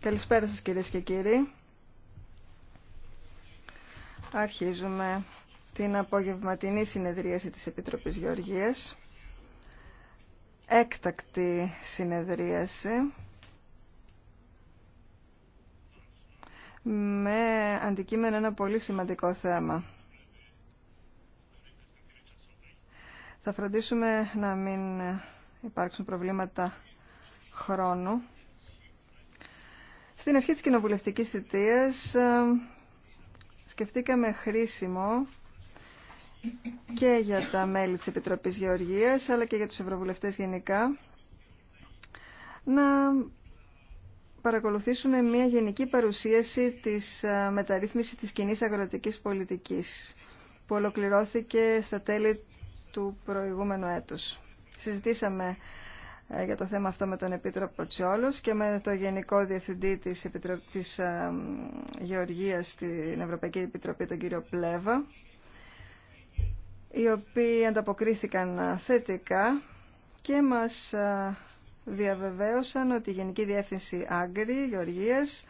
Καλησπέρα σας κυρίες και κύριοι. Αρχίζουμε την απογευματινή συνεδρίαση της Επιτροπής Γεωργίας. Έκτακτη συνεδρίαση με αντικείμενο ένα πολύ σημαντικό θέμα. Θα φροντίσουμε να μην υπάρξουν προβλήματα χρόνου στην αρχή της κοινοβουλευτικής θητείας ε, σκεφτήκαμε χρήσιμο και για τα μέλη της Επιτροπής Γεωργίας αλλά και για τους ευρωβουλευτές γενικά να παρακολουθήσουμε μια γενική παρουσίαση της ε, μεταρρύθμισης της κοινή αγροτικής πολιτικής που ολοκληρώθηκε στα τέλη του προηγούμενου έτους. Συζητήσαμε ε, για το θέμα αυτό με τον Επίτροπο Τσιόλος και με το Γενικό Διευθυντή της, Επιτρο... της ε, Γεωργίας στην Ευρωπαϊκή Επιτροπή, τον κύριο Πλέβα, οι οποίοι ανταποκρίθηκαν ε, θετικά και μας διαβεβαίωσαν ότι η Γενική Διεύθυνση Άγκρη Γεωργίας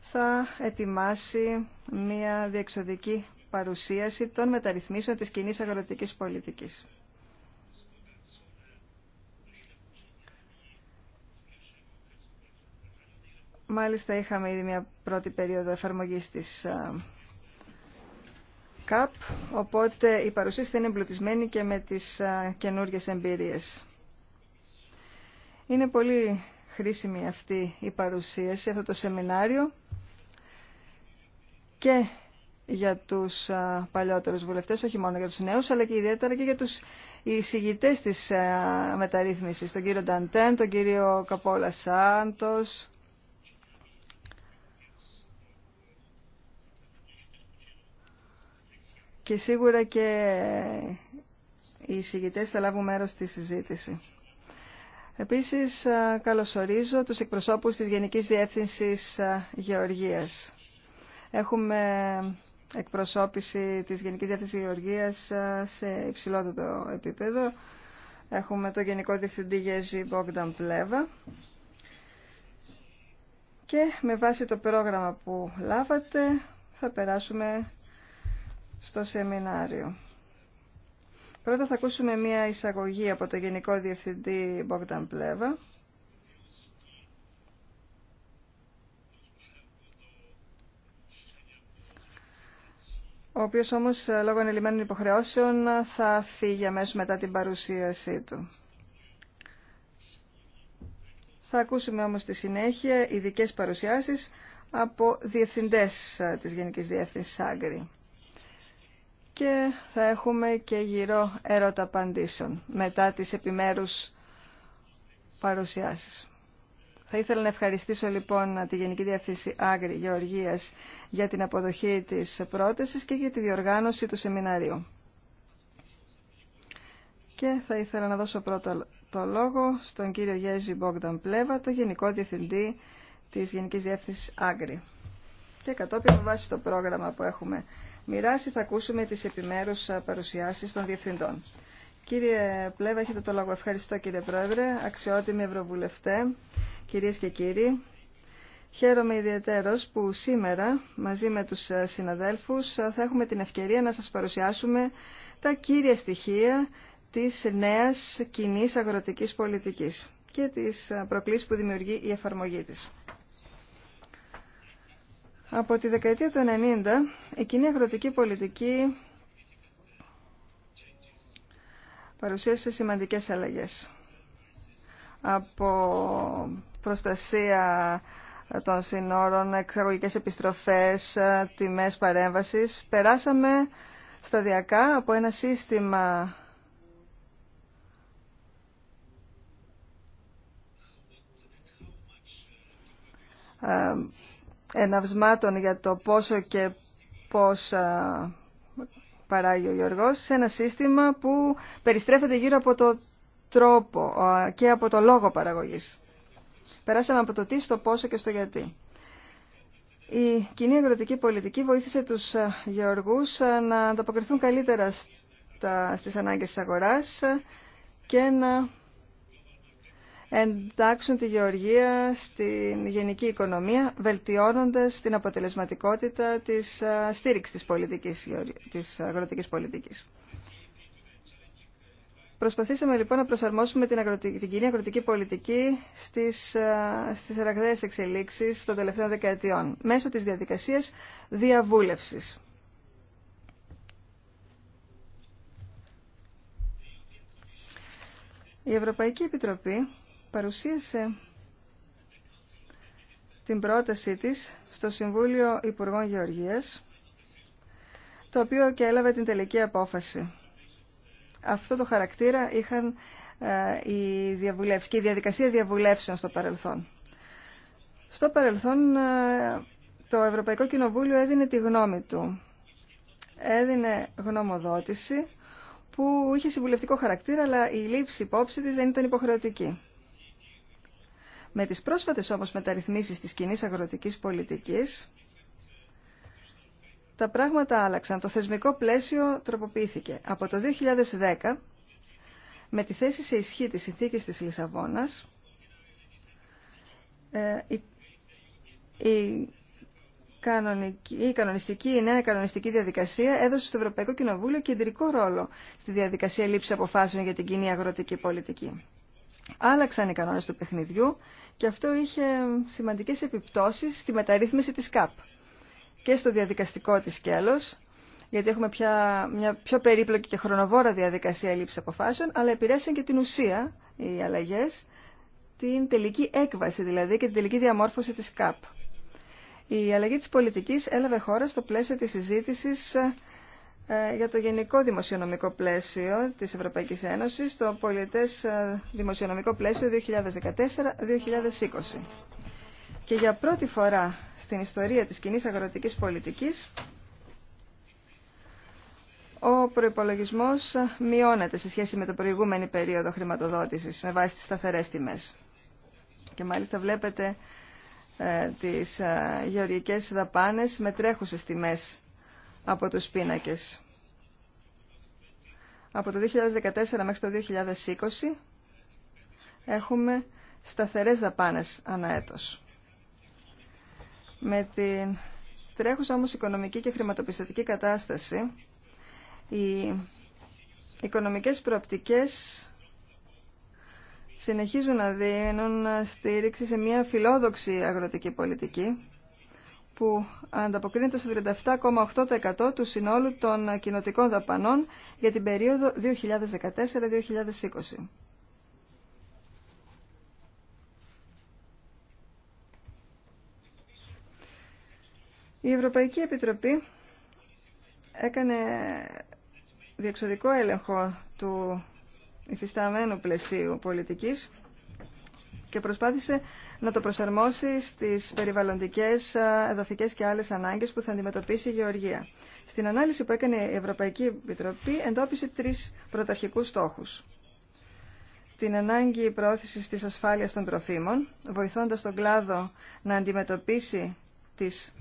θα ετοιμάσει μια διεξοδική παρουσίαση των μεταρρυθμίσεων της κοινή αγροτικής πολιτικής. Μάλιστα είχαμε ήδη μια πρώτη περίοδο εφαρμογής της ΚΑΠ, οπότε η παρουσίαση θα είναι εμπλουτισμένη και με τις καινούργιες εμπειρίες. Είναι πολύ χρήσιμη αυτή η παρουσίαση, αυτό το σεμινάριο και για τους παλιότερους βουλευτές, όχι μόνο για τους νέους, αλλά και ιδιαίτερα και για τους εισηγητές της μεταρρύθμισης, τον κύριο Νταντέν, τον κύριο Καπόλα Σάντος, και σίγουρα και οι εισηγητές θα λάβουν μέρος στη συζήτηση. Επίσης, καλωσορίζω τους εκπροσώπους της Γενικής Διεύθυνσης Γεωργίας. Έχουμε εκπροσώπηση της Γενικής Διεύθυνσης Γεωργίας σε υψηλότερο επίπεδο. Έχουμε το Γενικό Διευθυντή Γεζή Μπόγκταν Πλέβα. Και με βάση το πρόγραμμα που λάβατε θα περάσουμε στο σεμινάριο. Πρώτα θα ακούσουμε μία εισαγωγή από το Γενικό Διευθυντή Μπόγκταν Πλέβα. ο οποίος όμως ε, λόγω ανελημμένων υποχρεώσεων θα φύγει αμέσως μετά την παρουσίασή του. Θα ακούσουμε όμως στη συνέχεια ειδικέ παρουσιάσεις από διευθυντές ε, της Γενικής Διεύθυνσης Άγκρη και θα έχουμε και γύρω έρωτα απαντήσεων μετά τις επιμέρους παρουσιάσεις. Θα ήθελα να ευχαριστήσω λοιπόν τη Γενική Διευθύνση Άγκρη Γεωργίας για την αποδοχή της πρότασης και για τη διοργάνωση του σεμιναρίου. Και θα ήθελα να δώσω πρώτα το λόγο στον κύριο Γέζη Μπόγκταν Πλέβα, το Γενικό Διευθυντή της Γενικής Διεύθυνσης Άγκρη. Και κατόπιν βάσει το πρόγραμμα που έχουμε μοιράσει, θα ακούσουμε τις επιμέρους παρουσιάσεις των διευθυντών. Κύριε Πλέβα, έχετε το λόγο. Ευχαριστώ κύριε Πρόεδρε, αξιότιμοι ευρωβουλευτέ, κυρίες και κύριοι. Χαίρομαι ιδιαίτερος που σήμερα μαζί με τους συναδέλφους θα έχουμε την ευκαιρία να σας παρουσιάσουμε τα κύρια στοιχεία της νέας κοινή αγροτικής πολιτικής και τις προκλήσεις που δημιουργεί η εφαρμογή της. Από τη δεκαετία του 90, η κοινή αγροτική πολιτική παρουσίασε σημαντικές αλλαγές. Από προστασία των συνόρων, εξαγωγικές επιστροφές, τιμές παρέμβασης, περάσαμε σταδιακά από ένα σύστημα εναυσμάτων για το πόσο και πώς παράγει ο Γιώργος σε ένα σύστημα που περιστρέφεται γύρω από το τρόπο και από το λόγο παραγωγής. Περάσαμε από το τι στο πόσο και στο γιατί. Η κοινή αγροτική πολιτική βοήθησε τους γεωργούς να ανταποκριθούν καλύτερα στα, στις ανάγκες της αγοράς και να εντάξουν τη γεωργία στην γενική οικονομία, βελτιώνοντας την αποτελεσματικότητα της ε, στήριξης της, πολιτικής, της αγροτικής πολιτικής. Προσπαθήσαμε λοιπόν να προσαρμόσουμε την, αγροτική, την κοινή αγροτική πολιτική στις, ε, στις ραγδαίες εξελίξεις των τελευταίων δεκαετιών, μέσω της διαδικασίας διαβούλευσης. Η Ευρωπαϊκή Επιτροπή παρουσίασε την πρότασή της στο Συμβούλιο Υπουργών Γεωργίας, το οποίο και έλαβε την τελική απόφαση. Αυτό το χαρακτήρα είχαν ε, οι διαβουλεύσεις και η διαδικασία διαβουλεύσεων στο παρελθόν. Στο παρελθόν ε, το Ευρωπαϊκό Κοινοβούλιο έδινε τη γνώμη του. Έδινε γνωμοδότηση που είχε συμβουλευτικό χαρακτήρα, αλλά η λήψη υπόψη της δεν ήταν υποχρεωτική. Με τις πρόσφατες όμως μεταρρυθμίσεις της κοινή αγροτικής πολιτικής, τα πράγματα άλλαξαν. Το θεσμικό πλαίσιο τροποποιήθηκε. Από το 2010, με τη θέση σε ισχύ της συνθήκης της Λισαβόνας, ε, η, κανονιστική, η νέα κανονιστική διαδικασία έδωσε στο Ευρωπαϊκό Κοινοβούλιο κεντρικό ρόλο στη διαδικασία λήψη αποφάσεων για την κοινή αγροτική πολιτική άλλαξαν οι κανόνες του παιχνιδιού και αυτό είχε σημαντικές επιπτώσεις στη μεταρρύθμιση της ΚΑΠ και στο διαδικαστικό της σκέλος, γιατί έχουμε πια μια πιο περίπλοκη και χρονοβόρα διαδικασία λήψη αποφάσεων, αλλά επηρέασαν και την ουσία οι αλλαγέ, την τελική έκβαση δηλαδή και την τελική διαμόρφωση της ΚΑΠ. Η αλλαγή της πολιτικής έλαβε χώρα στο πλαίσιο της συζήτησης ε, για το γενικό δημοσιονομικό πλαίσιο της Ευρωπαϊκής Ένωσης, το πολιτές ε, δημοσιονομικό πλαίσιο 2014-2020. Και για πρώτη φορά στην ιστορία της κοινής αγροτικής πολιτικής, ο προϋπολογισμός μειώνεται σε σχέση με το προηγούμενη περίοδο χρηματοδότησης με βάση τις σταθερές τιμές. Και μάλιστα βλέπετε ε, τις γεωργικές δαπάνες με τρέχουσες τιμές από τους πίνακες. Από το 2014 μέχρι το 2020 έχουμε σταθερές δαπάνες ανά έτος. Με την τρέχουσα όμως οικονομική και χρηματοπιστωτική κατάσταση, οι οικονομικές προοπτικές συνεχίζουν να δίνουν στήριξη σε μια φιλόδοξη αγροτική πολιτική που ανταποκρίνεται στο 37,8% του συνόλου των κοινοτικών δαπανών για την περίοδο 2014-2020. Η Ευρωπαϊκή Επιτροπή έκανε διεξοδικό έλεγχο του υφισταμένου πλαισίου πολιτικής και προσπάθησε να το προσαρμόσει στις περιβαλλοντικές, ε, εδαφικές και άλλες ανάγκες που θα αντιμετωπίσει η Γεωργία. Στην ανάλυση που έκανε η Ευρωπαϊκή Επιτροπή εντόπισε τρεις πρωταρχικούς στόχους. Την ανάγκη προώθησης της ασφάλειας των τροφίμων, βοηθώντας τον κλάδο να αντιμετωπίσει τις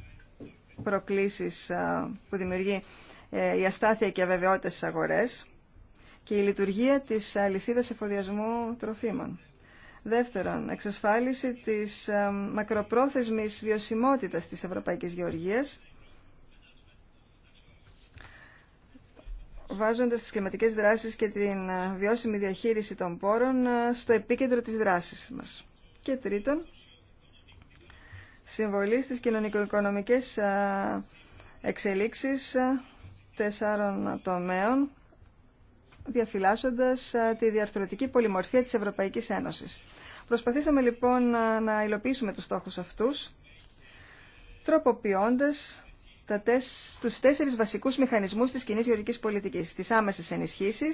προκλήσεις ε, που δημιουργεί ε, η αστάθεια και η αβεβαιότητα στις αγορές και η λειτουργία της αλυσίδας εφοδιασμού τροφίμων. Δεύτερον, εξασφάλιση της ε, μακροπρόθεσμης βιωσιμότητας της Ευρωπαϊκής Γεωργίας, βάζοντας τις κλιματικές δράσεις και την ε, βιώσιμη διαχείριση των πόρων ε, στο επίκεντρο της δράσης μας. Και τρίτον, συμβολή στις κοινωνικο-οικονομικές εξελίξεις τεσσάρων τομέων διαφυλάσσοντας ε, τη διαρθρωτική πολυμορφία της Ευρωπαϊκής Ένωσης. Προσπαθήσαμε λοιπόν ε, να υλοποιήσουμε τους στόχους αυτούς, τροποποιώντας τα τέσσερι βασικού τέσσερις βασικούς μηχανισμούς της κοινή γεωργική πολιτικής, Τι άμεσε ενισχύσει,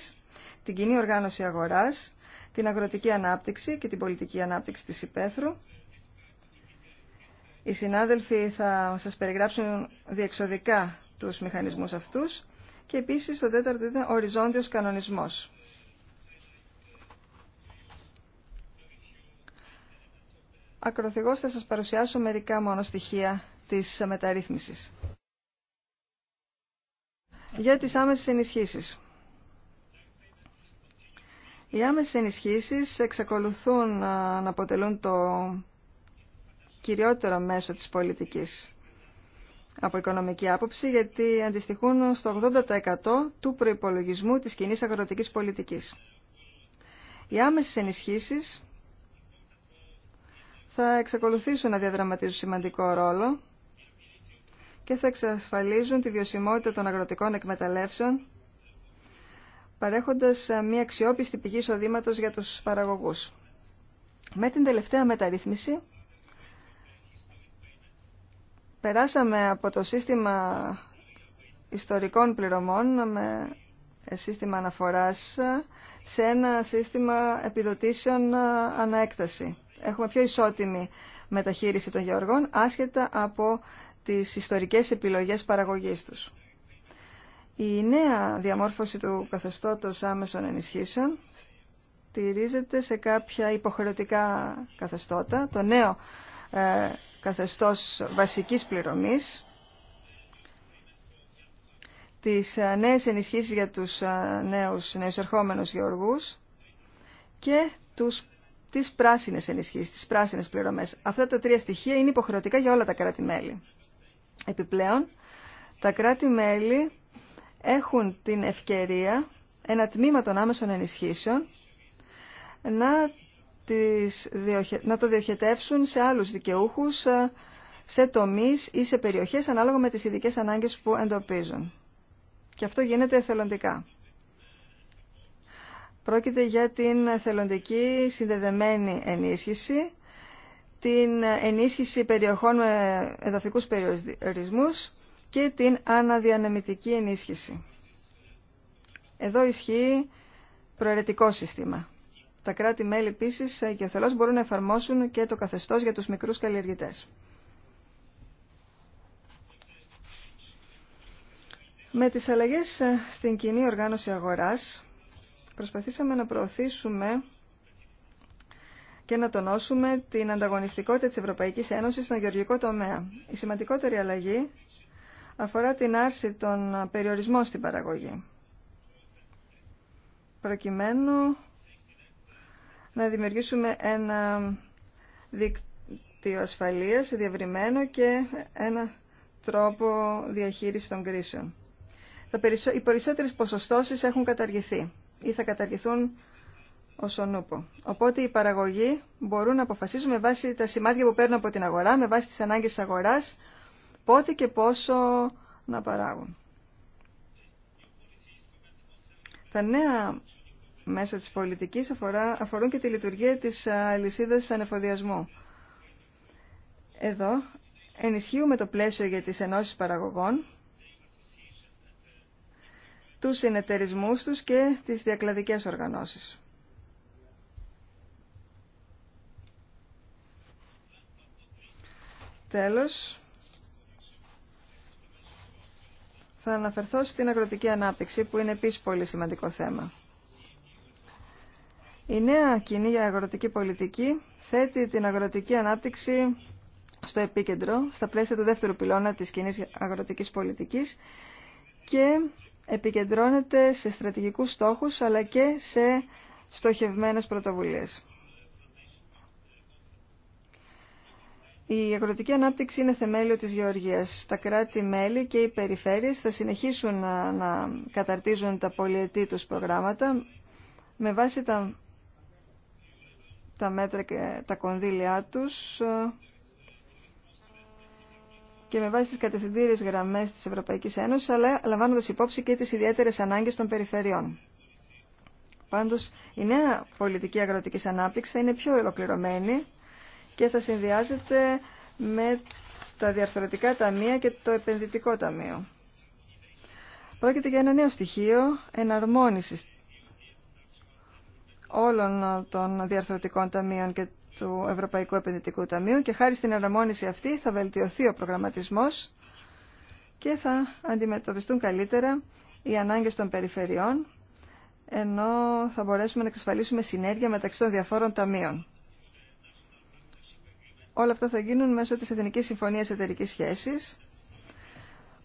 την κοινή οργάνωση αγοράς, την αγροτική ανάπτυξη και την πολιτική ανάπτυξη τη υπαίθρου. Οι συνάδελφοι θα σας περιγράψουν διεξοδικά τους μηχανισμούς αυτούς και επίσης το τέταρτο ήταν οριζόντιος κανονισμός. Ακροθυγώς θα σας παρουσιάσω μερικά μόνο στοιχεία της μεταρρύθμισης. Για τις άμεσες ενισχύσεις. Οι άμεσες ενισχύσεις εξακολουθούν να αποτελούν το κυριότερο μέσο της πολιτικής από οικονομική άποψη γιατί αντιστοιχούν στο 80% του προϋπολογισμού της κοινή αγροτικής πολιτικής. Οι άμεσες ενισχύσεις θα εξακολουθήσουν να διαδραματίζουν σημαντικό ρόλο και θα εξασφαλίζουν τη βιωσιμότητα των αγροτικών εκμεταλλεύσεων παρέχοντας μια αξιόπιστη πηγή εισοδήματο για τους παραγωγούς. Με την τελευταία μεταρρύθμιση Περάσαμε από το σύστημα ιστορικών πληρωμών με σύστημα αναφοράς σε ένα σύστημα επιδοτήσεων αναέκταση. Έχουμε πιο ισότιμη μεταχείριση των γεωργών άσχετα από τις ιστορικές επιλογές παραγωγής τους. Η νέα διαμόρφωση του καθεστώτος άμεσων ενισχύσεων στηρίζεται σε κάποια υποχρεωτικά καθεστώτα. Το νέο ε, καθεστώς βασικής πληρωμής, τις ε, νέες ενισχύσεις για τους ε, νέους, νέους ερχόμενους γεωργούς και τους, τις πράσινες ενισχύσεις, τις πράσινες πληρωμές. Αυτά τα τρία στοιχεία είναι υποχρεωτικά για όλα τα κράτη-μέλη. Επιπλέον, τα κράτη-μέλη έχουν την ευκαιρία ένα τμήμα των άμεσων ενισχύσεων να να το διοχετεύσουν σε άλλους δικαιούχους, ε, σε τομείς ή σε περιοχές ανάλογα με τις ειδικές ανάγκες που εντοπίζουν. Και αυτό γίνεται εθελοντικά. Πρόκειται για την εθελοντική συνδεδεμένη ενίσχυση, την ενίσχυση περιοχών με εδαφικούς περιορισμούς και την αναδιανεμητική ενίσχυση. Εδώ ισχύει προαιρετικό σύστημα. Τα κράτη-μέλη επίση ε, και εθελώ μπορούν να εφαρμόσουν και το καθεστώ για του μικρού καλλιεργητέ. Με τις αλλαγές ε, στην κοινή οργάνωση αγοράς προσπαθήσαμε να προωθήσουμε και να τονώσουμε την ανταγωνιστικότητα της Ευρωπαϊκής Ένωσης στον γεωργικό τομέα. Η σημαντικότερη αλλαγή αφορά την άρση των περιορισμών στην παραγωγή, προκειμένου να δημιουργήσουμε ένα δίκτυο ασφαλείας διευρυμένο και ένα τρόπο διαχείρισης των κρίσεων. Οι περισσότερες ποσοστώσεις έχουν καταργηθεί ή θα καταργηθούν ως νούπο. Οπότε οι παραγωγοί μπορούν να αποφασίσουν με βάση τα σημάδια που παίρνουν από την αγορά, με βάση τις ανάγκες της αγοράς, πότε και πόσο να παράγουν. Τα νέα μέσα της πολιτικής αφορά, αφορούν και τη λειτουργία της αλυσίδας ανεφοδιασμού. Εδώ ενισχύουμε το πλαίσιο για τις ενώσεις παραγωγών, τους συνεταιρισμούς τους και τις διακλαδικές οργανώσεις. Τέλος, θα αναφερθώ στην αγροτική ανάπτυξη που είναι επίσης πολύ σημαντικό θέμα. Η νέα κοινή για αγροτική πολιτική θέτει την αγροτική ανάπτυξη στο επίκεντρο, στα πλαίσια του δεύτερου πυλώνα της κοινή αγροτικής πολιτικής και επικεντρώνεται σε στρατηγικούς στόχους αλλά και σε στοχευμένες πρωτοβουλίες. Η αγροτική ανάπτυξη είναι θεμέλιο της γεωργίας. Τα κράτη-μέλη και οι περιφέρειες θα συνεχίσουν να, καταρτίζουν τα πολιετή τους προγράμματα με βάση τα τα μέτρα και τα κονδύλια τους ε, και με βάση τις κατευθυντήριες γραμμές της Ευρωπαϊκής Ένωσης, αλλά λαμβάνοντας υπόψη και τις ιδιαίτερες ανάγκες των περιφερειών. Πάντως, η νέα πολιτική αγροτικής ανάπτυξης θα είναι πιο ολοκληρωμένη και θα συνδυάζεται με τα διαρθρωτικά ταμεία και το επενδυτικό ταμείο. Πρόκειται για ένα νέο στοιχείο εναρμόνισης όλων των διαρθρωτικών ταμείων και του Ευρωπαϊκού Επενδυτικού Ταμείου και χάρη στην εναρμόνιση αυτή θα βελτιωθεί ο προγραμματισμός και θα αντιμετωπιστούν καλύτερα οι ανάγκες των περιφερειών ενώ θα μπορέσουμε να εξασφαλίσουμε συνέργεια μεταξύ των διαφόρων ταμείων. Όλα αυτά θα γίνουν μέσω της Εθνικής Συμφωνίας Εταιρικής Σχέσης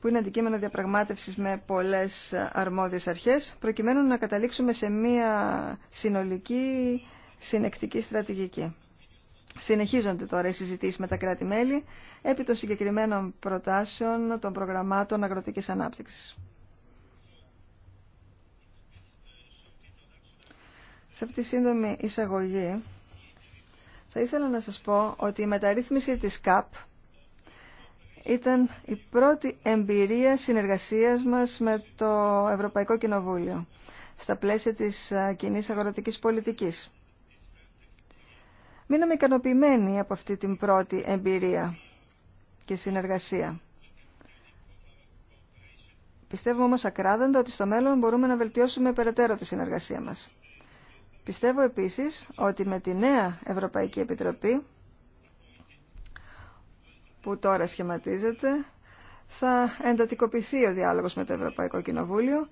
που είναι αντικείμενο διαπραγμάτευσης με πολλές αρμόδιες αρχές, προκειμένου να καταλήξουμε σε μία συνολική συνεκτική στρατηγική. Συνεχίζονται τώρα οι συζητήσεις με τα κράτη-μέλη επί των συγκεκριμένων προτάσεων των προγραμμάτων αγροτικής ανάπτυξης. Σε αυτή τη σύντομη εισαγωγή θα ήθελα να σας πω ότι η μεταρρύθμιση της ΚΑΠ ήταν η πρώτη εμπειρία συνεργασίας μας με το Ευρωπαϊκό Κοινοβούλιο στα πλαίσια της κοινή αγροτικής πολιτικής. Μείναμε ικανοποιημένοι από αυτή την πρώτη εμπειρία και συνεργασία. Πιστεύουμε όμως ακράδαντα ότι στο μέλλον μπορούμε να βελτιώσουμε περαιτέρω τη συνεργασία μας. Πιστεύω επίσης ότι με τη νέα Ευρωπαϊκή Επιτροπή που τώρα σχηματίζεται θα εντατικοποιηθεί ο διάλογος με το Ευρωπαϊκό Κοινοβούλιο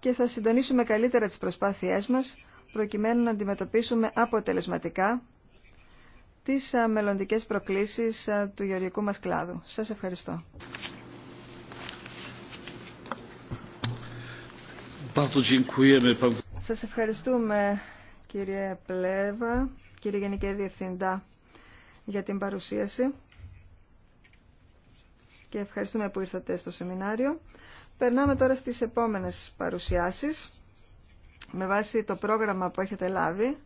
και θα συντονίσουμε καλύτερα τις προσπάθειές μας προκειμένου να αντιμετωπίσουμε αποτελεσματικά τις μελλοντικέ προκλήσεις του γεωργικού μας κλάδου. Σας ευχαριστώ. Σας ευχαριστούμε κύριε Πλέβα, κύριε Γενική Διευθυντά για την παρουσίαση και ευχαριστούμε που ήρθατε στο σεμινάριο. Περνάμε τώρα στις επόμενες παρουσιάσεις με βάση το πρόγραμμα που έχετε λάβει.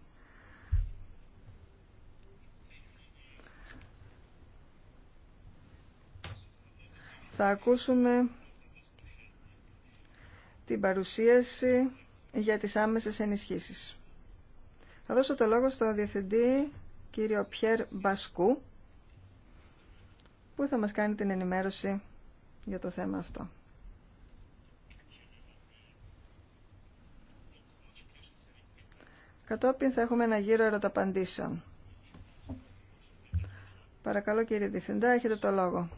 Θα ακούσουμε την παρουσίαση για τις άμεσες ενισχύσεις. Θα δώσω το λόγο στον Διευθυντή κύριο Πιέρ Μπασκού που θα μας κάνει την ενημέρωση για το θέμα αυτό. Κατόπιν θα έχουμε ένα γύρο ερωταπαντήσεων. Παρακαλώ κύριε Διευθυντά, έχετε το λόγο.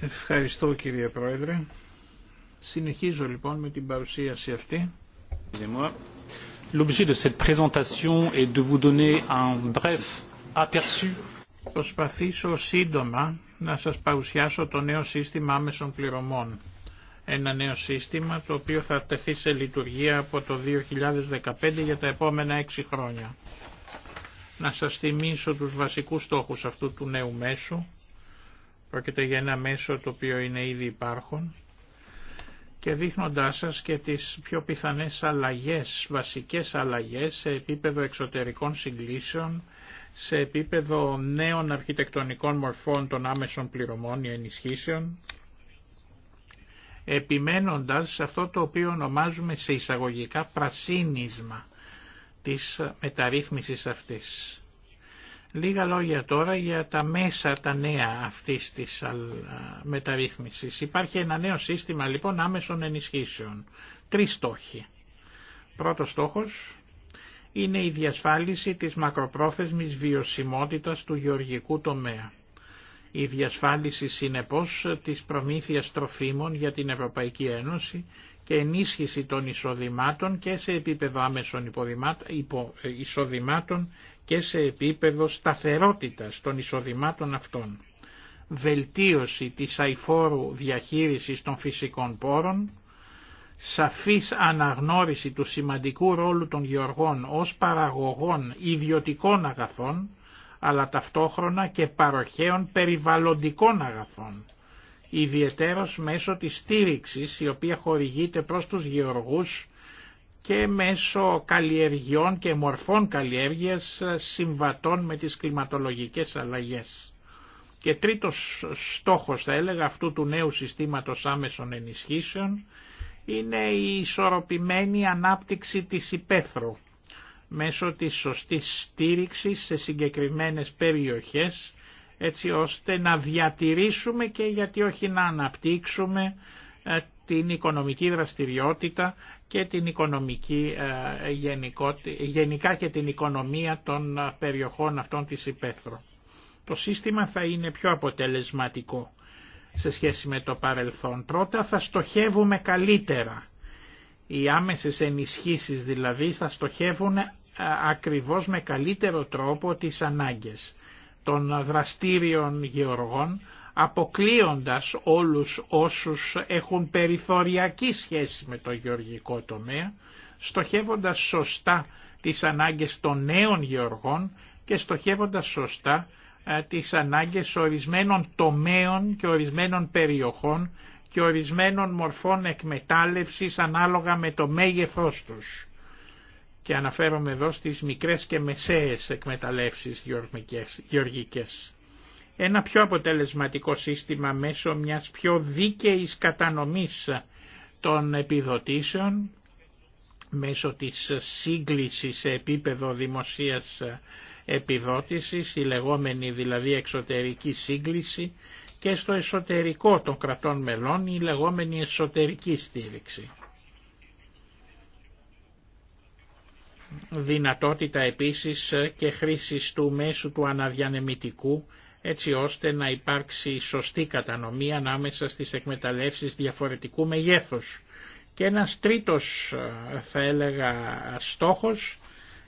Ευχαριστώ κύριε Πρόεδρε. Συνεχίζω λοιπόν με την παρουσίαση αυτή. L'objet de cette présentation est de donner un bref aperçu. Προσπαθήσω σύντομα να σας παρουσιάσω το νέο σύστημα άμεσων πληρωμών. Ένα νέο σύστημα το οποίο θα τεθεί σε λειτουργία από το 2015 για τα επόμενα έξι χρόνια. Να σας θυμίσω τους βασικούς στόχους αυτού του νέου μέσου. Πρόκειται για ένα μέσο το οποίο είναι ήδη υπάρχον και δείχνοντάς σας και τις πιο πιθανές αλλαγές, βασικές αλλαγές σε επίπεδο εξωτερικών συγκλήσεων, σε επίπεδο νέων αρχιτεκτονικών μορφών των άμεσων πληρωμών ή ενισχύσεων, επιμένοντας σε αυτό το οποίο ονομάζουμε σε εισαγωγικά πρασίνισμα της μεταρρύθμισης αυτής. Λίγα λόγια τώρα για τα μέσα τα νέα αυτής της μεταρρύθμισης. Υπάρχει ένα νέο σύστημα λοιπόν άμεσων ενισχύσεων. Τρεις στόχοι. Πρώτος στόχος είναι η διασφάλιση της μακροπρόθεσμης βιωσιμότητας του γεωργικού τομέα. Η διασφάλιση συνεπώς της προμήθειας τροφίμων για την Ευρωπαϊκή Ένωση και ενίσχυση των εισοδημάτων και σε επίπεδο άμεσων ε, εισοδημάτων και σε επίπεδο σταθερότητας των εισοδημάτων αυτών, βελτίωση της αϊφόρου διαχείρισης των φυσικών πόρων, σαφής αναγνώριση του σημαντικού ρόλου των γεωργών ως παραγωγών ιδιωτικών αγαθών, αλλά ταυτόχρονα και παροχέων περιβαλλοντικών αγαθών, ιδιαιτέρως μέσω της στήριξης η οποία χορηγείται προς τους γεωργούς και μέσω καλλιεργιών και μορφών καλλιέργειας ε, συμβατών με τις κλιματολογικές αλλαγές. Και τρίτος στόχος θα έλεγα αυτού του νέου συστήματος άμεσων ενισχύσεων είναι η ισορροπημένη ανάπτυξη της υπαίθρου μέσω της σωστής στήριξης σε συγκεκριμένες περιοχές έτσι ώστε να διατηρήσουμε και γιατί όχι να αναπτύξουμε ε, την οικονομική δραστηριότητα και την οικονομική, ε, γενικά και την οικονομία των ε, περιοχών αυτών της υπαίθρου. Το σύστημα θα είναι πιο αποτελεσματικό σε σχέση με το παρελθόν. Πρώτα θα στοχεύουμε καλύτερα. Οι άμεσες ενισχύσεις δηλαδή θα στοχεύουν ε, ακριβώς με καλύτερο τρόπο τις ανάγκες των δραστήριων γεωργών αποκλείοντας όλους όσους έχουν περιθωριακή σχέση με το γεωργικό τομέα, στοχεύοντας σωστά τις ανάγκες των νέων γεωργών και στοχεύοντας σωστά ε, τις ανάγκες ορισμένων τομέων και ορισμένων περιοχών και ορισμένων μορφών εκμετάλλευσης ανάλογα με το μέγεθός τους. Και αναφέρομαι εδώ στις μικρές και μεσαίες εκμεταλλεύσεις γεωργικές ένα πιο αποτελεσματικό σύστημα μέσω μιας πιο δίκαιης κατανομής των επιδοτήσεων, μέσω της σύγκλησης σε επίπεδο δημοσίας επιδότησης, η λεγόμενη δηλαδή εξωτερική σύγκληση και στο εσωτερικό των κρατών μελών η λεγόμενη εσωτερική στήριξη. Δυνατότητα επίσης και χρήσης του μέσου του αναδιανεμητικού έτσι ώστε να υπάρξει σωστή κατανομή ανάμεσα στις εκμεταλλεύσεις διαφορετικού μεγέθους. Και ένας τρίτος ε, θα έλεγα στόχος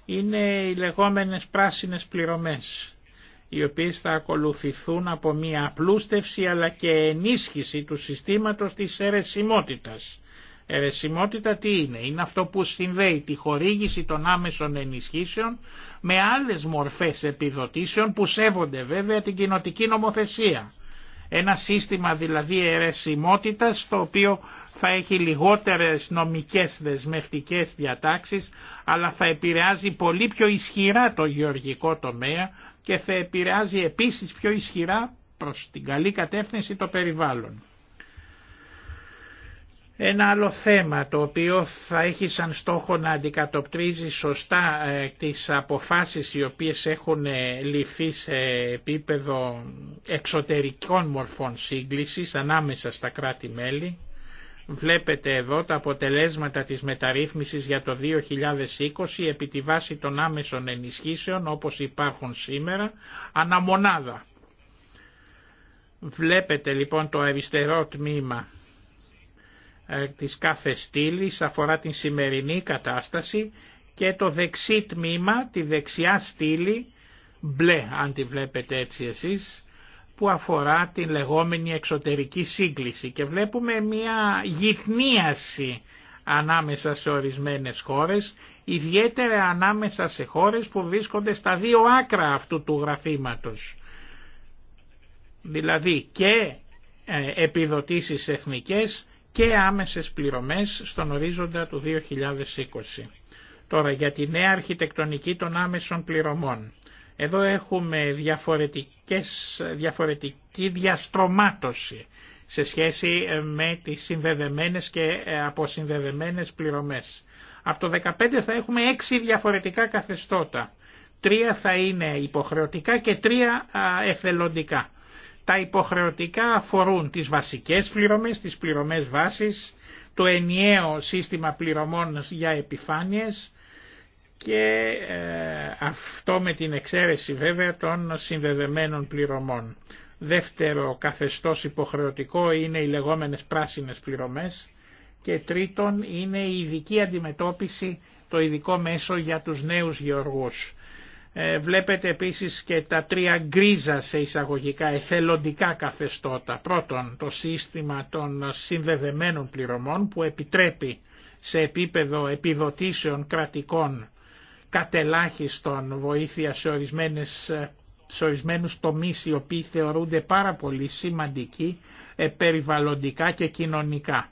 είναι οι λεγόμενες πράσινες πληρωμές οι οποίες θα ακολουθηθούν από μια απλούστευση αλλά και ενίσχυση του συστήματος της αιρεσιμότητας Ερεσιμότητα τι είναι, είναι αυτό που συνδέει τη χορήγηση των άμεσων ενισχύσεων με άλλες μορφές επιδοτήσεων που σέβονται βέβαια την κοινοτική νομοθεσία. Ένα σύστημα δηλαδή ερεσιμότητας το οποίο θα έχει λιγότερες νομικές δεσμευτικές διατάξεις αλλά θα επηρεάζει πολύ πιο ισχυρά το γεωργικό τομέα και θα επηρεάζει επίσης πιο ισχυρά προς την καλή κατεύθυνση το περιβάλλον. Ένα άλλο θέμα το οποίο θα έχει σαν στόχο να αντικατοπτρίζει σωστά ε, τις αποφάσεις οι οποίες έχουν ε, ληφθεί σε επίπεδο εξωτερικών μορφών σύγκλησης ανάμεσα στα κράτη-μέλη. Βλέπετε εδώ τα αποτελέσματα της μεταρρύθμισης για το 2020 επί τη βάση των άμεσων ενισχύσεων όπως υπάρχουν σήμερα αναμονάδα. Βλέπετε λοιπόν το αριστερό τμήμα ε, της κάθε στήλη αφορά την σημερινή κατάσταση και το δεξί τμήμα, τη δεξιά στήλη, μπλε αν τη βλέπετε έτσι εσείς, που αφορά την λεγόμενη εξωτερική σύγκληση και βλέπουμε μια γυθνίαση ανάμεσα σε ορισμένες χώρες, ιδιαίτερα ανάμεσα σε χώρες που βρίσκονται στα δύο άκρα αυτού του γραφήματος. Δηλαδή και ε, επιδοτήσεις εθνικές και άμεσες πληρωμές στον ορίζοντα του 2020. Τώρα για τη νέα αρχιτεκτονική των άμεσων πληρωμών. Εδώ έχουμε διαφορετικές, διαφορετική διαστρωμάτωση σε σχέση ε, με τις συνδεδεμένες και ε, αποσυνδεδεμένες πληρωμές. Από το 2015 θα έχουμε έξι διαφορετικά καθεστώτα. Τρία θα είναι υποχρεωτικά και τρία εθελοντικά. Τα υποχρεωτικά αφορούν τις βασικές πληρωμές, τις πληρωμές βάσης, το ενιαίο σύστημα πληρωμών για επιφάνειες και ε, αυτό με την εξαίρεση βέβαια των συνδεδεμένων πληρωμών. Δεύτερο καθεστώς υποχρεωτικό είναι οι λεγόμενες πράσινες πληρωμές και τρίτον είναι η ειδική αντιμετώπιση, το ειδικό μέσο για τους νέους γεωργούς. Ε, βλέπετε επίσης και τα τρία γκρίζα σε εισαγωγικά εθελοντικά καθεστώτα. Πρώτον, το σύστημα των συνδεδεμένων πληρωμών που επιτρέπει σε επίπεδο επιδοτήσεων κρατικών κατελάχιστον βοήθεια σε, ορισμένες, σε ορισμένους τομείς οι οποίοι θεωρούνται πάρα πολύ σημαντικοί ε, περιβαλλοντικά και κοινωνικά.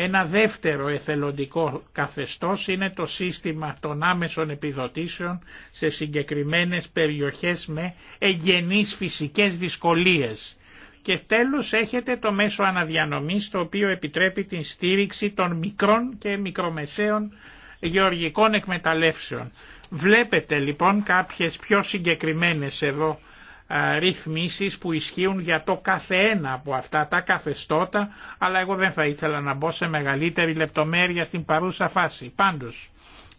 Ένα δεύτερο εθελοντικό καθεστώς είναι το σύστημα των άμεσων επιδοτήσεων σε συγκεκριμένες περιοχές με εγγενείς φυσικές δυσκολίες. Και τέλος έχετε το μέσο αναδιανομής το οποίο επιτρέπει την στήριξη των μικρών και μικρομεσαίων γεωργικών εκμεταλλεύσεων. Βλέπετε λοιπόν κάποιες πιο συγκεκριμένες εδώ ρυθμίσεις που ισχύουν για το κάθε ένα από αυτά τα καθεστώτα, αλλά εγώ δεν θα ήθελα να μπω σε μεγαλύτερη λεπτομέρεια στην παρούσα φάση. Πάντως,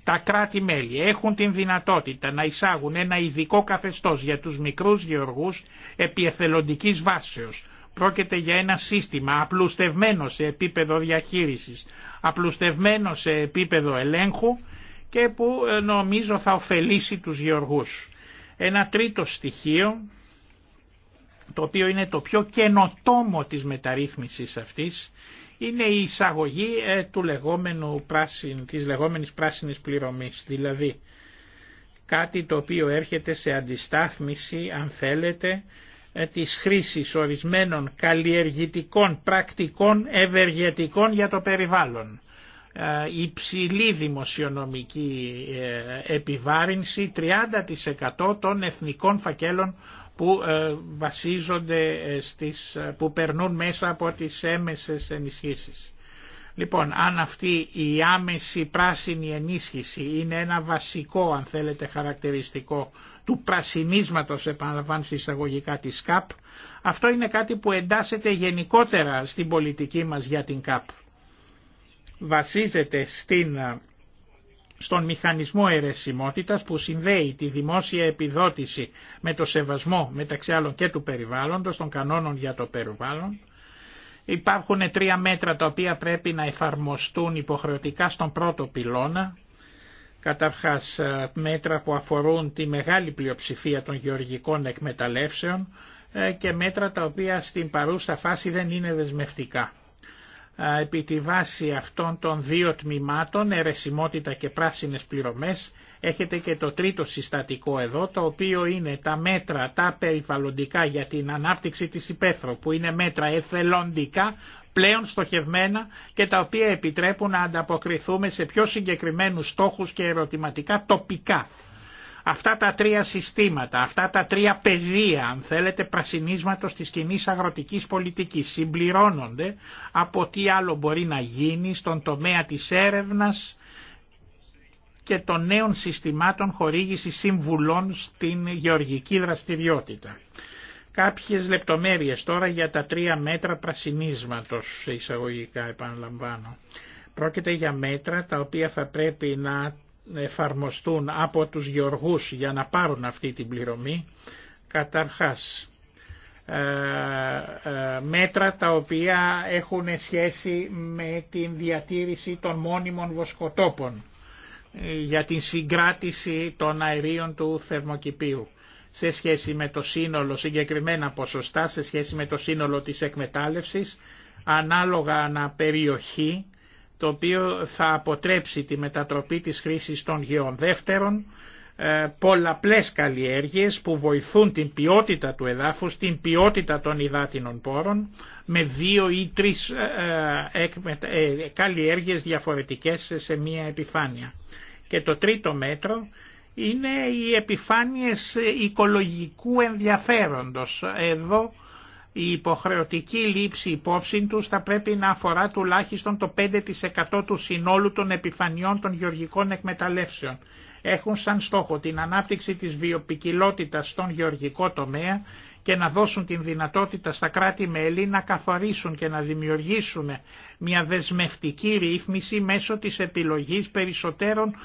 τα κράτη-μέλη έχουν την δυνατότητα να εισάγουν ένα ειδικό καθεστώς για τους μικρούς γεωργούς επί εθελοντικής βάσεως. Πρόκειται για ένα σύστημα απλουστευμένο σε επίπεδο διαχείρισης, απλουστευμένο σε επίπεδο ελέγχου και που ε, νομίζω θα ωφελήσει τους γεωργούς. Ένα τρίτο στοιχείο το οποίο είναι το πιο καινοτόμο της μεταρρύθμισης αυτής, είναι η εισαγωγή ε, του λεγόμενου πράσιν, της λεγόμενης πράσινης πληρωμής, δηλαδή κάτι το οποίο έρχεται σε αντιστάθμιση, αν θέλετε, ε, της χρήσης ορισμένων καλλιεργητικών πρακτικών ευεργετικών για το περιβάλλον. Ε, υψηλή δημοσιονομική επιβάρυνση 30% των εθνικών φακέλων που ε, βασίζονται ε, στις, ε, που περνούν μέσα από τις έμεσες ενισχύσεις. Λοιπόν, αν αυτή η άμεση πράσινη ενίσχυση είναι ένα βασικό, αν θέλετε, χαρακτηριστικό του πρασινίσματος, επαναλαμβάνω εισαγωγικά της ΚΑΠ, αυτό είναι κάτι που εντάσσεται γενικότερα στην πολιτική μας για την ΚΑΠ. Βασίζεται στην στον μηχανισμό αιρεσιμότητας που συνδέει τη δημόσια επιδότηση με το σεβασμό μεταξύ άλλων και του περιβάλλοντος, των κανόνων για το περιβάλλον. Υπάρχουν τρία μέτρα τα οποία πρέπει να εφαρμοστούν υποχρεωτικά στον πρώτο πυλώνα. Καταρχάς ε, μέτρα που αφορούν τη μεγάλη πλειοψηφία των γεωργικών εκμεταλλεύσεων ε, και μέτρα τα οποία στην παρούσα φάση δεν είναι δεσμευτικά επί τη βάση αυτών των δύο τμήματων, ερεσιμότητα και πράσινες πληρωμές, έχετε και το τρίτο συστατικό εδώ, το οποίο είναι τα μέτρα, τα περιβαλλοντικά για την ανάπτυξη της υπαίθρου, που είναι μέτρα εθελοντικά, πλέον στοχευμένα και τα οποία επιτρέπουν να ανταποκριθούμε σε πιο συγκεκριμένους στόχους και ερωτηματικά τοπικά. Αυτά τα τρία συστήματα, αυτά τα τρία πεδία αν θέλετε πρασινίσματος της κοινή αγροτικής πολιτικής συμπληρώνονται από τι άλλο μπορεί να γίνει στον τομέα της έρευνας και των νέων συστημάτων χορήγησης συμβουλών στην γεωργική δραστηριότητα. Κάποιες λεπτομέρειες τώρα για τα τρία μέτρα πρασινίσματος εισαγωγικά επαναλαμβάνω. Πρόκειται για μέτρα τα οποία θα πρέπει να εφαρμοστούν από τους γεωργούς για να πάρουν αυτή την πληρωμή, καταρχάς ε, ε, μέτρα τα οποία έχουν σχέση με την διατήρηση των μόνιμων βοσκοτόπων ε, για την συγκράτηση των αερίων του θερμοκηπίου σε σχέση με το σύνολο, συγκεκριμένα ποσοστά σε σχέση με το σύνολο της εκμετάλλευσης, ανάλογα αναπεριοχή το οποίο θα αποτρέψει τη μετατροπή της χρήσης των γεών. Δεύτερον, ε, πολλαπλές καλλιέργειες που βοηθούν την ποιότητα του εδάφους, την ποιότητα των υδάτινων πόρων με δύο ή τρεις ε, ε, καλλιέργειες διαφορετικές σε μία επιφάνεια. Και το τρίτο μέτρο είναι οι επιφάνειες οικολογικού ενδιαφέροντος. Εδώ η υποχρεωτική λήψη υπόψη τους θα πρέπει να αφορά τουλάχιστον το 5% του συνόλου των επιφανειών των γεωργικών εκμεταλλεύσεων. Έχουν σαν στόχο την ανάπτυξη της βιοπικιλότητας στον γεωργικό τομέα και να δώσουν την δυνατότητα στα κράτη-μέλη να καθορίσουν και να δημιουργήσουν μια δεσμευτική ρύθμιση μέσω της επιλογής περισσότερων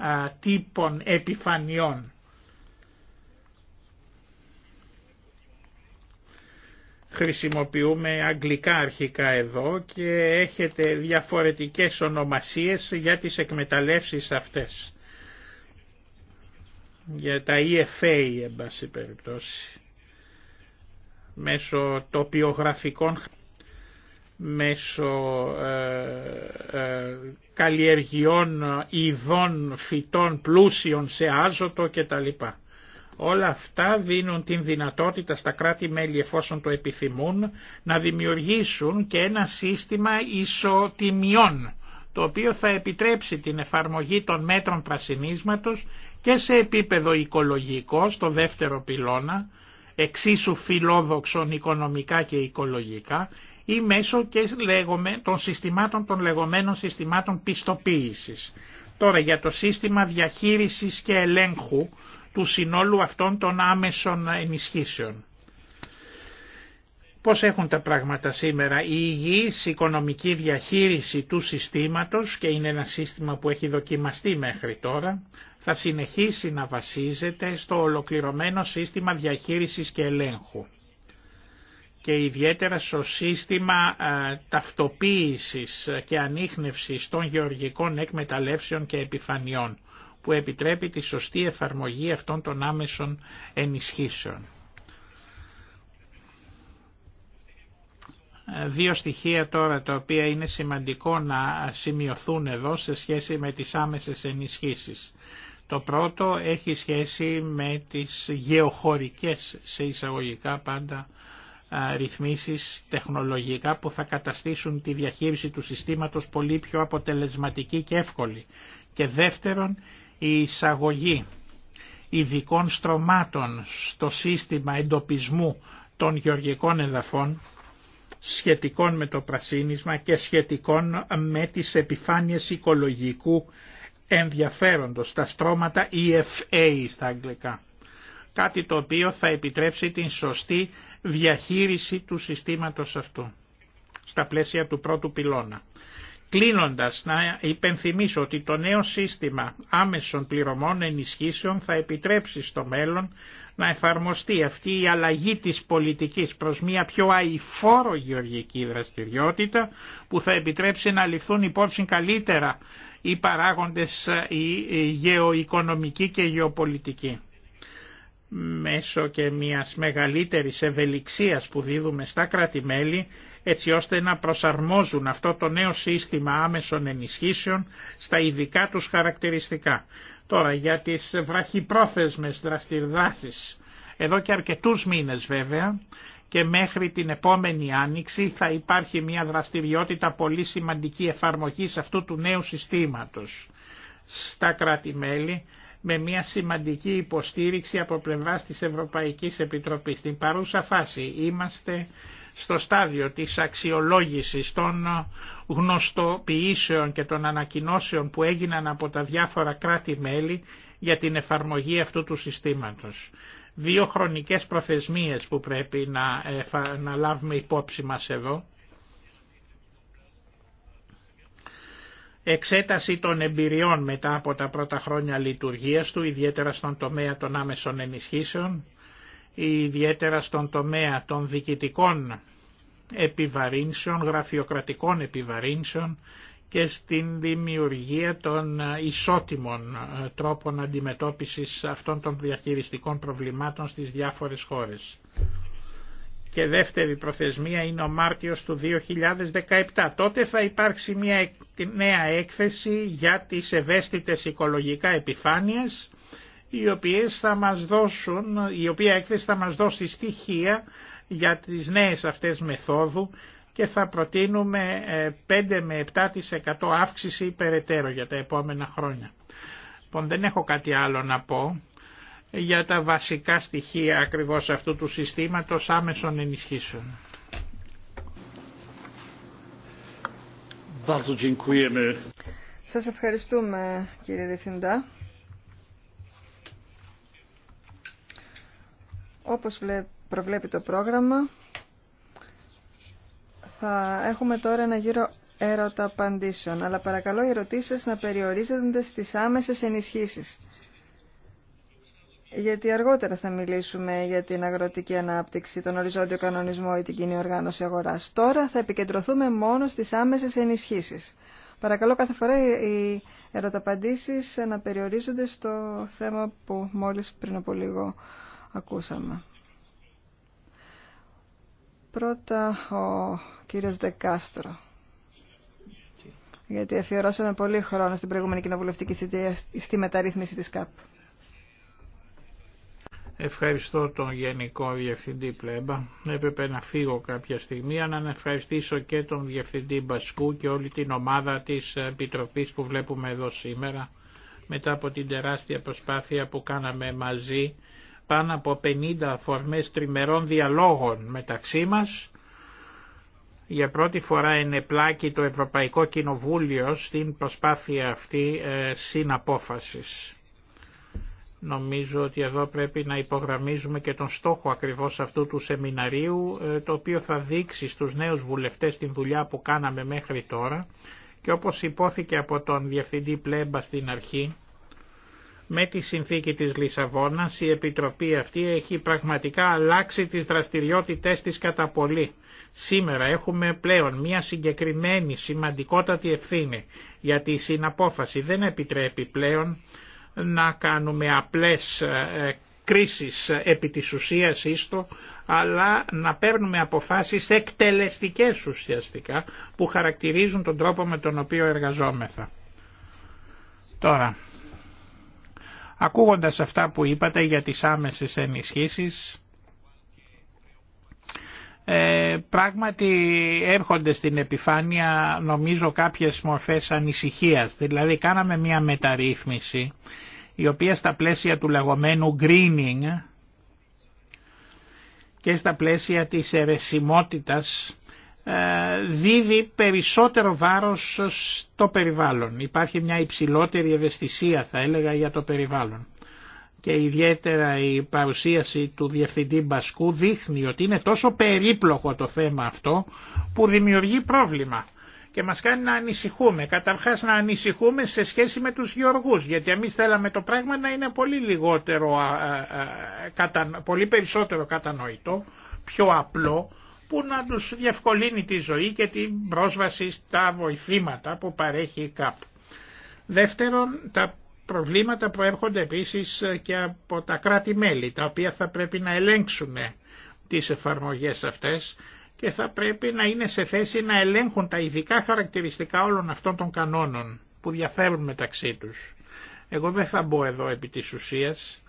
10 τύπων επιφανειών. χρησιμοποιούμε αγγλικά αρχικά εδώ και έχετε διαφορετικές ονομασίες για τις εκμεταλλεύσεις αυτές. Για τα EFA, εν πάση περιπτώσει, μέσω τοπιογραφικών, μέσω ε, ε καλλιεργιών ειδών φυτών πλούσιων σε άζωτο κτλ. Όλα αυτά δίνουν την δυνατότητα στα κράτη-μέλη εφόσον το επιθυμούν να δημιουργήσουν και ένα σύστημα ισοτιμιών το οποίο θα επιτρέψει την εφαρμογή των μέτρων πρασινίσματος και σε επίπεδο οικολογικό στο δεύτερο πυλώνα, εξίσου φιλόδοξων οικονομικά και οικολογικά ή μέσω και των, συστημάτων, των λεγόμενων συστημάτων πιστοποίησης. Τώρα για το σύστημα διαχείρισης και ελέγχου του συνόλου αυτών των άμεσων ενισχύσεων. Πώς έχουν τα πράγματα σήμερα. Η υγιής οικονομική διαχείριση του συστήματος και είναι ένα σύστημα που έχει δοκιμαστεί μέχρι τώρα θα συνεχίσει να βασίζεται στο ολοκληρωμένο σύστημα διαχείρισης και ελέγχου και ιδιαίτερα στο σύστημα ταυτοποίησης και ανείχνευσης των γεωργικών εκμεταλλεύσεων και επιφανειών που επιτρέπει τη σωστή εφαρμογή αυτών των άμεσων ενισχύσεων. Δύο στοιχεία τώρα τα οποία είναι σημαντικό να σημειωθούν εδώ σε σχέση με τις άμεσες ενισχύσεις. Το πρώτο έχει σχέση με τις γεωχωρικές σε εισαγωγικά πάντα ρυθμίσεις τεχνολογικά που θα καταστήσουν τη διαχείριση του συστήματος πολύ πιο αποτελεσματική και εύκολη. Και δεύτερον η εισαγωγή ειδικών στρωμάτων στο σύστημα εντοπισμού των γεωργικών εδαφών σχετικών με το πρασίνισμα και σχετικών με τις επιφάνειες οικολογικού ενδιαφέροντος, τα στρώματα EFA στα αγγλικά. Κάτι το οποίο θα επιτρέψει την σωστή διαχείριση του συστήματος αυτού στα πλαίσια του πρώτου πυλώνα. Κλείνοντας, να υπενθυμίσω ότι το νέο σύστημα άμεσων πληρωμών ενισχύσεων θα επιτρέψει στο μέλλον να εφαρμοστεί αυτή η αλλαγή της πολιτικής προς μια πιο αηφόρο γεωργική δραστηριότητα που θα επιτρέψει να ληφθούν υπόψη καλύτερα οι παράγοντες οι γεωοικονομικοί και γεωπολιτικοί. Μέσω και μιας μεγαλύτερης ευελιξίας που δίδουμε στα κρατη έτσι ώστε να προσαρμόζουν αυτό το νέο σύστημα άμεσων ενισχύσεων στα ειδικά τους χαρακτηριστικά. Τώρα για τις βραχυπρόθεσμες δραστηριδάσεις Εδώ και αρκετούς μήνες βέβαια και μέχρι την επόμενη άνοιξη θα υπάρχει μια δραστηριότητα πολύ σημαντική εφαρμογής αυτού του νέου συστήματος στα κράτη-μέλη με μια σημαντική υποστήριξη από πλευράς της Ευρωπαϊκής Επιτροπής. Στην παρούσα φάση είμαστε στο στάδιο της αξιολόγησης των γνωστοποιήσεων και των ανακοινώσεων που έγιναν από τα διάφορα κράτη-μέλη για την εφαρμογή αυτού του συστήματος. Δύο χρονικές προθεσμίες που πρέπει να, ε, να λάβουμε υπόψη μας εδώ. εξέταση των εμπειριών μετά από τα πρώτα χρόνια λειτουργίας του, ιδιαίτερα στον τομέα των άμεσων ενισχύσεων, ιδιαίτερα στον τομέα των διοικητικών επιβαρύνσεων, γραφειοκρατικών επιβαρύνσεων και στην δημιουργία των ισότιμων ε, τρόπων αντιμετώπισης αυτών των διαχειριστικών προβλημάτων στις διάφορες χώρες. Και δεύτερη προθεσμία είναι ο Μάρτιος του 2017. Τότε θα υπάρξει μια νέα έκθεση για τις ευαίσθητες οικολογικά επιφάνειες οι θα μας δώσουν, η οποία έκθεση θα μας δώσει στοιχεία για τις νέες αυτές μεθόδου και θα προτείνουμε 5 ε, με 7% αύξηση περαιτέρω για τα επόμενα χρόνια. Λοιπόν, δεν έχω κάτι άλλο να πω για τα βασικά στοιχεία ακριβώς αυτού του συστήματος άμεσων ενισχύσεων. Σας ευχαριστούμε κύριε Διευθυντά. Όπως προβλέπει το πρόγραμμα, θα έχουμε τώρα ένα γύρο έρωτα απαντήσεων, αλλά παρακαλώ οι ερωτήσει να περιορίζονται στις άμεσες ενισχύσεις. Γιατί αργότερα θα μιλήσουμε για την αγροτική ανάπτυξη, τον οριζόντιο κανονισμό ή την κοινή οργάνωση αγοράς. Τώρα θα επικεντρωθούμε μόνο στις άμεσες ενισχύσεις. Παρακαλώ κάθε φορά οι ερωταπαντήσεις να περιορίζονται στο θέμα που μόλις πριν από λίγο ακούσαμε. Πρώτα ο κύριος Δεκάστρο. Γιατί αφιερώσαμε πολύ χρόνο στην προηγούμενη κοινοβουλευτική θητεία στη μεταρρύθμιση της ΚΑΠ. Ευχαριστώ τον Γενικό Διευθυντή Πλέμπα. Έπρεπε να φύγω κάποια στιγμή, αλλά να ευχαριστήσω και τον Διευθυντή Μπασκού και όλη την ομάδα της Επιτροπής που βλέπουμε εδώ σήμερα, μετά από την τεράστια προσπάθεια που κάναμε μαζί πάνω από 50 φορμές τριμερών διαλόγων μεταξύ μας. Για πρώτη φορά είναι πλάκη το Ευρωπαϊκό Κοινοβούλιο στην προσπάθεια αυτή ε, συναπόφασης. Νομίζω ότι εδώ πρέπει να υπογραμμίζουμε και τον στόχο ακριβώς αυτού του σεμιναρίου, ε, το οποίο θα δείξει στους νέους βουλευτές την δουλειά που κάναμε μέχρι τώρα και όπως υπόθηκε από τον Διευθυντή Πλέμπα στην αρχή, με τη συνθήκη της Λισαβόνας η Επιτροπή αυτή έχει πραγματικά αλλάξει τις δραστηριότητές της κατά πολύ. Σήμερα έχουμε πλέον μια συγκεκριμένη σημαντικότατη ευθύνη γιατί η συναπόφαση δεν επιτρέπει πλέον να κάνουμε απλές ε, κρίσεις επί της ουσίας ίστο, αλλά να παίρνουμε αποφάσεις εκτελεστικές ουσιαστικά που χαρακτηρίζουν τον τρόπο με τον οποίο εργαζόμεθα. Τώρα, Ακούγοντας αυτά που είπατε για τις άμεσες ενισχύσεις, ε, πράγματι έρχονται στην επιφάνεια νομίζω κάποιες μορφές ανησυχίας. Δηλαδή κάναμε μια μεταρρύθμιση η οποία στα πλαίσια του λεγόμενου greening και στα πλαίσια της ερεσιμότητας ε, δίδει περισσότερο βάρος στο περιβάλλον. Υπάρχει μια υψηλότερη ευαισθησία θα έλεγα για το περιβάλλον. Και ιδιαίτερα η παρουσίαση του Διευθυντή Μπασκού δείχνει ότι είναι τόσο περίπλοκο το θέμα αυτό που δημιουργεί πρόβλημα και μας κάνει να ανησυχούμε. Καταρχάς να ανησυχούμε σε σχέση με τους γεωργούς, γιατί εμείς θέλαμε το πράγμα να είναι πολύ, λιγότερο, πολύ περισσότερο κατανοητό, πιο απλό που να τους διευκολύνει τη ζωή και την πρόσβαση στα βοηθήματα που παρέχει η ΚΑΠ. Δεύτερον, τα προβλήματα προέρχονται επίσης και από τα κράτη-μέλη, τα οποία θα πρέπει να ελέγξουν τις εφαρμογές αυτές και θα πρέπει να είναι σε θέση να ελέγχουν τα ειδικά χαρακτηριστικά όλων αυτών των κανόνων που διαφέρουν μεταξύ τους. Εγώ δεν θα μπω εδώ επί της ουσίας,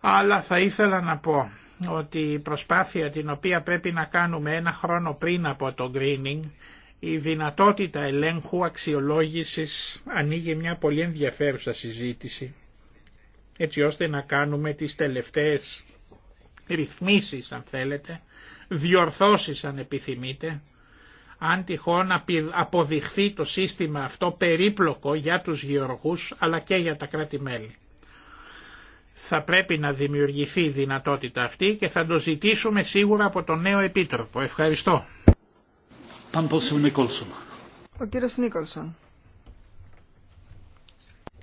αλλά θα ήθελα να πω ότι η προσπάθεια την οποία πρέπει να κάνουμε ένα χρόνο πριν από το greening, η δυνατότητα ελέγχου αξιολόγησης ανοίγει μια πολύ ενδιαφέρουσα συζήτηση, έτσι ώστε να κάνουμε τις τελευταίες ρυθμίσεις αν θέλετε, διορθώσεις αν επιθυμείτε, αν τυχόν αποδειχθεί το σύστημα αυτό περίπλοκο για τους γεωργούς αλλά και για τα κράτη-μέλη θα πρέπει να δημιουργηθεί η δυνατότητα αυτή και θα το ζητήσουμε σίγουρα από τον νέο Επίτροπο. Ευχαριστώ. Ο κύριος Νίκολσον.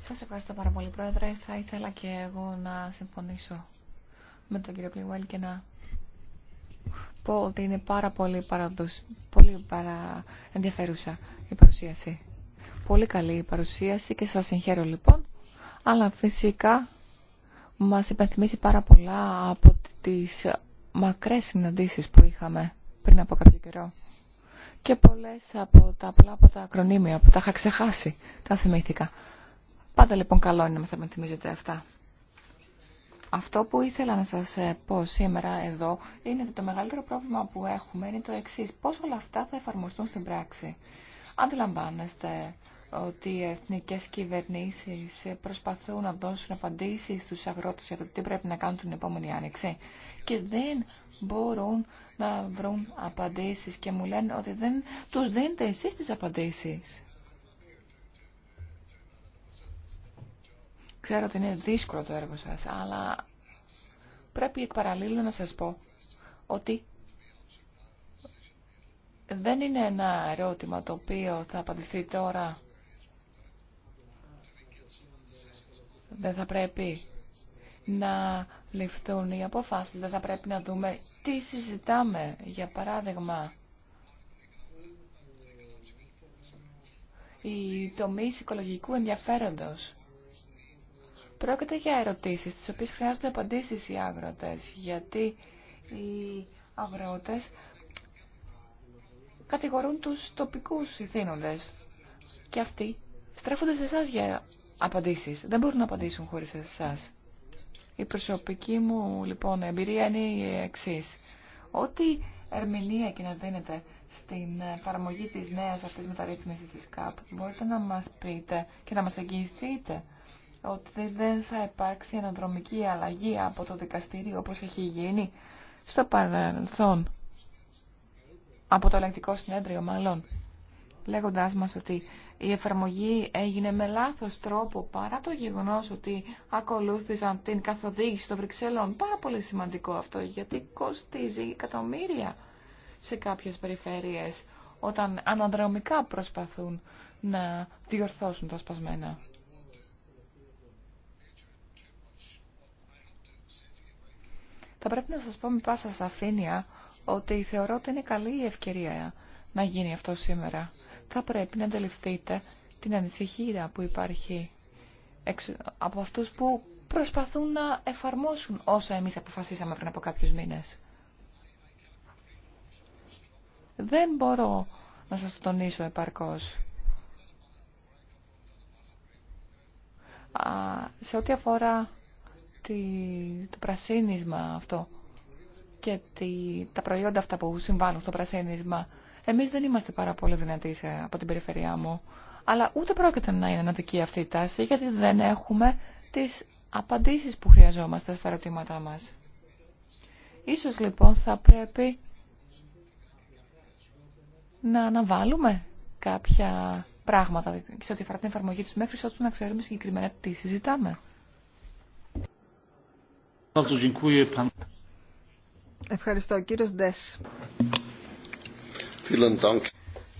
Σας ευχαριστώ πάρα πολύ Πρόεδρε. Θα ήθελα και εγώ να συμφωνήσω με τον κύριο Πλιουέλ και να πω ότι είναι πάρα πολύ, παραδοσ... πολύ παρα... ενδιαφέρουσα η παρουσίαση. Πολύ καλή η παρουσίαση και σας συγχαίρω λοιπόν. Αλλά φυσικά μας υπενθυμίζει πάρα πολλά από τις μακρές συναντήσεις που είχαμε πριν από κάποιο καιρό. Και πολλές από τα πολλά από τα ακρονίμια που τα είχα ξεχάσει, τα θυμήθηκα. Πάντα λοιπόν καλό είναι να μας τα υπενθυμίζετε αυτά. Αυτό που ήθελα να σας ε, πω σήμερα εδώ είναι ότι το μεγαλύτερο πρόβλημα που έχουμε είναι το εξής. Πώς όλα αυτά θα εφαρμοστούν στην πράξη. Αντιλαμβάνεστε ότι οι εθνικές κυβερνήσεις προσπαθούν να δώσουν απαντήσεις στους αγρότες για το τι πρέπει να κάνουν την επόμενη άνοιξη και δεν μπορούν να βρουν απαντήσεις και μου λένε ότι δεν τους δίνετε εσείς τις απαντήσεις. Ξέρω ότι είναι δύσκολο το έργο σας, αλλά πρέπει εκ παραλίλου να σας πω ότι δεν είναι ένα ερώτημα το οποίο θα απαντηθεί τώρα Δεν θα πρέπει να ληφθούν οι αποφάσεις. Δεν θα πρέπει να δούμε τι συζητάμε. Για παράδειγμα, η τομή οικολογικού ενδιαφέροντος. Πρόκειται για ερωτήσεις, τις οποίες χρειάζονται απαντήσεις οι άγροτες, γιατί οι αγρότες κατηγορούν τους τοπικούς ηθήνοντες και αυτοί στρέφονται σε εσά για απαντήσεις. Δεν μπορούν να απαντήσουν χωρίς εσάς. Η προσωπική μου λοιπόν εμπειρία είναι η εξή. Ό,τι ερμηνεία και να δίνετε στην εφαρμογή της νέας αυτής μεταρρύθμισης της ΚΑΠ, μπορείτε να μας πείτε και να μας εγγυηθείτε ότι δεν θα υπάρξει αναδρομική αλλαγή από το δικαστήριο όπως έχει γίνει στο παρελθόν. Από το ελεγκτικό συνέδριο μάλλον. Λέγοντάς μας ότι η εφαρμογή έγινε με λάθος τρόπο παρά το γεγονός ότι ακολούθησαν την καθοδήγηση των Βρυξελών. Πάρα πολύ σημαντικό αυτό γιατί κοστίζει εκατομμύρια σε κάποιες περιφέρειες όταν αναδρομικά προσπαθούν να διορθώσουν τα σπασμένα. Θα πρέπει να σας πω με πάσα σαφήνεια ότι θεωρώ ότι είναι καλή η ευκαιρία να γίνει αυτό σήμερα θα πρέπει να αντιληφθείτε την ανησυχία που υπάρχει από αυτούς που προσπαθούν να εφαρμόσουν όσα εμείς αποφασίσαμε πριν από κάποιους μήνες. Δεν μπορώ να σας το τονίσω επαρκώς. σε ό,τι αφορά τη, το πρασίνισμα αυτό και τη, τα προϊόντα αυτά που συμβάλλουν στο πρασίνισμα, εμείς δεν είμαστε πάρα πολύ δυνατοί από την περιφερειά μου, αλλά ούτε πρόκειται να είναι αναδική αυτή η τάση, γιατί δεν έχουμε τις απαντήσεις που χρειαζόμαστε στα ερωτήματά μας. Ίσως λοιπόν θα πρέπει να αναβάλουμε κάποια πράγματα σε ό,τι αφορά την εφαρμογή τους μέχρι ότου να ξέρουμε συγκεκριμένα τι συζητάμε. Ευχαριστώ. Κύριος Ντες.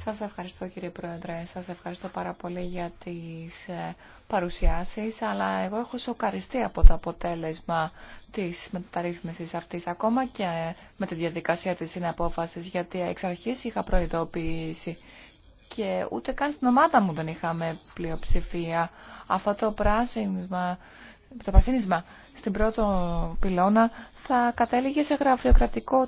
Σας ευχαριστώ κύριε Πρόεδρε, σας ευχαριστώ πάρα πολύ για τις ε, παρουσιάσεις, αλλά εγώ έχω σοκαριστεί από το αποτέλεσμα της μεταρρύθμισης αυτής, ακόμα και με τη διαδικασία της συναπόφασης, γιατί εξ αρχής είχα προειδοποιήσει και ούτε καν στην ομάδα μου δεν είχαμε πλειοψηφία. Αυτό το πράσινισμα, το πρασίνισμα στην πρώτο πυλώνα θα κατέληγε σε γραφειοκρατικό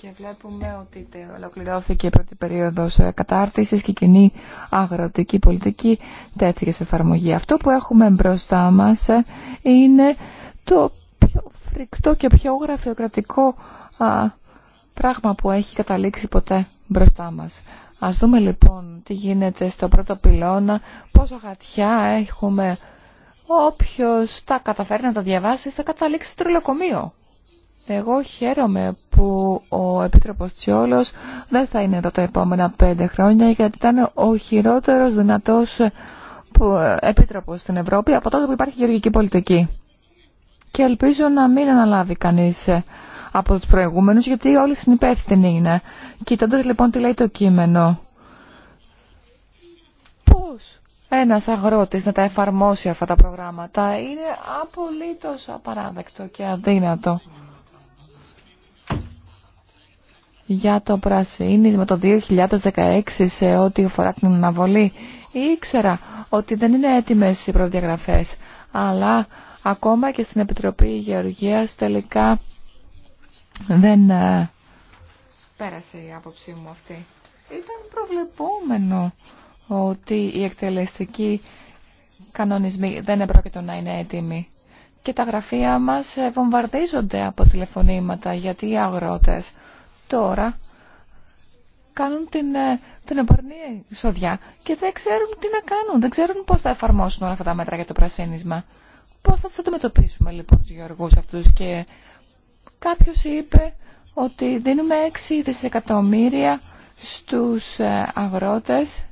και βλέπουμε ότι ολοκληρώθηκε η πρώτη περίοδος ε, κατάρτισης και η κοινή αγροτική πολιτική τέθηκε σε εφαρμογή. Αυτό που έχουμε μπροστά μας ε, είναι το πιο φρικτό και πιο γραφειοκρατικό πράγμα που έχει καταλήξει ποτέ μπροστά μας. Ας δούμε λοιπόν τι γίνεται στο πρώτο πυλώνα, πόσο χατιά έχουμε. Όποιος τα καταφέρει να τα διαβάσει θα καταλήξει τρολοκομείο. Εγώ χαίρομαι που ο Επίτροπος Τσιόλος δεν θα είναι εδώ τα επόμενα πέντε χρόνια γιατί ήταν ο χειρότερος δυνατός ε, ε, Επίτροπος στην Ευρώπη από τότε που υπάρχει γεωργική πολιτική. Και ελπίζω να μην αναλάβει κανείς ε, από τους προηγούμενους γιατί όλοι συνυπεύθυνοι είναι. Κοιτώντας λοιπόν τι λέει το κείμενο. Πώς ένας αγρότης να τα εφαρμόσει αυτά τα προγράμματα είναι απολύτως απαράδεκτο και αδύνατο για το πρασίνισμα το 2016 σε ό,τι αφορά την αναβολή. Ήξερα ότι δεν είναι έτοιμες οι προδιαγραφές, αλλά ακόμα και στην Επιτροπή Γεωργίας τελικά δεν ε, πέρασε η άποψή μου αυτή. Ήταν προβλεπόμενο ότι οι εκτελεστικοί κανονισμοί δεν επρόκειτο να είναι έτοιμοι. Και τα γραφεία μας ε, βομβαρδίζονται από τηλεφωνήματα γιατί οι αγρότες τώρα κάνουν την, ε, την εμπορνή εισοδιά και δεν ξέρουν τι να κάνουν, δεν ξέρουν πώς θα εφαρμόσουν όλα αυτά τα μέτρα για το πρασίνισμα. Πώς θα τους αντιμετωπίσουμε λοιπόν τους γεωργούς αυτούς και κάποιος είπε ότι δίνουμε 6 δισεκατομμύρια στους ε, αγρότες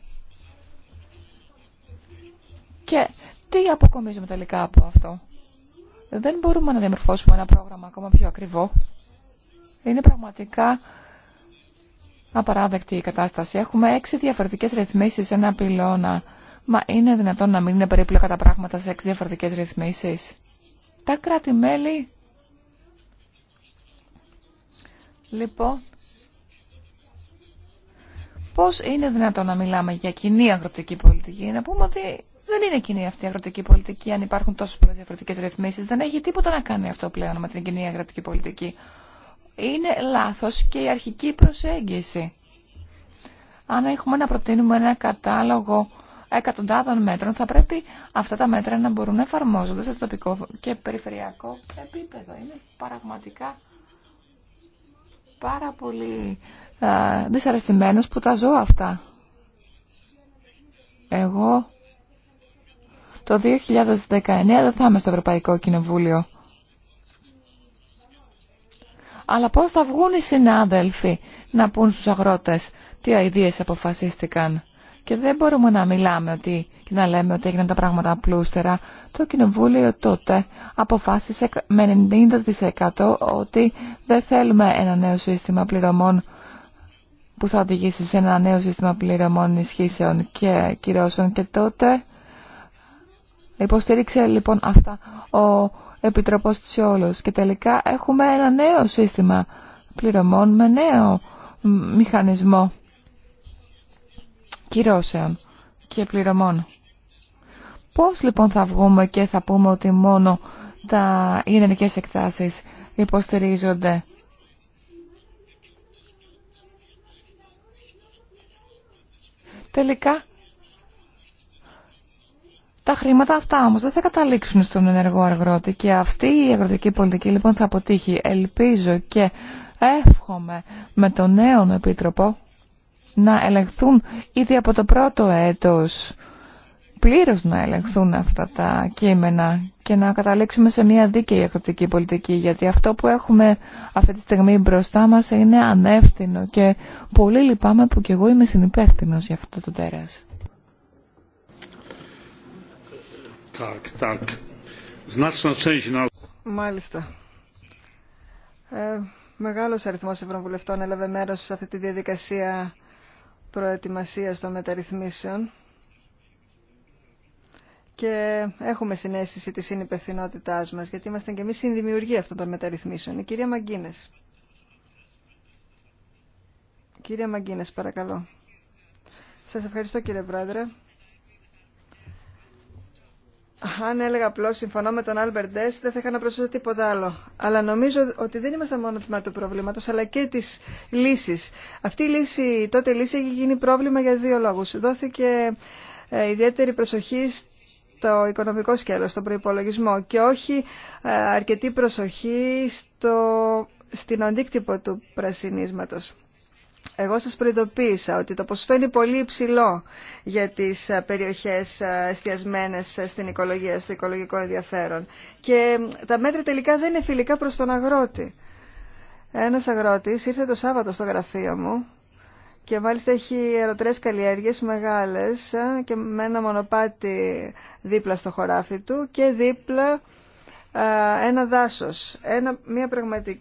και τι αποκομίζουμε τελικά από αυτό. Δεν μπορούμε να διαμορφώσουμε ένα πρόγραμμα ακόμα πιο ακριβό είναι πραγματικά απαράδεκτη η κατάσταση. Έχουμε έξι διαφορετικές ρυθμίσεις σε ένα πυλώνα. Μα είναι δυνατόν να μην είναι περίπλοκα τα πράγματα σε έξι διαφορετικές ρυθμίσεις. Τα κράτη-μέλη... Λοιπόν, πώς είναι δυνατόν να μιλάμε για κοινή αγροτική πολιτική, να πούμε ότι δεν είναι κοινή αυτή η αγροτική πολιτική αν υπάρχουν τόσε πολλέ διαφορετικέ ρυθμίσει. Δεν έχει τίποτα να κάνει αυτό πλέον με την κοινή αγροτική πολιτική είναι λάθος και η αρχική προσέγγιση. Αν έχουμε να προτείνουμε ένα κατάλογο εκατοντάδων μέτρων, θα πρέπει αυτά τα μέτρα να μπορούν να εφαρμόζονται σε τοπικό και περιφερειακό επίπεδο. Είναι πραγματικά πάρα πολύ δυσαρεστημένος που τα ζω αυτά. Εγώ το 2019 δεν θα είμαι στο Ευρωπαϊκό Κοινοβούλιο. Αλλά πώς θα βγουν οι συνάδελφοι να πούν στους αγρότες τι ιδέες αποφασίστηκαν. Και δεν μπορούμε να μιλάμε ότι, και να λέμε ότι έγιναν τα πράγματα απλούστερα. Το Κοινοβούλιο τότε αποφάσισε με 90% ότι δεν θέλουμε ένα νέο σύστημα πληρωμών που θα οδηγήσει σε ένα νέο σύστημα πληρωμών ισχύσεων και κυρώσεων. Και τότε υποστήριξε λοιπόν αυτά ο Επιτροπός Τσιόλος και τελικά έχουμε ένα νέο σύστημα πληρωμών με νέο μηχανισμό κυρώσεων και πληρωμών. Πώς λοιπόν θα βγούμε και θα πούμε ότι μόνο τα γενικές εκτάσεις υποστηρίζονται τελικά τα χρήματα αυτά όμως δεν θα καταλήξουν στον ενεργό αγρότη και αυτή η αγροτική πολιτική λοιπόν θα αποτύχει. Ελπίζω και εύχομαι με τον νέο επίτροπο να ελεγχθούν ήδη από το πρώτο έτος πλήρως να ελεγχθούν αυτά τα κείμενα και να καταλήξουμε σε μια δίκαιη αγροτική πολιτική γιατί αυτό που έχουμε αυτή τη στιγμή μπροστά μας είναι ανεύθυνο και πολύ λυπάμαι που κι εγώ είμαι συνυπεύθυνος για αυτό το τέρας. Μάλιστα. Ε, μεγάλος αριθμός ευρωβουλευτών έλαβε μέρος σε αυτή τη διαδικασία προετοιμασίας των μεταρρυθμίσεων και έχουμε συνέστηση της συνυπευθυνότητάς μας, γιατί είμαστε και εμείς συνδημιουργοί αυτών των μεταρρυθμίσεων. Η κυρία Μαγκίνες. Κυρία Μαγκίνες, παρακαλώ. Σας ευχαριστώ κύριε Πρόεδρε. Αν έλεγα απλώ συμφωνώ με τον Άλμπερντ Ντέσ, δεν θα είχα να προσθέσω τίποτα άλλο. Αλλά νομίζω ότι δεν είμαστε μόνο τμήμα του προβλήματο, αλλά και τη λύση. Αυτή η λύση, τότε λύση έχει γίνει πρόβλημα για δύο λόγου. Δόθηκε ε, ιδιαίτερη προσοχή στο οικονομικό σκέλος, στον προϋπολογισμό και όχι ε, αρκετή προσοχή στο, στην αντίκτυπο του πρασινίσματος. Εγώ σας προειδοποίησα ότι το ποσοστό είναι πολύ υψηλό για τις ε, περιοχές ε, εστιασμένες ε, στην οικολογία, στο οικολογικό ενδιαφέρον. Και τα μέτρα τελικά δεν είναι φιλικά προς τον αγρότη. Ένας αγρότης ήρθε το Σάββατο στο γραφείο μου και μάλιστα έχει αεροτρές καλλιέργειες μεγάλες και με ένα μονοπάτι δίπλα στο χωράφι του και δίπλα ένα δάσος. Ένα, μια πραγματική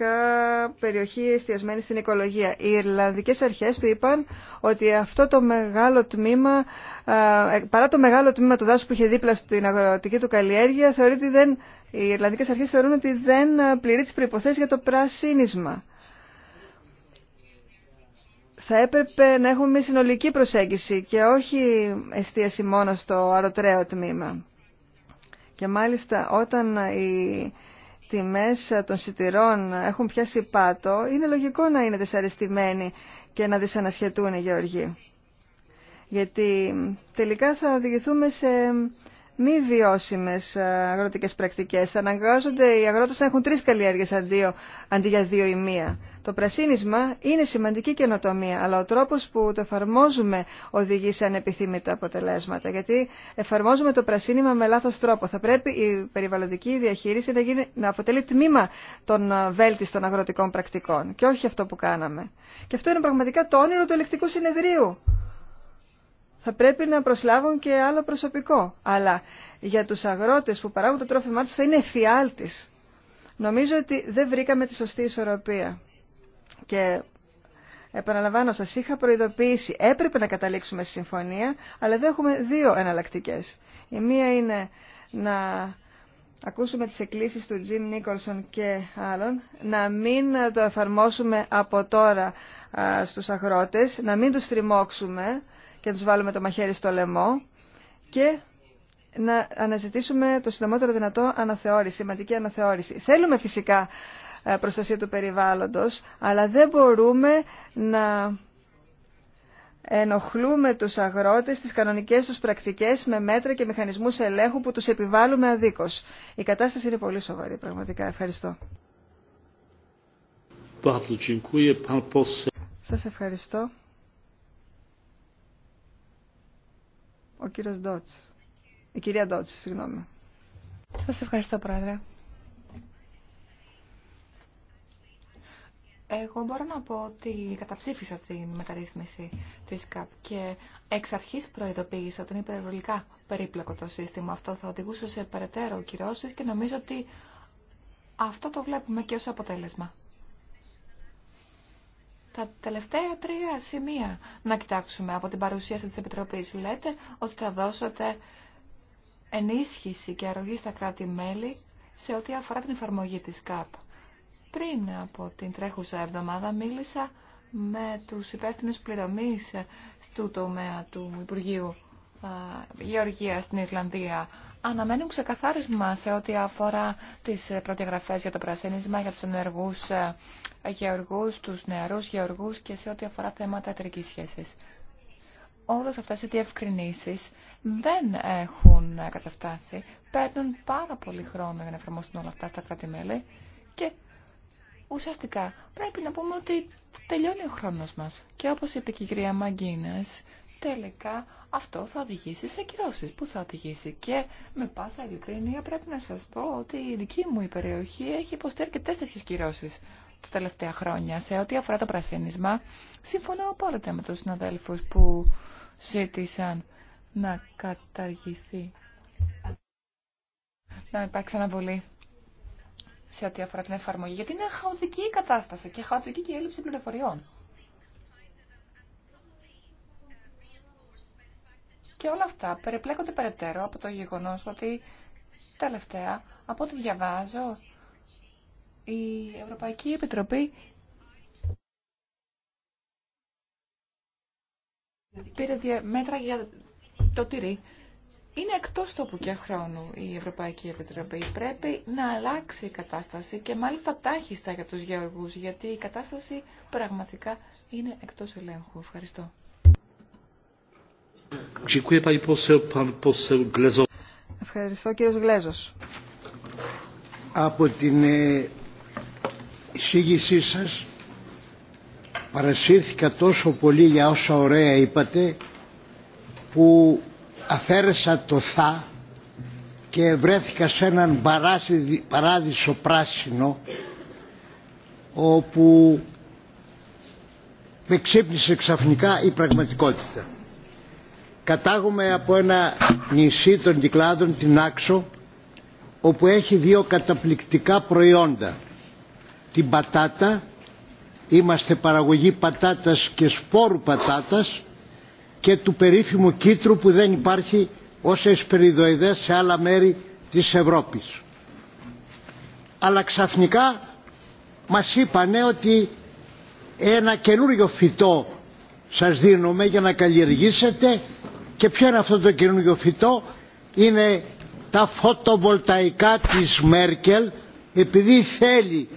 ουσιαστικά περιοχή εστιασμένη στην οικολογία. Οι Ιρλανδικές αρχές του είπαν ότι αυτό το μεγάλο τμήμα, ε, παρά το μεγάλο τμήμα του δάσου που είχε δίπλα στην αγροτική του καλλιέργεια, θεωρείται δεν, οι Ιρλανδικές αρχές θεωρούν ότι δεν πληρεί τις προϋποθέσεις για το πρασίνισμα. Θα έπρεπε να έχουμε μια συνολική προσέγγιση και όχι εστίαση μόνο στο αρωτρέο τμήμα. Και μάλιστα όταν οι τιμές των σιτηρών έχουν πιάσει πάτο, είναι λογικό να είναι δυσαρεστημένοι και να δυσανασχετούν οι γεωργοί. Γιατί τελικά θα οδηγηθούμε σε μη βιώσιμε αγροτικέ πρακτικέ. Θα αναγκάζονται οι αγρότε να έχουν τρει καλλιέργειε αντί για δύο ή μία. Το πρασίνισμα είναι σημαντική καινοτομία, αλλά ο τρόπο που το εφαρμόζουμε οδηγεί σε ανεπιθύμητα αποτελέσματα. Γιατί εφαρμόζουμε το πρασίνισμα με λάθο τρόπο. Θα πρέπει η περιβαλλοντική διαχείριση να, γίνει, να αποτελεί τμήμα των ε, βέλτιστων αγροτικών πρακτικών και όχι αυτό που κάναμε. Και αυτό είναι πραγματικά το όνειρο του ελεκτικού συνεδρίου θα πρέπει να προσλάβουν και άλλο προσωπικό. Αλλά για τους αγρότες που παράγουν το τρόφιμά τους θα είναι εφιάλτης. Νομίζω ότι δεν βρήκαμε τη σωστή ισορροπία. Και επαναλαμβάνω, σας είχα προειδοποιήσει, έπρεπε να καταλήξουμε στη συμφωνία, αλλά εδώ έχουμε δύο εναλλακτικέ. Η μία είναι να ακούσουμε τις εκκλήσεις του Τζιμ Νίκολσον και άλλων, να μην το εφαρμόσουμε από τώρα στους αγρότες, να μην τους τριμώξουμε, για να τους βάλουμε το μαχαίρι στο λαιμό και να αναζητήσουμε το συντομότερο δυνατό αναθεώρηση, σημαντική αναθεώρηση. Θέλουμε φυσικά ε, προστασία του περιβάλλοντος, αλλά δεν μπορούμε να ενοχλούμε τους αγρότες στις κανονικές τους πρακτικές με μέτρα και μηχανισμούς ελέγχου που τους επιβάλλουμε αδίκως. Η κατάσταση είναι πολύ σοβαρή πραγματικά. Ευχαριστώ. Σας ευχαριστώ. Ο κύριος Η κυρία Ντότς, συγγνώμη. Σας ευχαριστώ, Πρόεδρε. Εγώ μπορώ να πω ότι καταψήφισα την μεταρρύθμιση της ΚΑΠ και εξ αρχής προειδοποίησα ότι είναι υπερβολικά περίπλοκο το σύστημα. Αυτό θα οδηγούσε σε περαιτέρω κυρώσεις και νομίζω ότι αυτό το βλέπουμε και ως αποτέλεσμα τα τελευταία τρία σημεία να κοιτάξουμε από την παρουσίαση της Επιτροπής. Λέτε ότι θα δώσετε ενίσχυση και αρρωγή στα κράτη-μέλη σε ό,τι αφορά την εφαρμογή της ΚΑΠ. Πριν από την τρέχουσα εβδομάδα μίλησα με τους υπεύθυνους πληρωμής του τομέα του Υπουργείου Γεωργία στην Ιρλανδία αναμένουν ξεκαθάρισμα σε ό,τι αφορά τις προδιαγραφές για το πρασίνισμα, για τους ενεργούς ε, γεωργούς, τους νεαρούς γεωργούς και σε ό,τι αφορά θέματα εταιρικής σχέσης. Όλες αυτές οι διευκρινήσεις δεν έχουν καταφτάσει. Παίρνουν πάρα πολύ χρόνο για να εφαρμόσουν όλα αυτά στα κράτη-μέλη και ουσιαστικά πρέπει να πούμε ότι τελειώνει ο χρόνος μας. Και όπως είπε και η κυρία Μαγκίνες, τελικά αυτό θα οδηγήσει σε κυρώσεις που θα οδηγήσει και με πάσα ειλικρίνεια πρέπει να σας πω ότι η δική μου η περιοχή έχει υποστεί και τέτοιες κυρώσεις τα τελευταία χρόνια σε ό,τι αφορά το πρασίνισμα συμφωνώ απόλυτα με τους συναδέλφους που ζήτησαν να καταργηθεί να υπάρξει αναβολή σε ό,τι αφορά την εφαρμογή γιατί είναι χαοτική η κατάσταση και χαοτική και η έλλειψη πληροφοριών Και όλα αυτά περιπλέκονται περαιτέρω από το γεγονός ότι τελευταία, από ό,τι διαβάζω, η Ευρωπαϊκή Επιτροπή πήρε μέτρα για το τυρί. Είναι εκτός τόπου και χρόνου η Ευρωπαϊκή Επιτροπή. Πρέπει να αλλάξει η κατάσταση και μάλιστα τάχιστα για τους γεωργούς, γιατί η κατάσταση πραγματικά είναι εκτός ελέγχου. Ευχαριστώ. Ευχαριστώ κύριος Γλέζος. Από την ε, εισήγησή σας παρασύρθηκα τόσο πολύ για όσα ωραία είπατε που αφαίρεσα το θα και βρέθηκα σε έναν παράδεισο πράσινο όπου με ξύπνησε ξαφνικά η πραγματικότητα κατάγομαι από ένα νησί των Κυκλάδων, την Άξο, όπου έχει δύο καταπληκτικά προϊόντα. Την πατάτα, είμαστε παραγωγή πατάτας και σπόρου πατάτας και του περίφημου κίτρου που δεν υπάρχει ως εσπεριδοειδές σε άλλα μέρη της Ευρώπης. Αλλά ξαφνικά μας είπανε ότι ένα καινούριο φυτό σας δίνουμε για να καλλιεργήσετε και ποιο είναι αυτό το καινούργιο φυτό, είναι τα φωτοβολταϊκά της Μέρκελ επειδή θέλει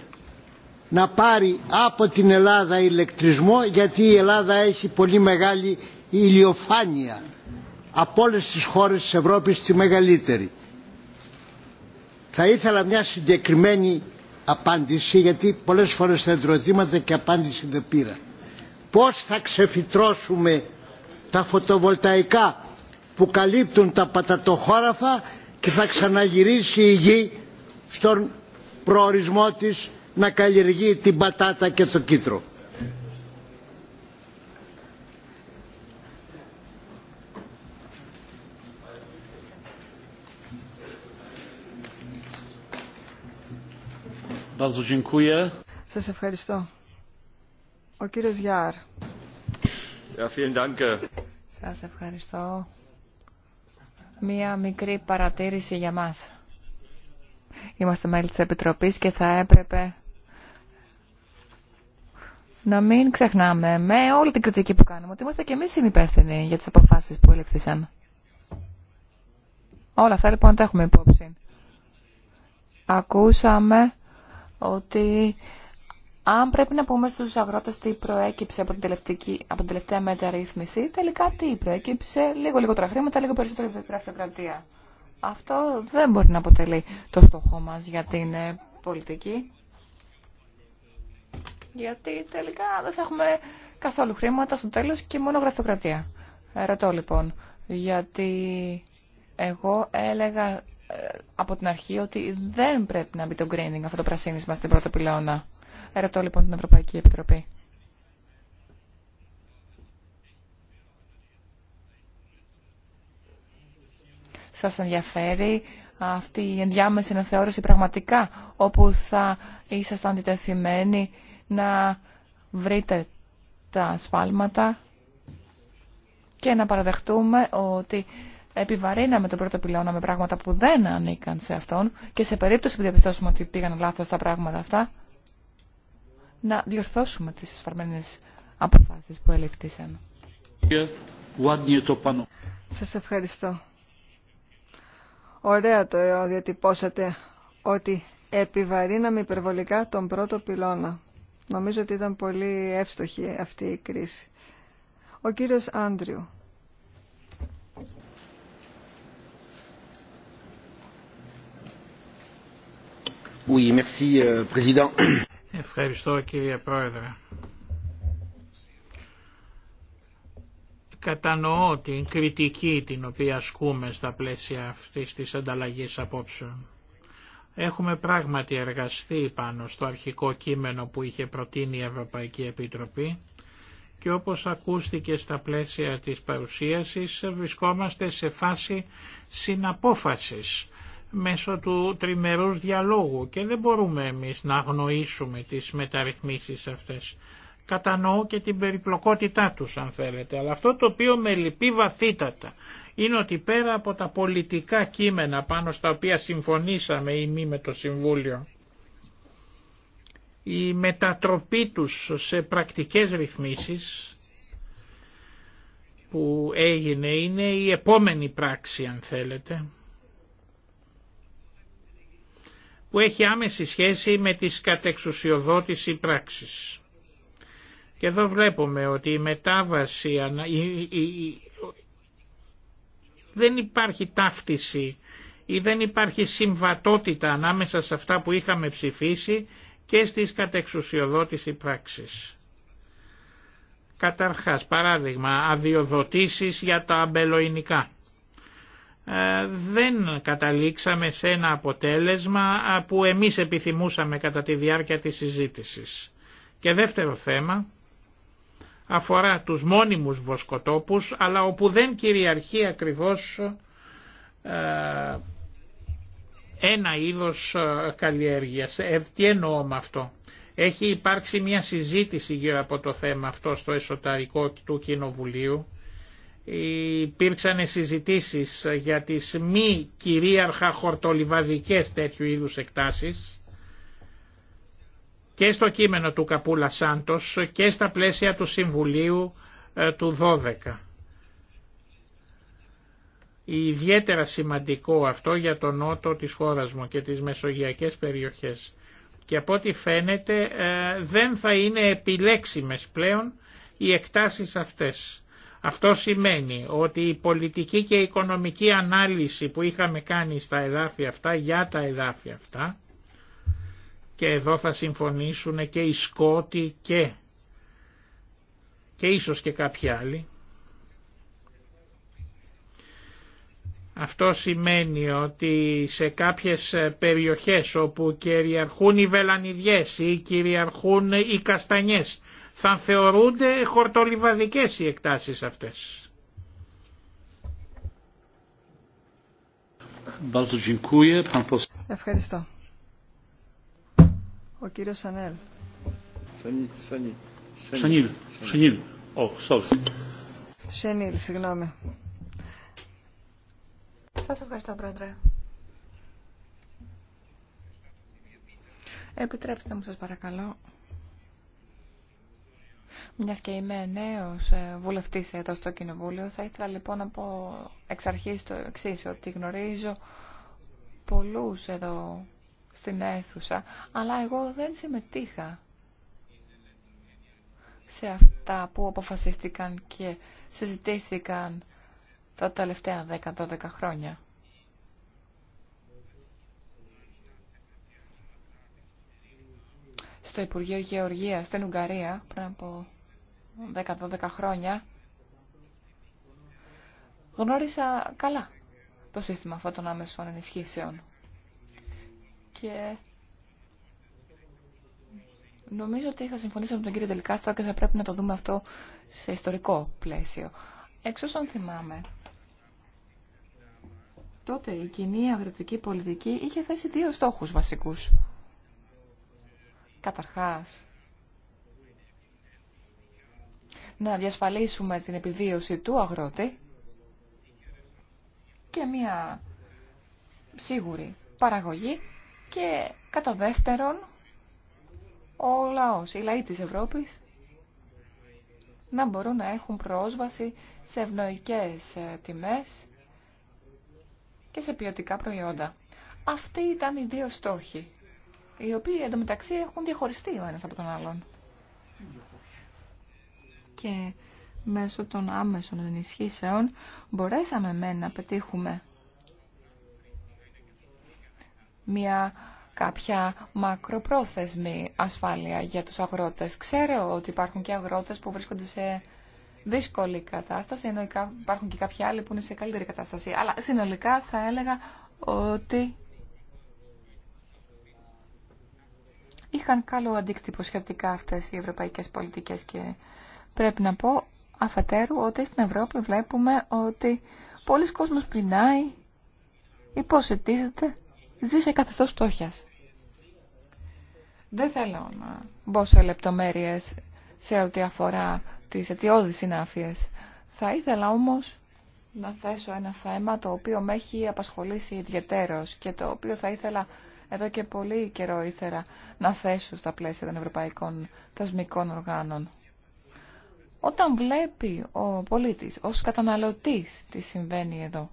να πάρει από την Ελλάδα ηλεκτρισμό γιατί η Ελλάδα έχει πολύ μεγάλη ηλιοφάνεια από όλες τις χώρες της Ευρώπης τη μεγαλύτερη. Θα ήθελα μια συγκεκριμένη απάντηση γιατί πολλές φορές θα ερωτήματα και απάντηση δεν πήρα. Πώς θα ξεφυτρώσουμε τα φωτοβολταϊκά που καλύπτουν τα πατατοχώραφα και θα ξαναγυρίσει η γη στον προορισμό της να καλλιεργεί την πατάτα και το κίτρο. Σας ευχαριστώ. Ο κύριος Γιάρ. Σας ευχαριστώ. Μία μικρή παρατήρηση για μας. Είμαστε μέλη της Επιτροπής και θα έπρεπε να μην ξεχνάμε με όλη την κριτική που κάνουμε ότι είμαστε και εμείς συνυπεύθυνοι για τις αποφάσεις που ελήφθησαν. Όλα αυτά λοιπόν τα έχουμε υπόψη. Ακούσαμε ότι αν πρέπει να πούμε στους αγρότες τι προέκυψε από την, τελευταία, από την τελευταία μεταρρύθμιση, τελικά τι προέκυψε, λίγο λιγότερα χρήματα, λίγο περισσότερη γραφειοκρατία. Αυτό δεν μπορεί να αποτελεί το στόχο μας για την ε, πολιτική. Γιατί τελικά δεν θα έχουμε καθόλου χρήματα στο τέλος και μόνο γραφειοκρατία. Ρωτώ λοιπόν, γιατί εγώ έλεγα ε, από την αρχή ότι δεν πρέπει να μπει το greening αυτό το πρασίνισμα στην πρώτη πυλώνα. Ερωτώ λοιπόν την Ευρωπαϊκή Επιτροπή. Σας ενδιαφέρει αυτή η ενδιάμεση αναθεώρηση πραγματικά, όπου θα ήσασταν αντιτεθειμένοι να βρείτε τα σφάλματα και να παραδεχτούμε ότι επιβαρύναμε τον πρώτο πυλώνα με πράγματα που δεν ανήκαν σε αυτόν και σε περίπτωση που διαπιστώσουμε ότι πήγαν λάθος τα πράγματα αυτά, να διορθώσουμε τις εσφαρμένες αποφάσεις που ελευθύσαν. Σας ευχαριστώ. Ωραία το διατυπώσατε ότι επιβαρύναμε υπερβολικά τον πρώτο πυλώνα. Νομίζω ότι ήταν πολύ εύστοχη αυτή η κρίση. Ο κύριος Άντριου. Oui, merci, euh, président. Ευχαριστώ κύριε Πρόεδρε. Κατανοώ την κριτική την οποία ασκούμε στα πλαίσια αυτής της ανταλλαγής απόψεων. Έχουμε πράγματι εργαστεί πάνω στο αρχικό κείμενο που είχε προτείνει η Ευρωπαϊκή Επιτροπή και όπως ακούστηκε στα πλαίσια της παρουσίασης βρισκόμαστε σε φάση συναπόφασης μέσω του τριμερούς διαλόγου και δεν μπορούμε εμείς να αγνοήσουμε τις μεταρρυθμίσεις αυτές. Κατανοώ και την περιπλοκότητά τους αν θέλετε, αλλά αυτό το οποίο με λυπεί βαθύτατα είναι ότι πέρα από τα πολιτικά κείμενα πάνω στα οποία συμφωνήσαμε ή μη με το Συμβούλιο, η μετατροπή τους σε πρακτικές ρυθμίσεις που έγινε είναι η επόμενη πράξη αν θέλετε που έχει άμεση σχέση με τις κατεξουσιοδότηση πράξεις Και εδώ βλέπουμε ότι η μετάβαση, η, δεν υπάρχει ταύτιση ή δεν υπάρχει συμβατότητα ανάμεσα σε αυτά που είχαμε ψηφίσει και στις κατεξουσιοδότηση πράξεις. Καταρχάς, παράδειγμα, αδειοδοτήσεις για τα αμπελοϊνικά. Ε, δεν καταλήξαμε σε ένα αποτέλεσμα που εμείς επιθυμούσαμε κατά τη διάρκεια της συζήτησης. Και δεύτερο θέμα αφορά τους μόνιμους βοσκοτόπους, αλλά όπου δεν κυριαρχεί ακριβώς ε, ένα είδος ε, καλλιέργειας. τι εννοώ με αυτό. Έχει υπάρξει μια συζήτηση γύρω από το θέμα αυτό στο εσωτερικό του Κοινοβουλίου υπήρξαν συζητήσεις για τις μη κυρίαρχα χορτολιβαδικές τέτοιου είδους εκτάσεις και στο κείμενο του Καπούλα Σάντος και στα πλαίσια του Συμβουλίου ε, του 12. Ιδιαίτερα σημαντικό αυτό για τον νότο της χώρας μου και τις μεσογειακές περιοχές. Και από ό,τι φαίνεται ε, δεν θα είναι επιλέξιμες πλέον οι εκτάσεις αυτές αυτό σημαίνει ότι η πολιτική και η οικονομική ανάλυση που είχαμε κάνει στα εδάφια αυτά, για τα εδάφια αυτά, και εδώ θα συμφωνήσουν και οι Σκότοι και, και ίσως και κάποιοι άλλοι, Αυτό σημαίνει ότι σε κάποιες περιοχές όπου κυριαρχούν οι βελανιδιές ή κυριαρχούν οι καστανιές θα θεωρούνται χορτολιβαδικές οι εκτάσεις αυτές. Ευχαριστώ. Ο κύριος Σανέλ. Σανίλ. Σανίλ. Σανίλ, συγγνώμη. Σας ευχαριστώ, Πρόεδρε. Επιτρέψτε μου, σας παρακαλώ, μια και είμαι νέο ε, βουλευτή εδώ στο Κοινοβούλιο, θα ήθελα λοιπόν να πω εξ αρχή το εξή, ότι γνωρίζω πολλού εδώ στην αίθουσα, αλλά εγώ δεν συμμετείχα σε αυτά που αποφασίστηκαν και συζητήθηκαν τα τελευταία 10-12 χρόνια. Στο Υπουργείο Γεωργίας στην Ουγγαρία, πριν από 10-12 χρόνια γνώρισα καλά το σύστημα αυτών των άμεσων ενισχύσεων. Και νομίζω ότι θα συμφωνήσω με τον κύριο Τελικάστρο και θα πρέπει να το δούμε αυτό σε ιστορικό πλαίσιο. Εξ όσων θυμάμαι, τότε η κοινή αγροτική πολιτική είχε θέσει δύο στόχους βασικούς. Καταρχάς, να διασφαλίσουμε την επιβίωση του αγρότη και μία σίγουρη παραγωγή και κατά δεύτερον ο λαός, οι λαοί της Ευρώπης να μπορούν να έχουν πρόσβαση σε ευνοϊκές ε, τιμές και σε ποιοτικά προϊόντα. Αυτοί ήταν οι δύο στόχοι, οι οποίοι εντωμεταξύ έχουν διαχωριστεί ο ένας από τον άλλον και μέσω των άμεσων ενισχύσεων μπορέσαμε με να πετύχουμε μια κάποια μακροπρόθεσμη ασφάλεια για τους αγρότες. Ξέρω ότι υπάρχουν και αγρότες που βρίσκονται σε δύσκολη κατάσταση, ενώ υπάρχουν και κάποιοι άλλοι που είναι σε καλύτερη κατάσταση. Αλλά συνολικά θα έλεγα ότι είχαν καλό αντίκτυπο σχετικά αυτές οι ευρωπαϊκές πολιτικές και Πρέπει να πω αφετέρου ότι στην Ευρώπη βλέπουμε ότι πολλοί κόσμος πεινάει, υποσυτίζεται, ζει σε καθεστώς στόχιας. Δεν θέλω να μπω σε λεπτομέρειες σε ό,τι αφορά τις αιτιώδεις συνάφειες. Θα ήθελα όμως να θέσω ένα θέμα το οποίο με έχει απασχολήσει ιδιαίτερος και το οποίο θα ήθελα εδώ και πολύ καιρό ήθελα να θέσω στα πλαίσια των ευρωπαϊκών θεσμικών οργάνων. Όταν βλέπει ο πολίτης ως καταναλωτής τι συμβαίνει εδώ,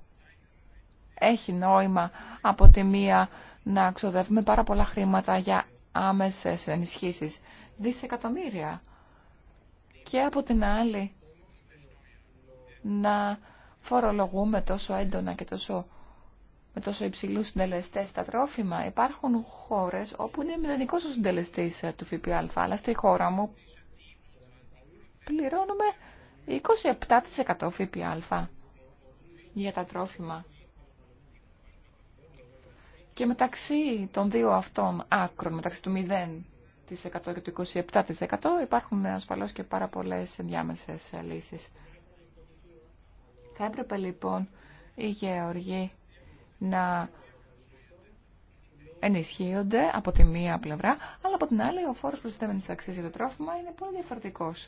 έχει νόημα από τη μία να ξοδεύουμε πάρα πολλά χρήματα για άμεσες ενισχύσεις, δισεκατομμύρια. Και από την άλλη να φορολογούμε τόσο έντονα και τόσο, με τόσο υψηλού συντελεστέ τα τρόφιμα. Υπάρχουν χώρες όπου είναι μηδενικός ο συντελεστής του ΦΠΑ, αλλά στη χώρα μου πληρώνουμε 27% ΦΠΑ για τα τρόφιμα. Και μεταξύ των δύο αυτών άκρων, μεταξύ του 0% και του 27% υπάρχουν ασφαλώς και πάρα πολλές ενδιάμεσες λύσεις. Θα έπρεπε λοιπόν οι γεωργοί να ενισχύονται από τη μία πλευρά, αλλά από την άλλη ο φόρος προστατεύμενης αξίας για το τρόφιμα είναι πολύ διαφορετικός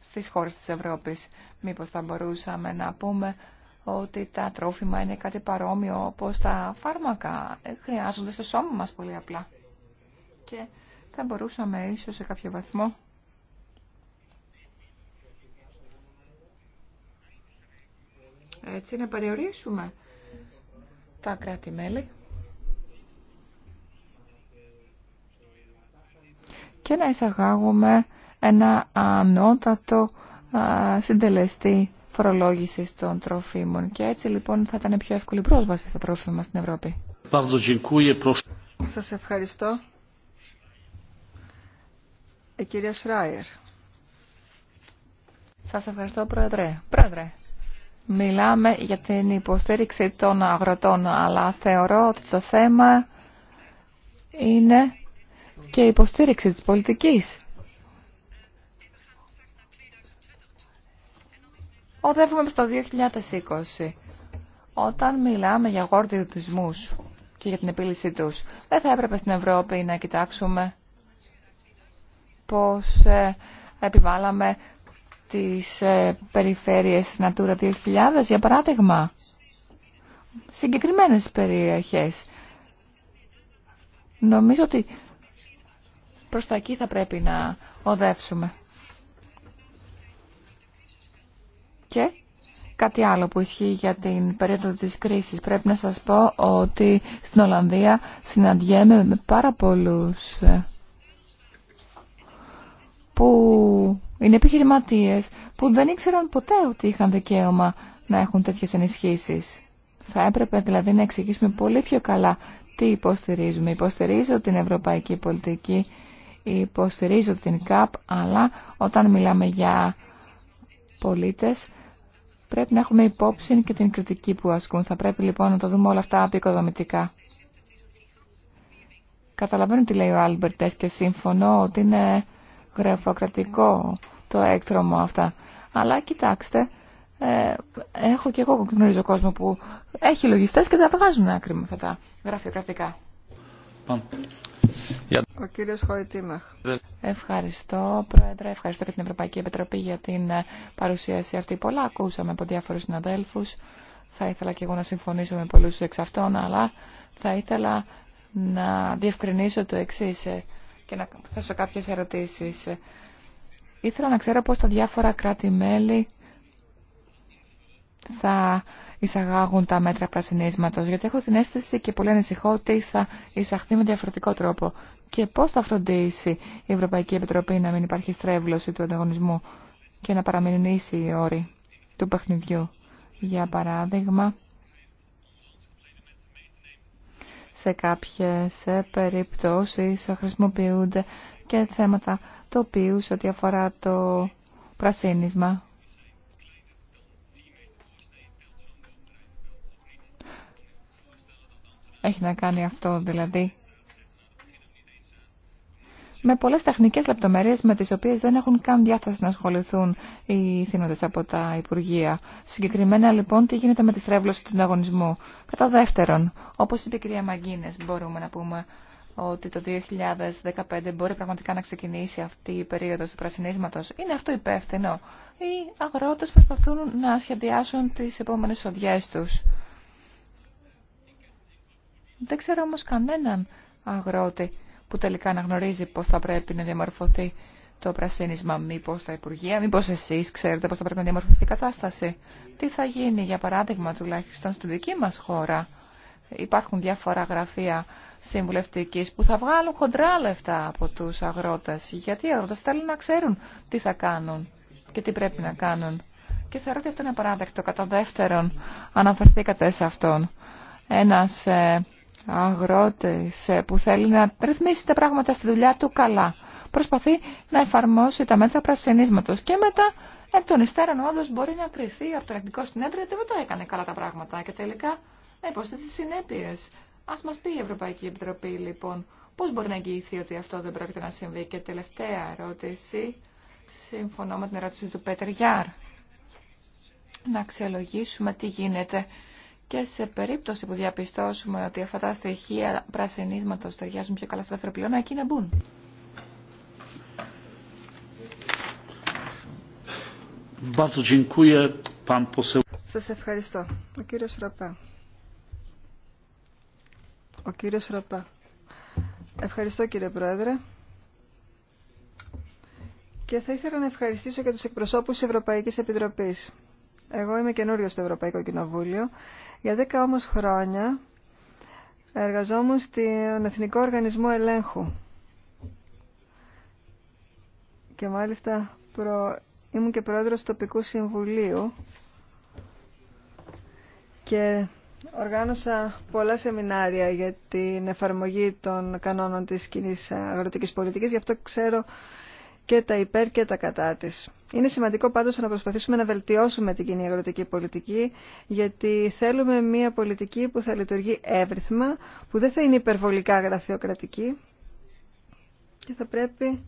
στις χώρες της Ευρώπης. Μήπως θα μπορούσαμε να πούμε ότι τα τρόφιμα είναι κάτι παρόμοιο όπως τα φάρμακα. Ε, χρειάζονται στο σώμα μας πολύ απλά. Και θα μπορούσαμε ίσως σε κάποιο βαθμό έτσι να περιορίσουμε τα κράτη-μέλη και να εισαγάγουμε ένα ανώτατο συντελεστή φορολόγηση των τροφίμων. Και έτσι λοιπόν θα ήταν πιο εύκολη πρόσβαση στα τρόφιμα στην Ευρώπη. Σας ευχαριστώ. Η ε, κυρία Σράιερ. Σας ευχαριστώ, Πρόεδρε. Πρόεδρε, μιλάμε για την υποστήριξη των αγροτών, αλλά θεωρώ ότι το θέμα είναι και η υποστήριξη της πολιτικής. οδεύουμε στο 2020. Όταν μιλάμε για γόρδιωτισμούς και για την επίλυσή τους, δεν θα έπρεπε στην Ευρώπη να κοιτάξουμε πώς ε, επιβάλαμε τις ε, περιφέρειες Natura 2000, για παράδειγμα, συγκεκριμένες περιοχές. Νομίζω ότι προς τα εκεί θα πρέπει να οδεύσουμε. Και κάτι άλλο που ισχύει για την περίοδο της κρίσης. Πρέπει να σας πω ότι στην Ολλανδία συναντιέμαι με πάρα πολλούς ε, που είναι επιχειρηματίες που δεν ήξεραν ποτέ ότι είχαν δικαίωμα να έχουν τέτοιες ενισχύσεις. Θα έπρεπε δηλαδή να εξηγήσουμε πολύ πιο καλά τι υποστηρίζουμε. Υποστηρίζω την ευρωπαϊκή πολιτική, υποστηρίζω την ΚΑΠ, αλλά όταν μιλάμε για πολίτες πρέπει να έχουμε υπόψη και την κριτική που ασκούν. Θα πρέπει λοιπόν να το δούμε όλα αυτά απεικοδομητικά. Καταλαβαίνω τι λέει ο Άλμπερτες και συμφωνώ ότι είναι γραφοκρατικό το έκτρομο αυτά. Αλλά κοιτάξτε, ε, έχω και εγώ γνωρίζω κόσμο που έχει λογιστές και τα βγάζουν άκρη με αυτά τα γραφειοκρατικά. Ευχαριστώ, Πρόεδρε. Ευχαριστώ και την Ευρωπαϊκή Επιτροπή για την ε, παρουσίαση αυτή. Πολλά ακούσαμε από διάφορους συναδέλφου. Θα ήθελα και εγώ να συμφωνήσω με πολλού εξ αυτών, αλλά θα ήθελα να διευκρινίσω το εξή ε, και να θέσω κάποιες ερωτήσεις. Ε, ήθελα να ξέρω πώς τα διάφορα κράτη-μέλη θα εισαγάγουν τα μέτρα πρασινίσματος, γιατί έχω την αίσθηση και πολύ ανησυχώ ότι θα εισαχθεί με διαφορετικό τρόπο. Και πώς θα φροντίσει η Ευρωπαϊκή Επιτροπή να μην υπάρχει στρέβλωση του ανταγωνισμού και να παραμείνουν ίσοι οι όροι του παιχνιδιού. Για παράδειγμα, σε κάποιες περιπτώσεις χρησιμοποιούνται και θέματα τοπίου σε ό,τι αφορά το πρασίνισμα έχει να κάνει αυτό δηλαδή με πολλές τεχνικές λεπτομέρειες με τις οποίες δεν έχουν καν διάθεση να ασχοληθούν οι θύνοντες από τα Υπουργεία. Συγκεκριμένα λοιπόν τι γίνεται με τη στρέβλωση του ανταγωνισμού. Κατά δεύτερον, όπως είπε η κυρία Μαγκίνες, μπορούμε να πούμε ότι το 2015 μπορεί πραγματικά να ξεκινήσει αυτή η περίοδος του πρασινίσματος. Είναι αυτό υπεύθυνο. Οι αγρότες προσπαθούν να σχεδιάσουν τις επόμενες οδιές τους. Δεν ξέρω όμως κανέναν αγρότη που τελικά να γνωρίζει πώς θα πρέπει να διαμορφωθεί το πρασίνισμα, μήπως τα Υπουργεία, μήπως εσείς ξέρετε πώς θα πρέπει να διαμορφωθεί η κατάσταση. Τι θα γίνει, για παράδειγμα, τουλάχιστον στη δική μας χώρα. Υπάρχουν διάφορα γραφεία συμβουλευτική που θα βγάλουν χοντρά λεφτά από τους αγρότες. Γιατί οι αγρότες θέλουν να ξέρουν τι θα κάνουν και τι πρέπει να κάνουν. Και θεωρώ ότι αυτό είναι παράδεκτο. Κατά δεύτερον, αναφερθήκατε σε αυτόν. Ένας ε, αγρότης ε, που θέλει να ρυθμίσει τα πράγματα στη δουλειά του καλά. Προσπαθεί να εφαρμόσει τα μέτρα πρασινίσματος και μετά εκ των υστέρων όντω μπορεί να κρυθεί από το εθνικό συνέδριο ότι δεν το έκανε καλά τα πράγματα και τελικά να υποστεί τι συνέπειε. Α μα πει η Ευρωπαϊκή Επιτροπή λοιπόν πώ μπορεί να εγγυηθεί ότι αυτό δεν πρόκειται να συμβεί. Και τελευταία ερώτηση, συμφωνώ με την ερώτηση του Πέτερ Γιάρ. Να αξιολογήσουμε τι γίνεται και σε περίπτωση που διαπιστώσουμε ότι αυτά τα στοιχεία πρασινίσματος ταιριάζουν πιο καλά στο δεύτερο πυλώνα, εκεί να μπουν. Σας ευχαριστώ. Ο κύριος Ροπέ. Ο κύριος Ροπέ. Ευχαριστώ κύριε Πρόεδρε. Και θα ήθελα να ευχαριστήσω και τους εκπροσώπους της Ευρωπαϊκής Επιτροπής. Εγώ είμαι καινούριο στο Ευρωπαϊκό Κοινοβούλιο για δέκα όμως χρόνια εργαζόμουν στον Εθνικό Οργανισμό Ελέγχου. Και μάλιστα προ... ήμουν και πρόεδρος τοπικού συμβουλίου και οργάνωσα πολλά σεμινάρια για την εφαρμογή των κανόνων της κοινή αγροτικής πολιτικής. Γι' αυτό ξέρω και τα υπέρ και τα κατά της. Είναι σημαντικό πάντως να προσπαθήσουμε να βελτιώσουμε την κοινή αγροτική πολιτική, γιατί θέλουμε μια πολιτική που θα λειτουργεί εύρυθμα, που δεν θα είναι υπερβολικά γραφειοκρατική και θα πρέπει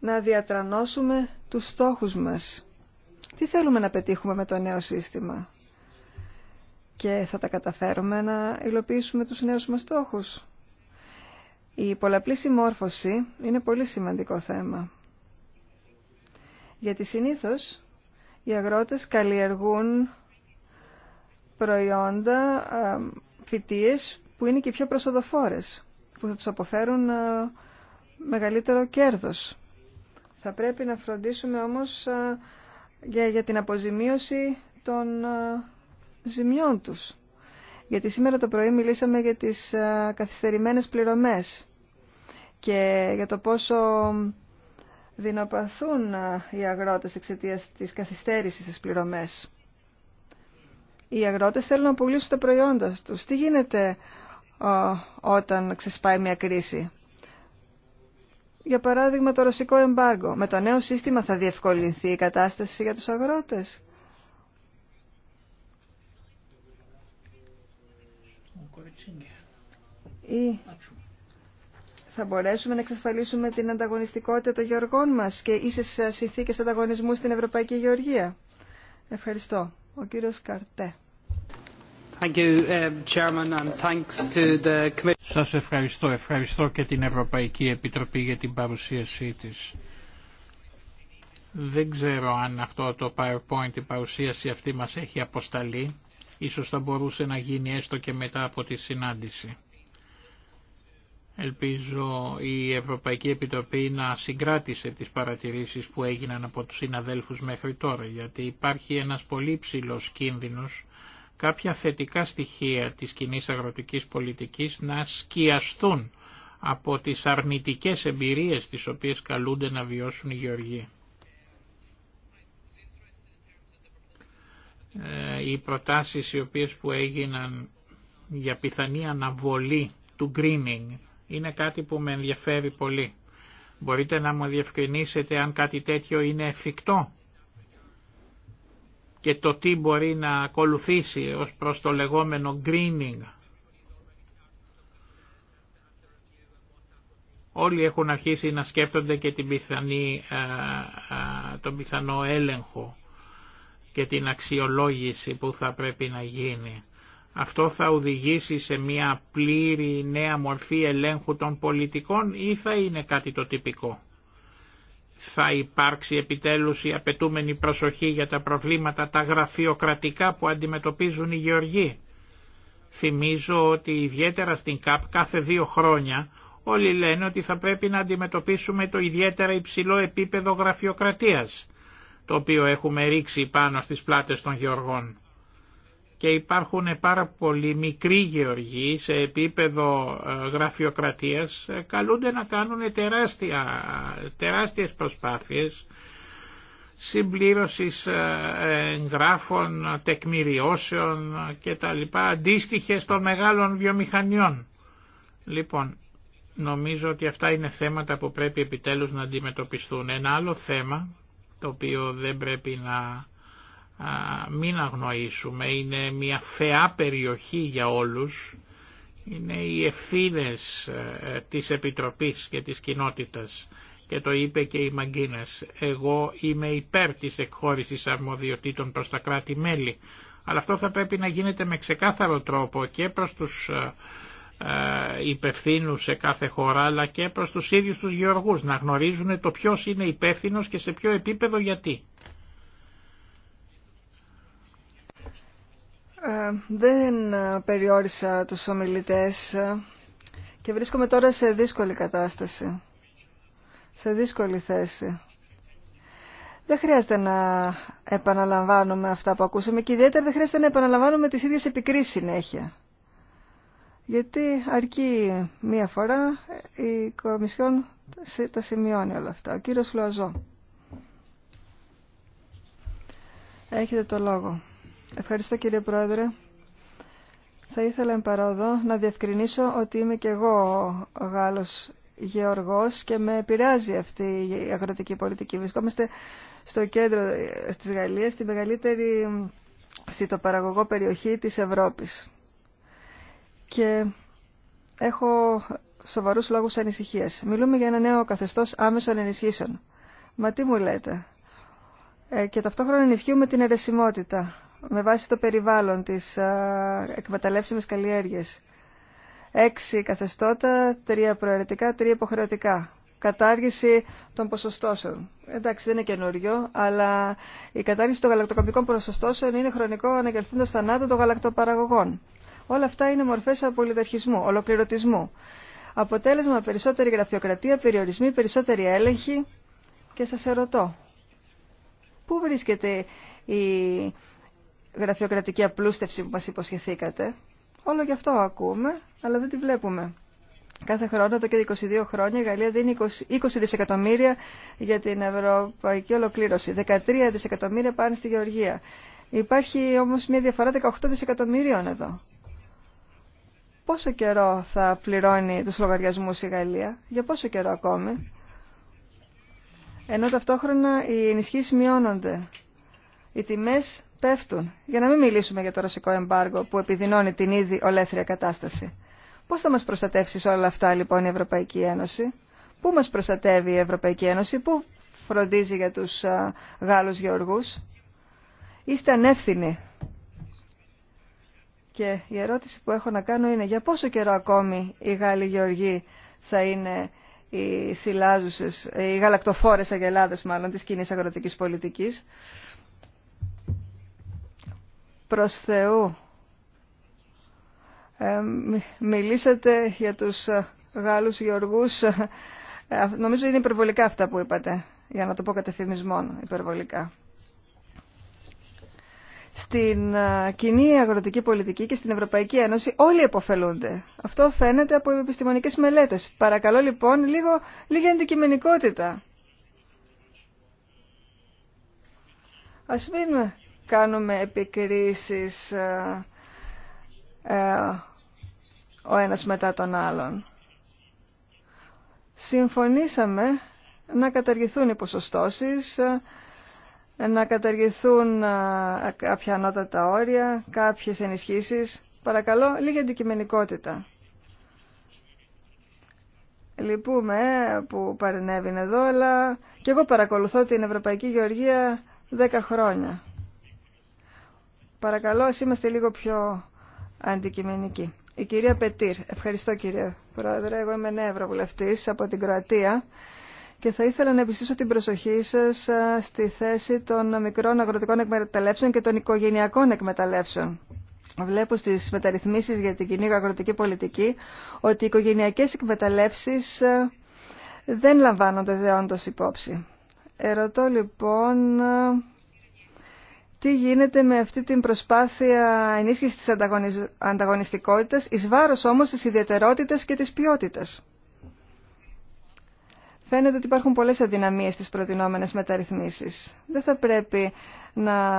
να διατρανώσουμε τους στόχους μας. Τι θέλουμε να πετύχουμε με το νέο σύστημα και θα τα καταφέρουμε να υλοποιήσουμε τους νέους μας στόχους. Η πολλαπλή συμμόρφωση είναι πολύ σημαντικό θέμα. Γιατί συνήθως οι αγρότες καλλιεργούν προϊόντα, φυτίες που είναι και πιο προσοδοφόρες, που θα τους αποφέρουν μεγαλύτερο κέρδος. Θα πρέπει να φροντίσουμε όμως για, για την αποζημίωση των ζημιών τους. Γιατί σήμερα το πρωί μιλήσαμε για τις καθυστερημένες πληρωμές και για το πόσο δυναπαθούν οι αγρότες εξαιτία της καθυστέρησης στις πληρωμές. Οι αγρότες θέλουν να πουλήσουν τα προϊόντα τους. Τι γίνεται όταν ξεσπάει μια κρίση. Για παράδειγμα το ρωσικό εμπάργκο. Με το νέο σύστημα θα διευκολυνθεί η κατάσταση για τους αγρότες θα μπορέσουμε να εξασφαλίσουμε την ανταγωνιστικότητα των γεωργών μας και ίσες συνθήκε ανταγωνισμού στην Ευρωπαϊκή Γεωργία. Ευχαριστώ. Ο κύριος Καρτέ. Σα uh, Σας ευχαριστώ. Ευχαριστώ και την Ευρωπαϊκή Επιτροπή για την παρουσίασή της. Δεν ξέρω αν αυτό το PowerPoint, η παρουσίαση αυτή μας έχει αποσταλεί. Ίσως θα μπορούσε να γίνει έστω και μετά από τη συνάντηση. Ελπίζω η Ευρωπαϊκή Επιτροπή να συγκράτησε τις παρατηρήσεις που έγιναν από τους συναδέλφους μέχρι τώρα, γιατί υπάρχει ένας πολύ ψηλό κίνδυνος κάποια θετικά στοιχεία της κοινή αγροτικής πολιτικής να σκιαστούν από τις αρνητικές εμπειρίες τις οποίες καλούνται να βιώσουν οι γεωργοί. Ε, οι προτάσεις οι οποίες που έγιναν για πιθανή αναβολή του greening είναι κάτι που με ενδιαφέρει πολύ. Μπορείτε να μου διευκρινίσετε αν κάτι τέτοιο είναι εφικτό και το τι μπορεί να ακολουθήσει ως προς το λεγόμενο greening. Όλοι έχουν αρχίσει να σκέπτονται και την πιθανή, ε, ε, τον πιθανό έλεγχο και την αξιολόγηση που θα πρέπει να γίνει. Αυτό θα οδηγήσει σε μια πλήρη νέα μορφή ελέγχου των πολιτικών ή θα είναι κάτι το τυπικό. Θα υπάρξει επιτέλους η απαιτούμενη προσοχή για τα προβλήματα τα γραφειοκρατικά που αντιμετωπίζουν οι γεωργοί. Θυμίζω ότι ιδιαίτερα στην ΚΑΠ κάθε δύο χρόνια όλοι λένε ότι θα πρέπει να αντιμετωπίσουμε το ιδιαίτερα υψηλό επίπεδο γραφειοκρατίας, το οποίο έχουμε ρίξει πάνω στις πλάτες των γεωργών και υπάρχουν πάρα πολλοί μικροί γεωργοί σε επίπεδο ε, γραφειοκρατίας ε, καλούνται να κάνουν τεράστια, τεράστιες προσπάθειες συμπλήρωσης ε, εγγράφων, τεκμηριώσεων και τα λοιπά αντίστοιχες των μεγάλων βιομηχανιών. Λοιπόν, νομίζω ότι αυτά είναι θέματα που πρέπει επιτέλους να αντιμετωπιστούν. Ένα άλλο θέμα το οποίο δεν πρέπει να μην αγνοήσουμε, είναι μια φεά περιοχή για όλους, είναι οι ευθύνε ε, ε, της Επιτροπής και της κοινότητας και το είπε και η Μαγκίνας. Εγώ είμαι υπέρ της εκχώρησης αρμοδιοτήτων προς τα κράτη-μέλη, αλλά αυτό θα πρέπει να γίνεται με ξεκάθαρο τρόπο και προς τους ε, υπευθύνου σε κάθε χώρα αλλά και προς τους ίδιους τους γεωργούς να γνωρίζουν το ποιος είναι υπεύθυνο και σε ποιο επίπεδο γιατί. Ε, δεν ε, περιόρισα τους ομιλητές ε, και βρίσκομαι τώρα σε δύσκολη κατάσταση, σε δύσκολη θέση. Δεν χρειάζεται να επαναλαμβάνουμε αυτά που ακούσαμε και ιδιαίτερα δεν χρειάζεται να επαναλαμβάνουμε τις ίδιες επικρίσεις συνέχεια. Γιατί αρκεί μία φορά η Κομισιόν τα σημειώνει όλα αυτά. Ο κύριος Λουαζό. Έχετε το λόγο. Ευχαριστώ κύριε Πρόεδρε. Θα ήθελα εμπαρόδο να διευκρινίσω ότι είμαι και εγώ Γάλλος γεωργός και με επηρεάζει αυτή η αγροτική πολιτική. Βρισκόμαστε στο κέντρο της Γαλλίας, στη μεγαλύτερη σιτοπαραγωγό περιοχή της Ευρώπης. Και έχω σοβαρούς λόγους ανησυχίας. Μιλούμε για ένα νέο καθεστώς άμεσων ενισχύσεων. Μα τι μου λέτε. Ε, και ταυτόχρονα ενισχύουμε την αιρεσιμότητα με βάση το περιβάλλον, της εκμεταλλεύσιμες καλλιέργειες. Έξι καθεστώτα, τρία προαιρετικά, τρία υποχρεωτικά. Κατάργηση των ποσοστώσεων. Εντάξει, δεν είναι καινούριο, αλλά η κατάργηση των γαλακτοκαμπικών ποσοστώσεων είναι χρονικό ανακερθούντος θανάτων των γαλακτοπαραγωγών. Όλα αυτά είναι μορφές απολυταρχισμού, ολοκληρωτισμού. Αποτέλεσμα περισσότερη γραφειοκρατία, περιορισμοί, περισσότερη έλεγχη και σας ερωτώ. Πού βρίσκεται η γραφειοκρατική απλούστευση που μας υποσχεθήκατε. Όλο γι' αυτό ακούμε, αλλά δεν τη βλέπουμε. Κάθε χρόνο, εδώ και 22 χρόνια, η Γαλλία δίνει 20, 20 δισεκατομμύρια για την ευρωπαϊκή ολοκλήρωση. 13 δισεκατομμύρια πάνε στη Γεωργία. Υπάρχει όμως μια διαφορά 18 δισεκατομμύριων εδώ. Πόσο καιρό θα πληρώνει τους λογαριασμούς η Γαλλία, για πόσο καιρό ακόμη. Ενώ ταυτόχρονα οι ενισχύσει μειώνονται. Οι τιμές πέφτουν. Για να μην μιλήσουμε για το ρωσικό εμπάργο που επιδεινώνει την ήδη ολέθρια κατάσταση. Πώς θα μας προστατεύσει όλα αυτά λοιπόν η Ευρωπαϊκή Ένωση. Πού μας προστατεύει η Ευρωπαϊκή Ένωση, πού φροντίζει για τους α, Γάλλους γεωργούς. Είστε ανεύθυνοι. Και η ερώτηση που έχω να κάνω είναι για πόσο καιρό ακόμη οι Γάλλοι γεωργοί θα είναι οι θυλάζουσες, οι γαλακτοφόρες αγελάδες μάλλον της κοινή αγροτικής πολιτικής προς Θεού. Ε, μιλήσατε για τους ε, Γάλλους Γεωργούς. Ε, νομίζω είναι υπερβολικά αυτά που είπατε, για να το πω κατεφημισμόν υπερβολικά. Στην κοινή αγροτική πολιτική και στην Ευρωπαϊκή Ένωση όλοι επωφελούνται. Αυτό φαίνεται από επιστημονικές μελέτες. Παρακαλώ λοιπόν λίγο, λίγη αντικειμενικότητα. Ας μην κάνουμε επικρίσεις ε, ε, ο ένας μετά τον άλλον. Συμφωνήσαμε να καταργηθούν οι ποσοστώσεις, ε, να καταργηθούν κάποια ανώτατα όρια, κάποιες ενισχύσεις. Παρακαλώ, λίγη αντικειμενικότητα. Λυπούμε που παρενέβηνε εδώ, αλλά και εγώ παρακολουθώ την Ευρωπαϊκή Γεωργία 10 χρόνια. Παρακαλώ, ας είμαστε λίγο πιο αντικειμενικοί. Η κυρία Πετήρ. Ευχαριστώ κύριε Πρόεδρε. Εγώ είμαι νέα Ευρωβουλευτής από την Κροατία και θα ήθελα να επιστήσω την προσοχή σας στη θέση των μικρών αγροτικών εκμεταλλεύσεων και των οικογενειακών εκμεταλλεύσεων. Βλέπω στις μεταρρυθμίσεις για την κοινή αγροτική πολιτική ότι οι οικογενειακές εκμεταλλεύσεις δεν λαμβάνονται δεόντως υπόψη. Ερωτώ λοιπόν τι γίνεται με αυτή την προσπάθεια ενίσχυσης της ανταγωνιστικότητας εις βάρος όμως της ιδιαιτερότητας και της ποιότητας. Φαίνεται ότι υπάρχουν πολλές αδυναμίες στις προτινόμενες μεταρρυθμίσεις. Δεν θα πρέπει να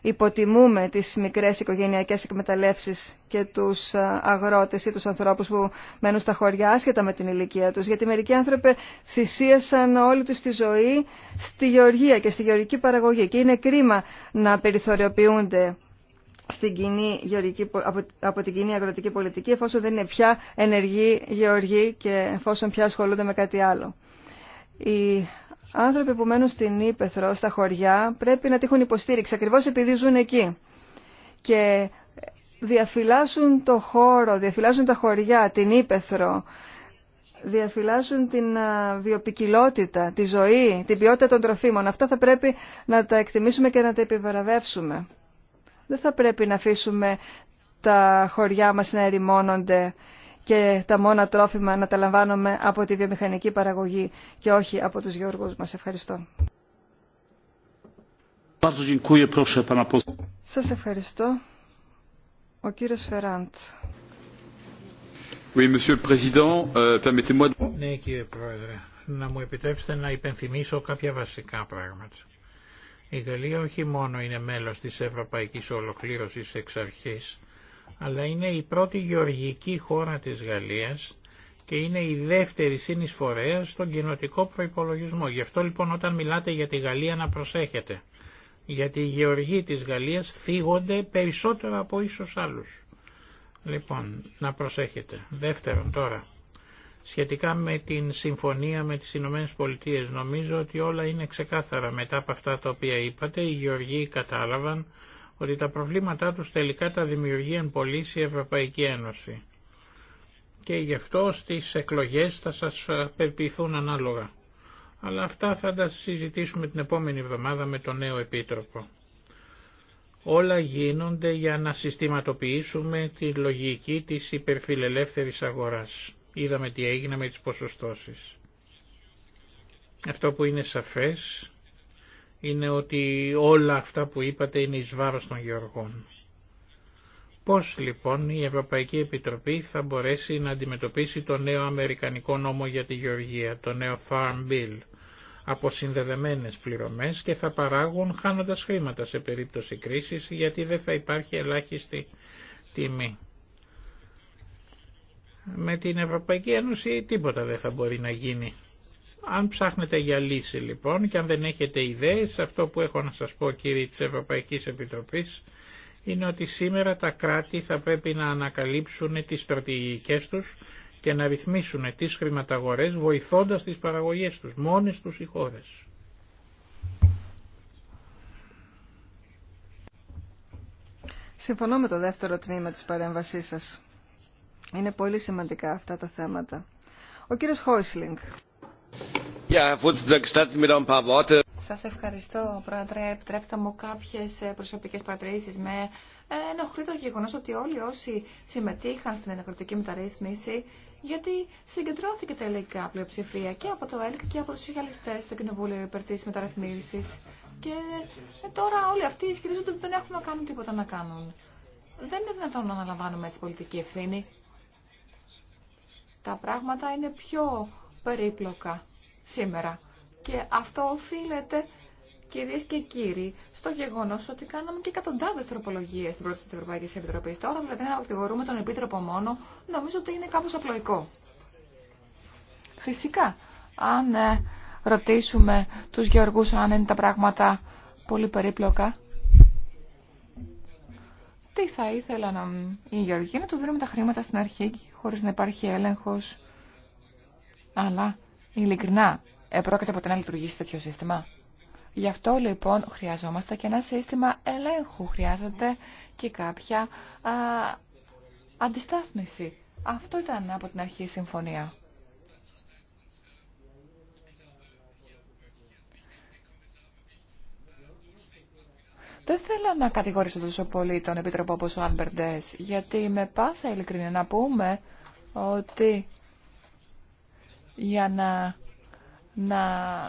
υποτιμούμε τις μικρές οικογενειακές εκμεταλλεύσεις και τους ε, αγρότες ή τους ανθρώπους που μένουν στα χωριά άσχετα με την ηλικία τους, γιατί μερικοί άνθρωποι θυσίασαν όλη τους τη ζωή στη γεωργία και στη γεωργική παραγωγή και είναι κρίμα να περιθωριοποιούνται στην κοινή γεωργική, από, την κοινή αγροτική πολιτική εφόσον δεν είναι πια ενεργοί γεωργοί και εφόσον πια ασχολούνται με κάτι άλλο. Οι άνθρωποι που μένουν στην Ήπεθρο, στα χωριά, πρέπει να τύχουν υποστήριξη, ακριβώς επειδή ζουν εκεί. Και διαφυλάσσουν το χώρο, διαφυλάσσουν τα χωριά, την Ήπεθρο, διαφυλάσσουν την βιοπικιλότητα, τη ζωή, την ποιότητα των τροφίμων. Αυτά θα πρέπει να τα εκτιμήσουμε και να τα επιβαραβεύσουμε. Δεν θα πρέπει να αφήσουμε τα χωριά μας να ερημώνονται και τα μόνα τρόφιμα να τα λαμβάνουμε από τη βιομηχανική παραγωγή και όχι από τους γεωργούς μας. Ευχαριστώ. Σας ευχαριστώ. Ο κύριος Φεράντ. Oui, monsieur le president euh, Ναι, κύριε Πρόεδρε, να μου επιτρέψετε να υπενθυμίσω κάποια βασικά πράγματα. Η Γαλλία όχι μόνο είναι μέλος της Ευρωπαϊκής Ολοκλήρωσης εξ αρχής, αλλά είναι η πρώτη γεωργική χώρα της Γαλλίας και είναι η δεύτερη συνεισφορέα στον κοινοτικό προϋπολογισμό. Γι' αυτό λοιπόν όταν μιλάτε για τη Γαλλία να προσέχετε, γιατί οι γεωργοί της Γαλλίας φύγονται περισσότερο από ίσως άλλους. Λοιπόν, να προσέχετε. Δεύτερον τώρα, σχετικά με την συμφωνία με τις Ηνωμένες Πολιτείες, νομίζω ότι όλα είναι ξεκάθαρα μετά από αυτά τα οποία είπατε, οι γεωργοί κατάλαβαν ότι τα προβλήματά τους τελικά τα δημιουργεί εν η Ευρωπαϊκή Ένωση. Και γι' αυτό στις εκλογές θα σας ε, περπιθούν ανάλογα. Αλλά αυτά θα τα συζητήσουμε την επόμενη εβδομάδα με τον νέο Επίτροπο. Όλα γίνονται για να συστηματοποιήσουμε τη λογική της υπερφιλελεύθερης αγοράς. Είδαμε τι έγινε με τις ποσοστώσεις. Αυτό που είναι σαφές είναι ότι όλα αυτά που είπατε είναι εις βάρος των γεωργών. Πώς λοιπόν η Ευρωπαϊκή Επιτροπή θα μπορέσει να αντιμετωπίσει το νέο Αμερικανικό νόμο για τη γεωργία, το νέο Farm Bill, από συνδεδεμένες πληρωμές και θα παράγουν χάνοντας χρήματα σε περίπτωση κρίσης γιατί δεν θα υπάρχει ελάχιστη τιμή. Με την Ευρωπαϊκή Ένωση τίποτα δεν θα μπορεί να γίνει. Αν ψάχνετε για λύση λοιπόν και αν δεν έχετε ιδέες, αυτό που έχω να σας πω κύριοι της Ευρωπαϊκής Επιτροπής είναι ότι σήμερα τα κράτη θα πρέπει να ανακαλύψουν τις στρατηγικές τους και να ρυθμίσουν τις χρηματαγορές βοηθώντας τις παραγωγές τους, μόνες τους οι χώρες. Συμφωνώ με το δεύτερο τμήμα της παρέμβασής σας. Είναι πολύ σημαντικά αυτά τα θέματα. Ο κύριος Χόισλινγκ. Σα Σας ευχαριστώ, Πρόεδρε. Επιτρέψτε μου κάποιε προσωπικέ παρατηρήσει. Με ε, ενοχλεί το γεγονός ότι όλοι όσοι συμμετείχαν στην ενεργοτική μεταρρύθμιση γιατί συγκεντρώθηκε τελικά πλειοψηφία και από το ΕΛΚ και από του σοσιαλιστέ στο Κοινοβούλιο υπέρ της μεταρρυθμίσης. Και ε, τώρα όλοι αυτοί ισχυρίζονται ότι δεν έχουν να κάνουν τίποτα να κάνουν. Δεν είναι δυνατόν να αναλαμβάνουμε έτσι πολιτική ευθύνη. Τα πράγματα είναι πιο περίπλοκα σήμερα. Και αυτό οφείλεται, κυρίε και κύριοι, στο γεγονός ότι κάναμε και εκατοντάδες τροπολογίες στην πρόταση της Ευρωπαϊκής Επιτροπής. Τώρα δηλαδή να κατηγορούμε τον Επίτροπο μόνο, νομίζω ότι είναι κάπως απλοϊκό. Φυσικά, αν ε, ρωτήσουμε τους γεωργούς αν είναι τα πράγματα πολύ περίπλοκα, τι θα ήθελα να... Ε, οι γεωργοί να του δίνουμε τα χρήματα στην αρχή χωρίς να υπάρχει έλεγχος αλλά ειλικρινά επρόκειτο ποτέ να λειτουργήσει τέτοιο σύστημα. Γι' αυτό λοιπόν χρειαζόμαστε και ένα σύστημα ελέγχου. Χρειάζεται και κάποια αντιστάθμιση. Αυτό ήταν από την αρχή η συμφωνία. Δεν θέλω να κατηγορήσω τόσο πολύ τον Επίτροπο όπως ο Άλμπερντες, γιατί με πάσα ειλικρινή να πούμε ότι για να, να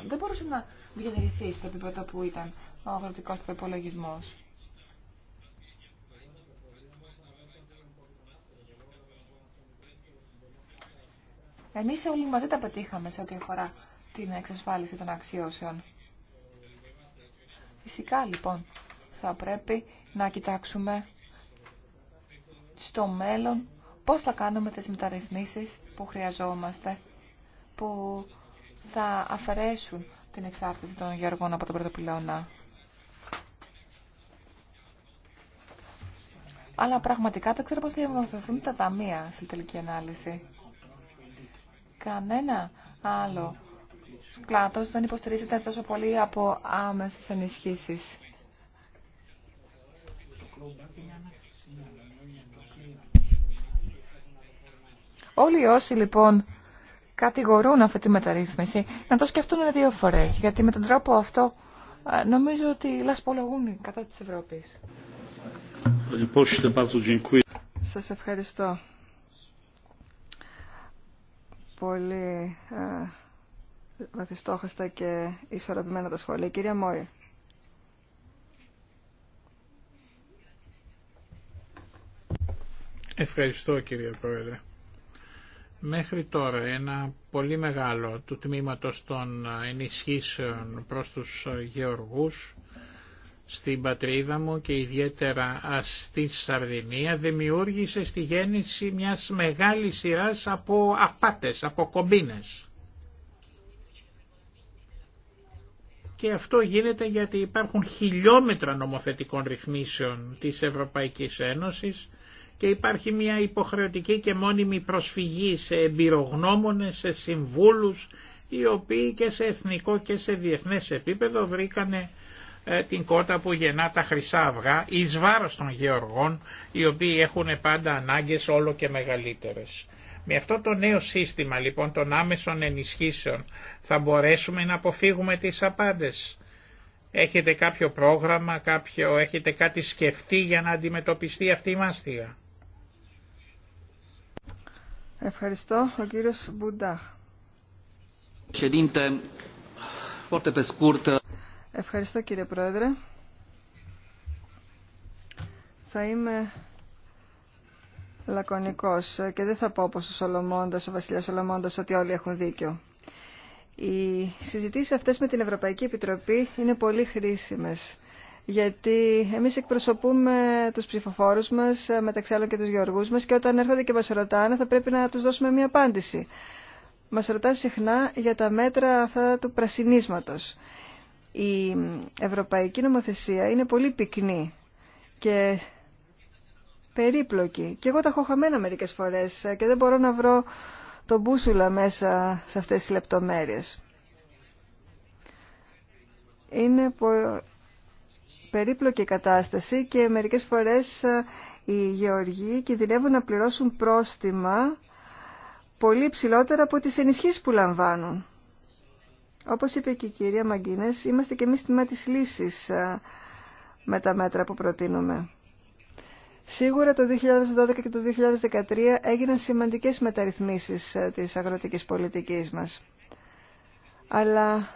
δεν μπορούσε να διατηρηθεί στο επίπεδο που ήταν ο αγροτικός προπολογισμό. Εμείς όλοι μαζί τα πετύχαμε σε ό,τι αφορά την εξασφάλιση των αξιώσεων. Φυσικά λοιπόν θα πρέπει να κοιτάξουμε στο μέλλον πώς θα κάνουμε τις μεταρρυθμίσεις που χρειαζόμαστε που θα αφαιρέσουν την εξάρτηση των γεωργών από τον πρώτο Αλλά πραγματικά δεν ξέρω πώς θα διαμορφωθούν τα ταμεία στη τελική ανάλυση. Κανένα άλλο κλάτος δεν υποστηρίζεται τόσο πολύ από άμεσες ενισχύσεις. Όλοι όσοι λοιπόν κατηγορούν αυτή τη μεταρρύθμιση να το σκεφτούν δύο φορές, γιατί με τον τρόπο αυτό ε, νομίζω ότι λασπολογούν κατά της Ευρώπης. Σας ευχαριστώ. Πολύ ε, βαθιστόχαστα και ισορροπημένα τα σχόλια. Κυρία Μόη. Ευχαριστώ κύριε Πρόεδρε. Μέχρι τώρα ένα πολύ μεγάλο του τμήματος των ενισχύσεων προς τους γεωργούς στην πατρίδα μου και ιδιαίτερα στη Σαρδινία δημιούργησε στη γέννηση μιας μεγάλης σειράς από απάτες, από κομπίνες. Και αυτό γίνεται γιατί υπάρχουν χιλιόμετρα νομοθετικών ρυθμίσεων της Ευρωπαϊκής Ένωσης και υπάρχει μια υποχρεωτική και μόνιμη προσφυγή σε εμπειρογνώμονες, σε συμβούλους, οι οποίοι και σε εθνικό και σε διεθνές επίπεδο βρήκανε ε, την κότα που γεννά τα χρυσά αυγά εις βάρος των γεωργών οι οποίοι έχουν πάντα ανάγκες όλο και μεγαλύτερες. Με αυτό το νέο σύστημα λοιπόν των άμεσων ενισχύσεων θα μπορέσουμε να αποφύγουμε τις απάντες. Έχετε κάποιο πρόγραμμα, κάποιο, έχετε κάτι σκεφτεί για να αντιμετωπιστεί αυτή η μάστιγα. Ευχαριστώ. Ο κύριος Μπουντάχ. Ευχαριστώ κύριε Πρόεδρε. Θα είμαι λακωνικός και δεν θα πω όπως ο Σολομώντας, ο βασιλιάς Σολομώντας, ότι όλοι έχουν δίκιο. Οι συζητήσεις αυτές με την Ευρωπαϊκή Επιτροπή είναι πολύ χρήσιμες γιατί εμείς εκπροσωπούμε τους ψηφοφόρους μας, ε, μεταξύ άλλων και τους γεωργούς μας και όταν έρχονται και μας ρωτάνε θα πρέπει να τους δώσουμε μία απάντηση. Μας ρωτά συχνά για τα μέτρα αυτά του πρασινίσματος. Η ευρωπαϊκή νομοθεσία είναι πολύ πυκνή και περίπλοκη. Και εγώ τα έχω χαμένα μερικές φορές ε, και δεν μπορώ να βρω τον μπούσουλα μέσα σε αυτές τις λεπτομέρειες. Είναι περίπλοκη κατάσταση και μερικές φορές ε, οι γεωργοί κινδυνεύουν να πληρώσουν πρόστιμα πολύ ψηλότερα από τις ενισχύσεις που λαμβάνουν. Όπως είπε και η κυρία Μαγκίνες, είμαστε και εμείς τιμά της λύσης ε, με τα μέτρα που προτείνουμε. Σίγουρα το 2012 και το 2013 έγιναν σημαντικές μεταρρυθμίσεις ε, της αγροτικής πολιτικής μας. Αλλά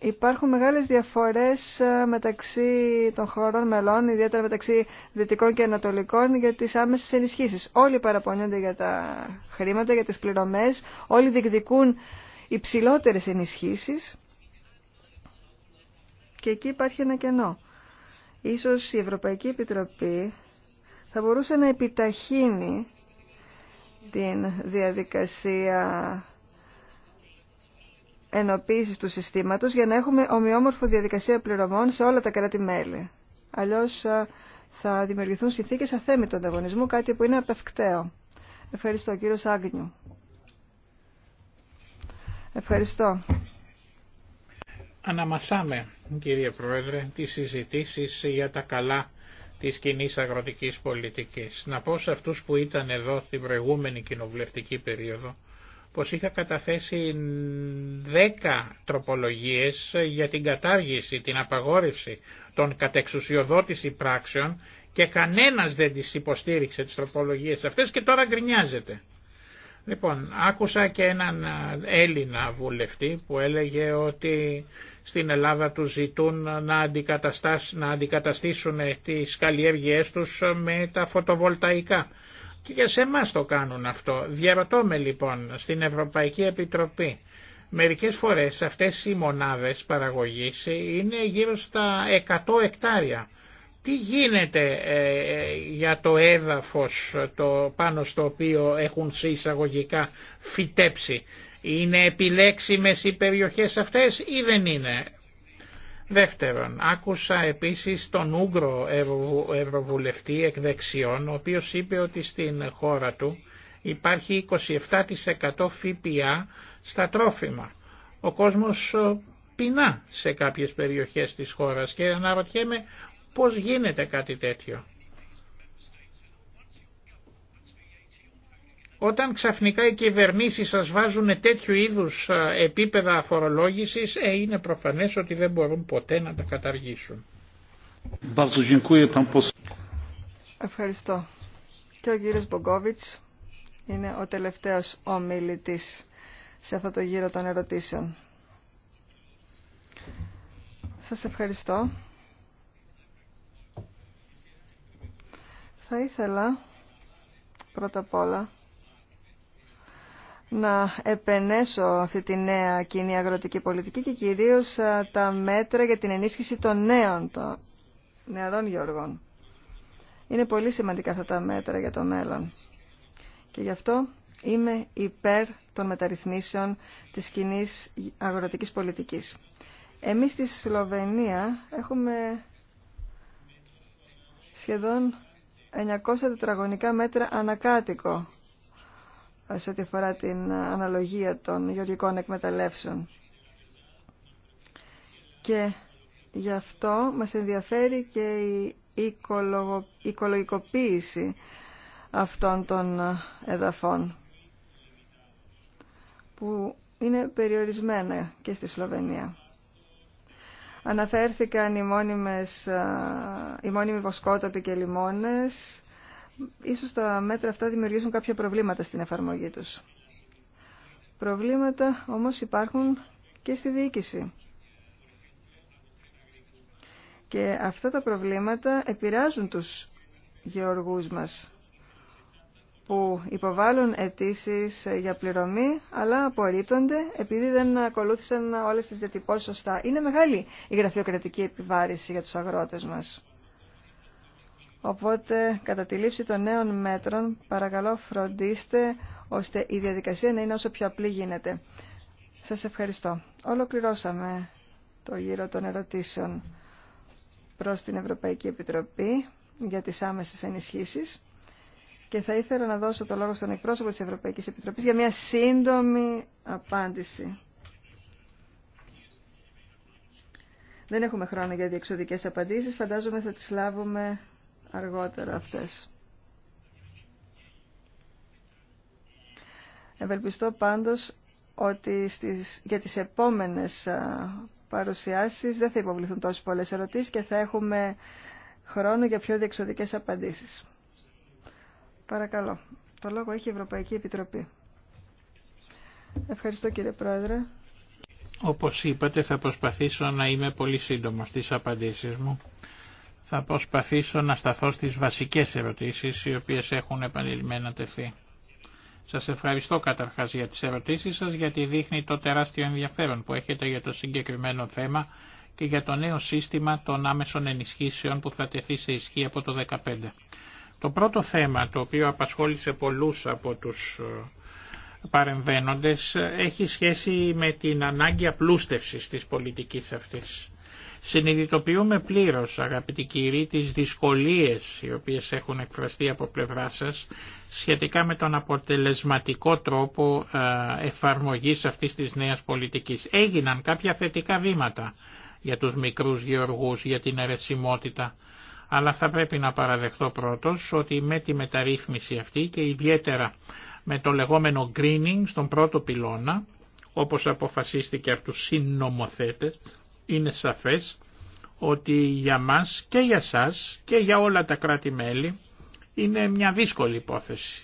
Υπάρχουν μεγάλες διαφορές ε, μεταξύ των χωρών μελών, ιδιαίτερα μεταξύ δυτικών και ανατολικών, για τις άμεσες ενισχύσεις. Όλοι παραπονιούνται για τα χρήματα, για τις πληρωμές, όλοι διεκδικούν υψηλότερες ενισχύσεις και εκεί υπάρχει ένα κενό. Ίσως η Ευρωπαϊκή Επιτροπή θα μπορούσε να επιταχύνει την διαδικασία ενοποίησης του συστήματος για να έχουμε ομοιόμορφο διαδικασία πληρωμών σε όλα τα κράτη-μέλη. Αλλιώς ε, θα δημιουργηθούν συνθήκες αθέμητου ανταγωνισμού, κάτι που είναι απευκταίο. Ευχαριστώ, κύριο Άγνιου. Ευχαριστώ. Αναμασάμε, κύριε Πρόεδρε, τις συζητήσεις για τα καλά της κοινή αγροτικής πολιτικής. Να πω σε αυτούς που ήταν εδώ την προηγούμενη κοινοβουλευτική περίοδο, πως είχα καταθέσει 10 τροπολογίες για την κατάργηση, την απαγόρευση των κατεξουσιοδότηση πράξεων και κανένας δεν τις υποστήριξε τις τροπολογίες αυτές και τώρα γκρινιάζεται. Λοιπόν, άκουσα και έναν Έλληνα βουλευτή που έλεγε ότι στην Ελλάδα του ζητούν να, να αντικαταστήσουν τις καλλιέργειές τους με τα φωτοβολταϊκά και για σε εμά το κάνουν αυτό. Διαρωτώ με λοιπόν στην Ευρωπαϊκή Επιτροπή. Μερικές φορές αυτές οι μονάδες παραγωγής είναι γύρω στα 100 εκτάρια. Τι γίνεται ε, ε, για το έδαφος το, πάνω στο οποίο έχουν σε εισαγωγικά φυτέψει. Είναι επιλέξιμες οι περιοχές αυτές ή δεν είναι. Δεύτερον, άκουσα επίσης τον Ούγκρο Ευρωβουλευτή εκ δεξιών, ο οποίος είπε ότι στην χώρα του υπάρχει 27% ΦΠΑ στα τρόφιμα. Ο κόσμος πεινά σε κάποιες περιοχές της χώρας και αναρωτιέμαι πώς γίνεται κάτι τέτοιο. Όταν ξαφνικά οι κυβερνήσεις σας βάζουν τέτοιου είδους ε, επίπεδα αφορολόγηση ε, είναι προφανές ότι δεν μπορούν ποτέ να τα καταργήσουν. Ευχαριστώ. Και ο κύριος Μπογκόβιτς είναι ο τελευταίος ομιλητής σε αυτό το γύρο των ερωτήσεων. Σας ευχαριστώ. Θα ήθελα πρώτα απ' όλα να επενέσω αυτή τη νέα κοινή αγροτική πολιτική και κυρίως ε, τα μέτρα για την ενίσχυση των νέων, των νεαρών γεωργών. Είναι πολύ σημαντικά αυτά τα μέτρα για το μέλλον. Και γι' αυτό είμαι υπέρ των μεταρρυθμίσεων της κοινή αγροτικής πολιτικής. Εμείς στη Σλοβενία έχουμε σχεδόν 900 τετραγωνικά μέτρα ανακάτοικο σε ό,τι αφορά την αναλογία των γεωργικών εκμεταλλεύσεων. Και γι' αυτό μας ενδιαφέρει και η οικολογο, οικολογικοποίηση αυτών των εδαφών που είναι περιορισμένα και στη Σλοβενία. Αναφέρθηκαν οι, μόνιμες, οι μόνιμοι βοσκότοποι και λιμόνες, ίσως τα μέτρα αυτά δημιουργήσουν κάποια προβλήματα στην εφαρμογή τους. Προβλήματα όμως υπάρχουν και στη διοίκηση. Και αυτά τα προβλήματα επηρεάζουν τους γεωργούς μας που υποβάλλουν αιτήσει για πληρωμή, αλλά απορρίπτονται επειδή δεν ακολούθησαν όλες τις διατυπώσεις σωστά. Είναι μεγάλη η γραφειοκρατική επιβάρηση για τους αγρότες μας. Οπότε, κατά τη λήψη των νέων μέτρων, παρακαλώ φροντίστε ώστε η διαδικασία να είναι όσο πιο απλή γίνεται. Σας ευχαριστώ. Ολοκληρώσαμε το γύρο των ερωτήσεων προς την Ευρωπαϊκή Επιτροπή για τις άμεσες ενισχύσεις και θα ήθελα να δώσω το λόγο στον εκπρόσωπο της Ευρωπαϊκής Επιτροπής για μια σύντομη απάντηση. Δεν έχουμε χρόνο για διεξοδικές απαντήσεις, φαντάζομαι θα τις λάβουμε αργότερα αυτές. Ευελπιστώ πάντως ότι στις, για τις επόμενες παρουσιάσεις δεν θα υποβληθούν τόσο πολλές ερωτήσεις και θα έχουμε χρόνο για πιο διεξοδικές απαντήσεις. Παρακαλώ. Το λόγο έχει η Ευρωπαϊκή Επιτροπή. Ευχαριστώ κύριε Πρόεδρε. Όπως είπατε θα προσπαθήσω να είμαι πολύ σύντομος στις απαντήσεις μου. Θα προσπαθήσω να σταθώ στις βασικές ερωτήσεις οι οποίες έχουν επανειλημμένα τεθεί. Σας ευχαριστώ καταρχάς για τις ερωτήσεις σας γιατί δείχνει το τεράστιο ενδιαφέρον που έχετε για το συγκεκριμένο θέμα και για το νέο σύστημα των άμεσων ενισχύσεων που θα τεθεί σε ισχύ από το 2015. Το πρώτο θέμα το οποίο απασχόλησε πολλούς από τους ε, παρεμβαίνοντες έχει σχέση με την ανάγκη απλούστευσης της πολιτικής αυτής. Συνειδητοποιούμε πλήρως αγαπητοί κύριοι τις δυσκολίες οι οποίες έχουν εκφραστεί από πλευρά σας σχετικά με τον αποτελεσματικό τρόπο ε, εφαρμογής αυτής της νέας πολιτικής. Έγιναν κάποια θετικά βήματα για τους μικρούς γεωργούς, για την αιρεσιμότητα. Αλλά θα πρέπει να παραδεχτώ πρώτος ότι με τη μεταρρύθμιση αυτή και ιδιαίτερα με το λεγόμενο greening στον πρώτο πυλώνα, όπως αποφασίστηκε από τους συνομοθέτες, είναι σαφές ότι για μας και για σας και για όλα τα κράτη-μέλη είναι μια δύσκολη υπόθεση.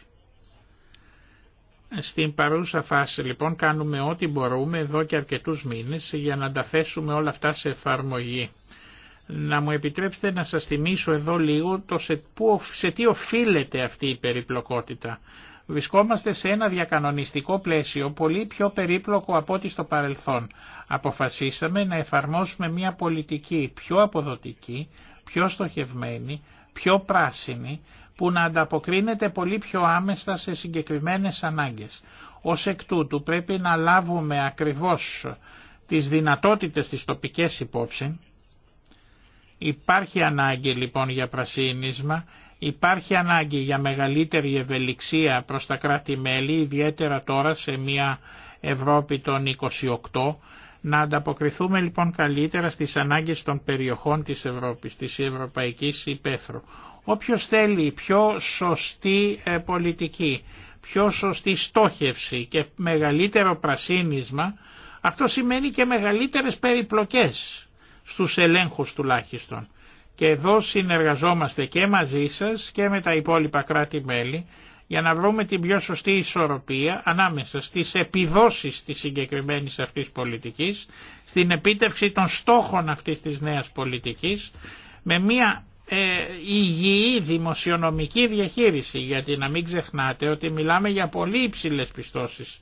Στην παρούσα φάση λοιπόν κάνουμε ό,τι μπορούμε εδώ και αρκετούς μήνες για να τα θέσουμε όλα αυτά σε εφαρμογή. Να μου επιτρέψετε να σας θυμίσω εδώ λίγο το σε, σε τι οφείλεται αυτή η περιπλοκότητα. Βρισκόμαστε σε ένα διακανονιστικό πλαίσιο πολύ πιο περίπλοκο από ό,τι στο παρελθόν. Αποφασίσαμε να εφαρμόσουμε μια πολιτική πιο αποδοτική, πιο στοχευμένη, πιο πράσινη, που να ανταποκρίνεται πολύ πιο άμεσα σε συγκεκριμένες ανάγκες. Ως εκ τούτου πρέπει να λάβουμε ακριβώς τις δυνατότητες της τοπικές υπόψη. Υπάρχει ανάγκη λοιπόν για πρασίνισμα, Υπάρχει ανάγκη για μεγαλύτερη ευελιξία προς τα κράτη-μέλη, ιδιαίτερα τώρα σε μια Ευρώπη των 28, να ανταποκριθούμε λοιπόν καλύτερα στις ανάγκες των περιοχών της Ευρώπης, της Ευρωπαϊκής Υπέθρου. Όποιος θέλει πιο σωστή ε, πολιτική, πιο σωστή στόχευση και μεγαλύτερο πρασίνισμα, αυτό σημαίνει και μεγαλύτερες περιπλοκές στους ελέγχους τουλάχιστον. Και εδώ συνεργαζόμαστε και μαζί σας και με τα υπόλοιπα κράτη-μέλη για να βρούμε την πιο σωστή ισορροπία ανάμεσα στις επιδόσεις της συγκεκριμένης αυτής πολιτικής, στην επίτευξη των στόχων αυτής της νέας πολιτικής, με μια ε, υγιή δημοσιονομική διαχείριση, γιατί να μην ξεχνάτε ότι μιλάμε για πολύ υψηλές πιστώσεις.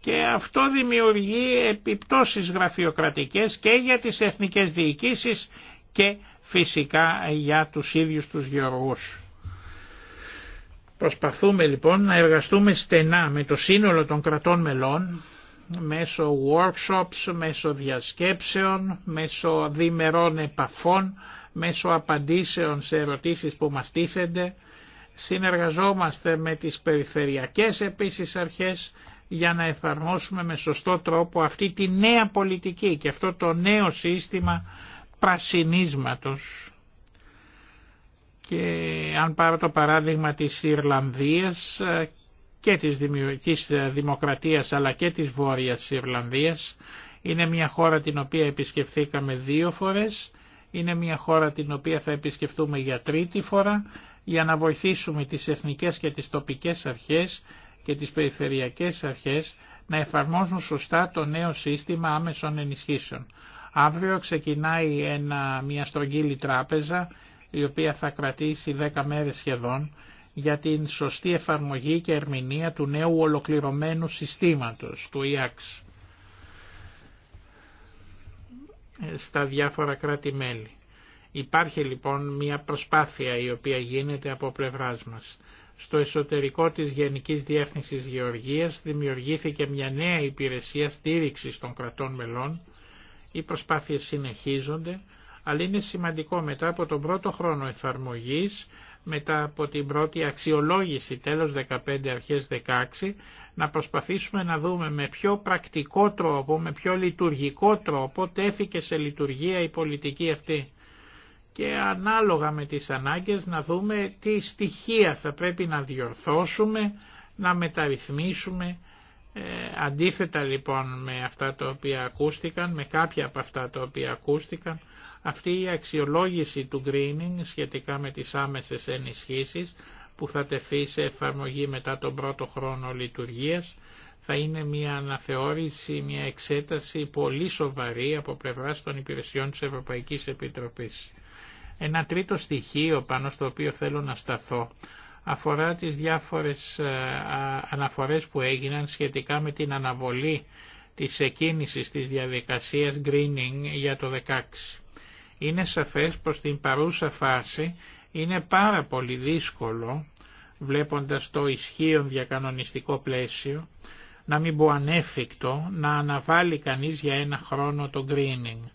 Και αυτό δημιουργεί επιπτώσεις γραφειοκρατικές και για τις εθνικές διοικήσεις και φυσικά για τους ίδιους τους γεωργούς. Προσπαθούμε λοιπόν να εργαστούμε στενά με το σύνολο των κρατών μελών, μέσω workshops, μέσω διασκέψεων, μέσω διμερών επαφών, μέσω απαντήσεων σε ερωτήσεις που μας τίθενται. Συνεργαζόμαστε με τις περιφερειακές επίσης αρχές για να εφαρμόσουμε με σωστό τρόπο αυτή τη νέα πολιτική και αυτό το νέο σύστημα πρασινίσματος και αν πάρω το παράδειγμα της Ιρλανδίας ε, και της, της ε, Δημοκρατίας αλλά και της Βόρειας Ιρλανδίας είναι μια χώρα την οποία επισκεφθήκαμε δύο φορές, είναι μια χώρα την οποία θα επισκεφτούμε για τρίτη φορά για να βοηθήσουμε τις εθνικές και τις τοπικές αρχές και τις περιφερειακές αρχές να εφαρμόζουν σωστά το νέο σύστημα άμεσων ενισχύσεων. Αύριο ξεκινάει ένα, μια στρογγύλη τράπεζα η οποία θα κρατήσει 10 μέρες σχεδόν για την σωστή εφαρμογή και ερμηνεία του νέου ολοκληρωμένου συστήματος, του ΙΑΚΣ, στα διάφορα κράτη-μέλη. Υπάρχει λοιπόν μια προσπάθεια η οποία γίνεται από πλευράς μας. Στο εσωτερικό της Γενικής Διεύθυνσης Γεωργίας δημιουργήθηκε μια νέα υπηρεσία στήριξης των κρατών μελών, οι προσπάθειες συνεχίζονται, αλλά είναι σημαντικό μετά από τον πρώτο χρόνο εφαρμογής, μετά από την πρώτη αξιολόγηση τέλος 15 αρχές 16, να προσπαθήσουμε να δούμε με πιο πρακτικό τρόπο, με πιο λειτουργικό τρόπο τέθηκε σε λειτουργία η πολιτική αυτή και ανάλογα με τις ανάγκες να δούμε τι στοιχεία θα πρέπει να διορθώσουμε, να μεταρρυθμίσουμε ε, αντίθετα λοιπόν με αυτά τα οποία ακούστηκαν, με κάποια από αυτά τα οποία ακούστηκαν, αυτή η αξιολόγηση του greening σχετικά με τις άμεσες ενισχύσεις που θα τεθεί σε εφαρμογή μετά τον πρώτο χρόνο λειτουργίας θα είναι μια αναθεώρηση, μια εξέταση πολύ σοβαρή από πλευράς των υπηρεσιών της Ευρωπαϊκής Επιτροπής. Ένα τρίτο στοιχείο πάνω στο οποίο θέλω να σταθώ αφορά τις διάφορες ε, αναφορές που έγιναν σχετικά με την αναβολή της εκκίνησης της διαδικασίας greening για το 2016. Είναι σαφές πως την παρούσα φάση είναι πάρα πολύ δύσκολο, βλέποντας το ισχύον διακανονιστικό πλαίσιο, να μην πω ανέφικτο, να αναβάλει κανείς για ένα χρόνο το greening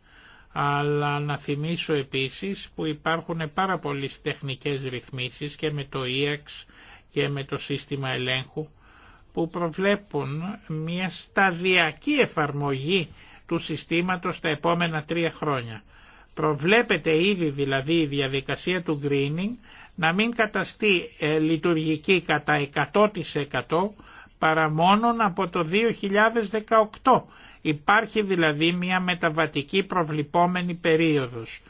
αλλά να θυμίσω επίσης που υπάρχουν πάρα πολλές τεχνικές ρυθμίσεις και με το EX και με το σύστημα ελέγχου που προβλέπουν μια σταδιακή εφαρμογή του συστήματος τα επόμενα τρία χρόνια. Προβλέπεται ήδη δηλαδή η διαδικασία του greening να μην καταστεί ε, λειτουργική κατά 100% παρά μόνον από το 2018 Υπάρχει δηλαδή μια μεταβατική προβληπόμενη περίοδος.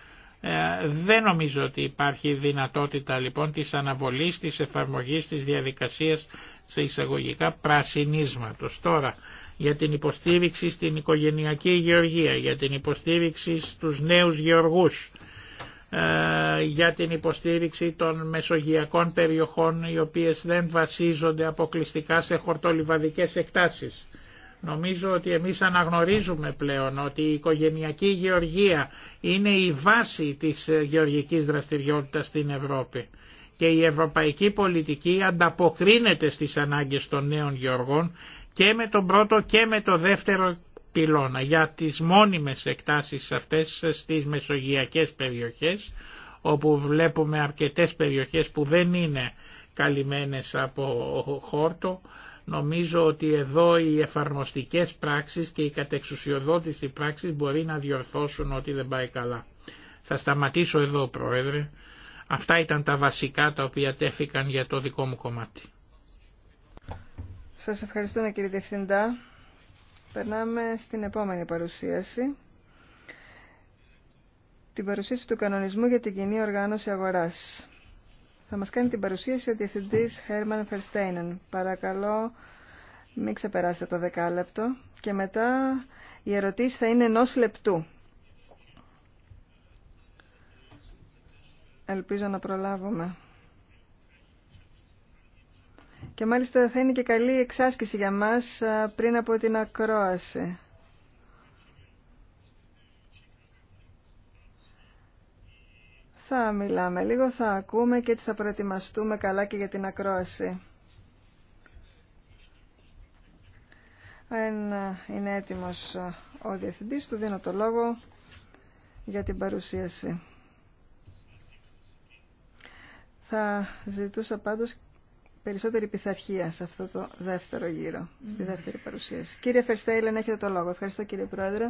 Ε, δεν νομίζω ότι υπάρχει δυνατότητα λοιπόν της αναβολής της εφαρμογής της διαδικασίας σε εισαγωγικά πρασινίσματος. Τώρα για την υποστήριξη στην οικογενειακή γεωργία, για την υποστήριξη στους νέους γεωργούς, ε, για την υποστήριξη των μεσογειακών περιοχών οι οποίες δεν βασίζονται αποκλειστικά σε χορτολιβαδικές εκτάσεις. Νομίζω ότι εμείς αναγνωρίζουμε πλέον ότι η οικογενειακή γεωργία είναι η βάση της γεωργικής δραστηριότητας στην Ευρώπη και η ευρωπαϊκή πολιτική ανταποκρίνεται στις ανάγκες των νέων γεωργών και με τον πρώτο και με το δεύτερο πυλώνα για τις μόνιμες εκτάσεις αυτές στις μεσογειακές περιοχές όπου βλέπουμε αρκετές περιοχές που δεν είναι καλυμμένες από χόρτο Νομίζω ότι εδώ οι εφαρμοστικές πράξεις και η κατεξουσιοδότηση πράξεις μπορεί να διορθώσουν ότι δεν πάει καλά. Θα σταματήσω εδώ Πρόεδρε. Αυτά ήταν τα βασικά τα οποία τέθηκαν για το δικό μου κομμάτι. Σας ευχαριστούμε κύριε Διευθυντά. Περνάμε στην επόμενη παρουσίαση. Την παρουσίαση του κανονισμού για την κοινή οργάνωση αγοράς. Θα μας κάνει την παρουσίαση ο Διευθυντής Χέρμαν Φερστέινεν. Παρακαλώ, μην ξεπεράσετε το δεκάλεπτο. Και μετά η ερωτήση θα είναι ενός λεπτού. Ελπίζω να προλάβουμε. Και μάλιστα θα είναι και καλή εξάσκηση για μας πριν από την ακρόαση. θα μιλάμε, λίγο θα ακούμε και έτσι θα προετοιμαστούμε καλά και για την ακρόαση. Εν είναι έτοιμος ο Διευθυντής, του δίνω το λόγο για την παρουσίαση. Θα ζητούσα πάντως περισσότερη πειθαρχία σε αυτό το δεύτερο γύρο, στη mm. δεύτερη παρουσίαση. Κύριε Φερστέιλεν, έχετε το λόγο. Ευχαριστώ κύριε Πρόεδρε.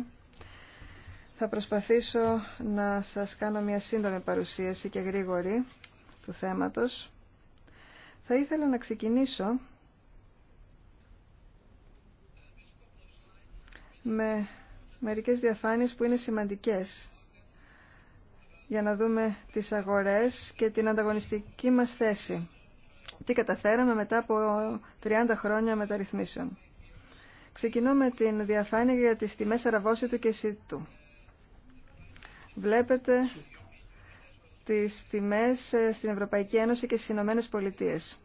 Θα προσπαθήσω να σας κάνω μια σύντομη παρουσίαση και γρήγορη του θέματος. Θα ήθελα να ξεκινήσω με μερικές διαφάνειες που είναι σημαντικές για να δούμε τις αγορές και την ανταγωνιστική μας θέση. Τι καταφέραμε μετά από 30 χρόνια μεταρρυθμίσεων. Ξεκινώ με την διαφάνεια για τις τιμές αραβώσιτου και σιτού βλέπετε τις τιμές ε, στην Ευρωπαϊκή Ένωση και στις Ηνωμένες Πολιτείες.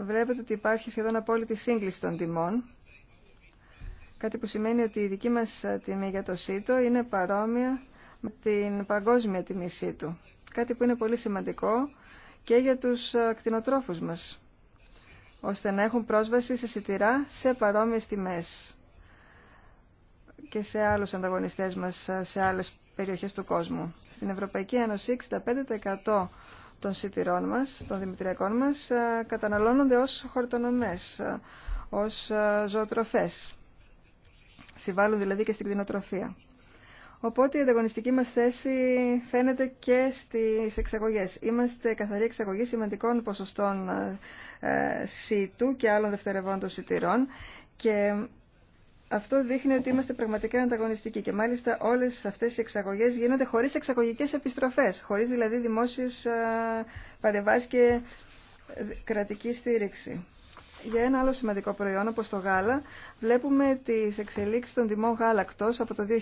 Βλέπετε ότι υπάρχει σχεδόν απόλυτη σύγκληση των τιμών, κάτι που σημαίνει ότι η δική μας ε, τιμή για το ΣΥΤΟ είναι παρόμοια με την παγκόσμια τιμή ΣΥΤΟ, κάτι που είναι πολύ σημαντικό και για τους ε, κτηνοτρόφους μας, ώστε να έχουν πρόσβαση σε σιτηρά σε παρόμοιες τιμές και σε άλλους ανταγωνιστές μας σε άλλες περιοχές του κόσμου. Στην Ευρωπαϊκή Ένωση 65% των σιτηρών μας, των δημητριακών μας, ε, καταναλώνονται ως χορτονομές, ε, ως ε, ζωοτροφές. Συμβάλλουν δηλαδή και στην κτηνοτροφία. Οπότε η ανταγωνιστική μας θέση φαίνεται και στις εξαγωγές. Είμαστε καθαρή εξαγωγή σημαντικών ποσοστών σίτου και άλλων δευτερευόντων σιτηρών και αυτό δείχνει ότι είμαστε πραγματικά ανταγωνιστικοί και μάλιστα όλες αυτές οι εξαγωγές γίνονται χωρίς εξαγωγικές επιστροφές, χωρίς δηλαδή δημόσιες ε, παρεμβάσεις και ε, κρατική στήριξη. Για ένα άλλο σημαντικό προϊόν, όπως το γάλα, βλέπουμε τις εξελίξεις των τιμών γάλακτος από το 2000.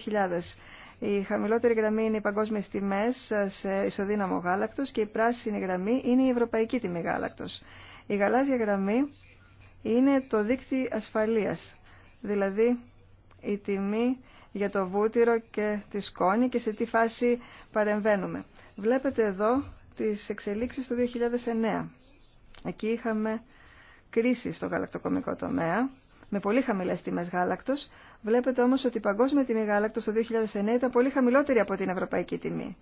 Η χαμηλότερη γραμμή είναι οι παγκόσμιες τιμές ε, σε ισοδύναμο γάλακτος και η πράσινη γραμμή είναι η ευρωπαϊκή τιμή γάλακτος. Η γαλάζια γραμμή είναι το δίκτυο ασφαλείας δηλαδή η τιμή για το βούτυρο και τη σκόνη και σε τι φάση παρεμβαίνουμε. Βλέπετε εδώ τις εξελίξεις του 2009. Εκεί είχαμε κρίση στο γαλακτοκομικό τομέα, με πολύ χαμηλές τιμές γάλακτος. Βλέπετε όμως ότι η παγκόσμια τιμή γάλακτος το 2009 ήταν πολύ χαμηλότερη από την ευρωπαϊκή τιμή.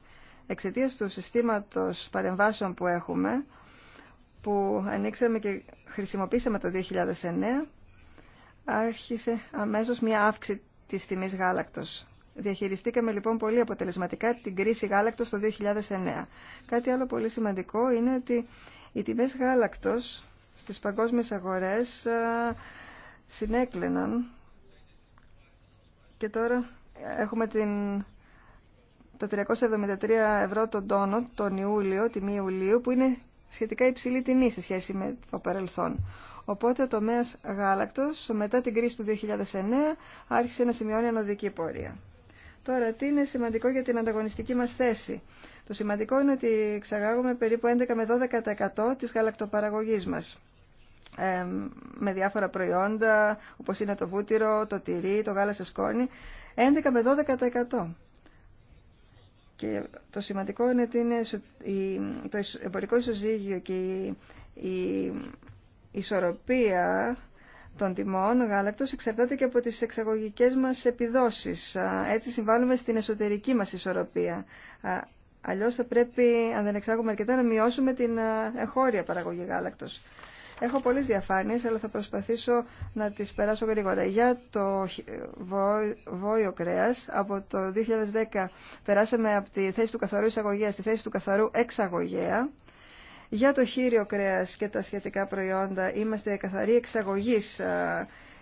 Εξαιτίας του συστήματο παρεμβάσεων που έχουμε, που ανοίξαμε και χρησιμοποίησαμε το 2009, άρχισε αμέσως μια αύξηση της τιμής γάλακτος. Διαχειριστήκαμε λοιπόν πολύ αποτελεσματικά την κρίση γάλακτος το 2009. Κάτι άλλο πολύ σημαντικό είναι ότι οι τιμές γάλακτος στις παγκόσμιες αγορές ε, συνέκλαιναν και τώρα έχουμε την, τα 373 ευρώ τον τόνο τον Ιούλιο, τιμή Ιουλίου, που είναι σχετικά υψηλή τιμή σε σχέση με το παρελθόν. Οπότε ο τομέα γάλακτος μετά την κρίση του 2009 άρχισε να σημειώνει ανωδική πορεία. Τώρα, τι είναι σημαντικό για την ανταγωνιστική μας θέση. Το σημαντικό είναι ότι εξαγάγουμε περίπου 11 με 12% της γαλακτοπαραγωγής μας. με διάφορα προϊόντα, όπως είναι το βούτυρο, το τυρί, το γάλα σε σκόνη. 11 με 12%. Και το σημαντικό είναι ότι είναι το εμπορικό ισοζύγιο και η, η η ισορροπία των τιμών γάλακτος εξαρτάται και από τις εξαγωγικές μας επιδόσεις. Έτσι συμβάλλουμε στην εσωτερική μας ισορροπία. Αλλιώς θα πρέπει, αν δεν εξάγουμε αρκετά, να μειώσουμε την εγχώρια παραγωγή γάλακτος. Έχω πολλές διαφάνειες, αλλά θα προσπαθήσω να τις περάσω γρήγορα. Για το βόηο κρέας, από το 2010 περάσαμε από τη θέση του καθαρού εισαγωγέα στη θέση του καθαρού εξαγωγέα για το χείριο κρέας και τα σχετικά προϊόντα είμαστε καθαροί εξαγωγής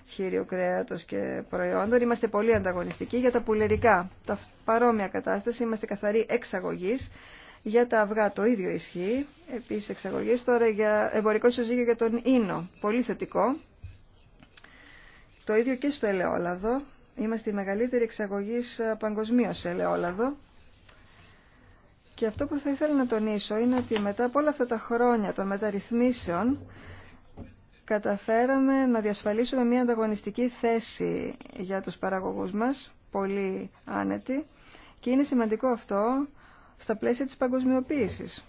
χείριου κρέατος και προϊόντων. Είμαστε πολύ ανταγωνιστικοί για τα πουλερικά. Τα παρόμοια κατάσταση είμαστε καθαροί εξαγωγής. Για τα αυγά το ίδιο ισχύει. Επίσης εξαγωγής τώρα για εμπορικό συζύγιο για τον ίνο. Πολύ θετικό. Το ίδιο και στο ελαιόλαδο. Είμαστε η μεγαλύτερη εξαγωγής παγκοσμίως σε ελαιόλαδο. Και αυτό που θα ήθελα να τονίσω είναι ότι μετά από όλα αυτά τα χρόνια των μεταρρυθμίσεων καταφέραμε να διασφαλίσουμε μια ανταγωνιστική θέση για τους παραγωγούς μας, πολύ άνετη, και είναι σημαντικό αυτό στα πλαίσια της παγκοσμιοποίησης.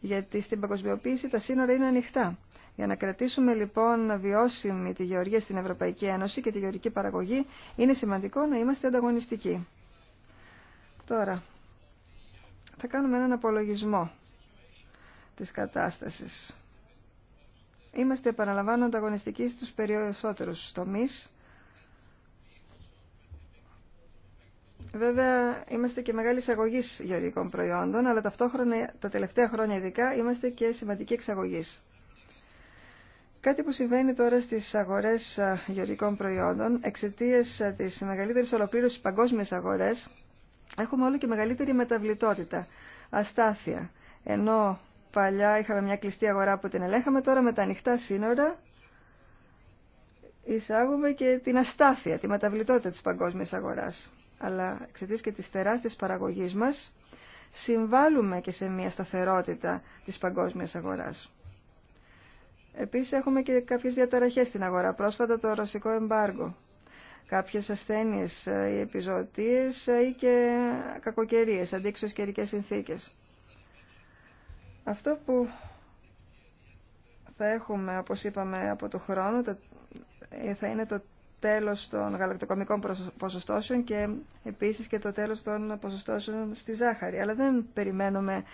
Γιατί στην παγκοσμιοποίηση τα σύνορα είναι ανοιχτά. Για να κρατήσουμε λοιπόν βιώσιμη τη γεωργία στην Ευρωπαϊκή Ένωση και τη γεωργική παραγωγή, είναι σημαντικό να είμαστε ανταγωνιστικοί. Τώρα, θα κάνουμε έναν απολογισμό της κατάστασης. Είμαστε, επαναλαμβάνω, ανταγωνιστικοί στους περιοσότερους τομείς. Βέβαια, είμαστε και μεγάλη εισαγωγή γεωργικών προϊόντων, αλλά ταυτόχρονα τα τελευταία χρόνια ειδικά είμαστε και σημαντική εξαγωγή. Κάτι που συμβαίνει τώρα στις αγορές γεωργικών προϊόντων, εξαιτία τη μεγαλύτερη ολοκλήρωση παγκόσμιες αγορέ έχουμε όλο και μεγαλύτερη μεταβλητότητα, αστάθεια. Ενώ παλιά είχαμε μια κλειστή αγορά που την ελέγχαμε, τώρα με τα ανοιχτά σύνορα εισάγουμε και την αστάθεια, τη μεταβλητότητα της παγκόσμιας αγοράς. Αλλά εξαιτίας και της τεράστιας παραγωγής μας, συμβάλλουμε και σε μια σταθερότητα της παγκόσμιας αγοράς. Επίσης έχουμε και κάποιες διαταραχές στην αγορά. Πρόσφατα το ρωσικό εμπάργο κάποιες ασθένειες ή ε, επιζωτίες ε, ή και κακοκαιρίες, αντίξεω καιρικές συνθήκες. Αυτό που θα έχουμε, όπως είπαμε, από το χρόνο ε, θα είναι το τέλος των γαλακτοκομικών ποσοστώσεων και επίσης και το τέλος των ποσοστώσεων στη ζάχαρη. Αλλά δεν περιμένουμε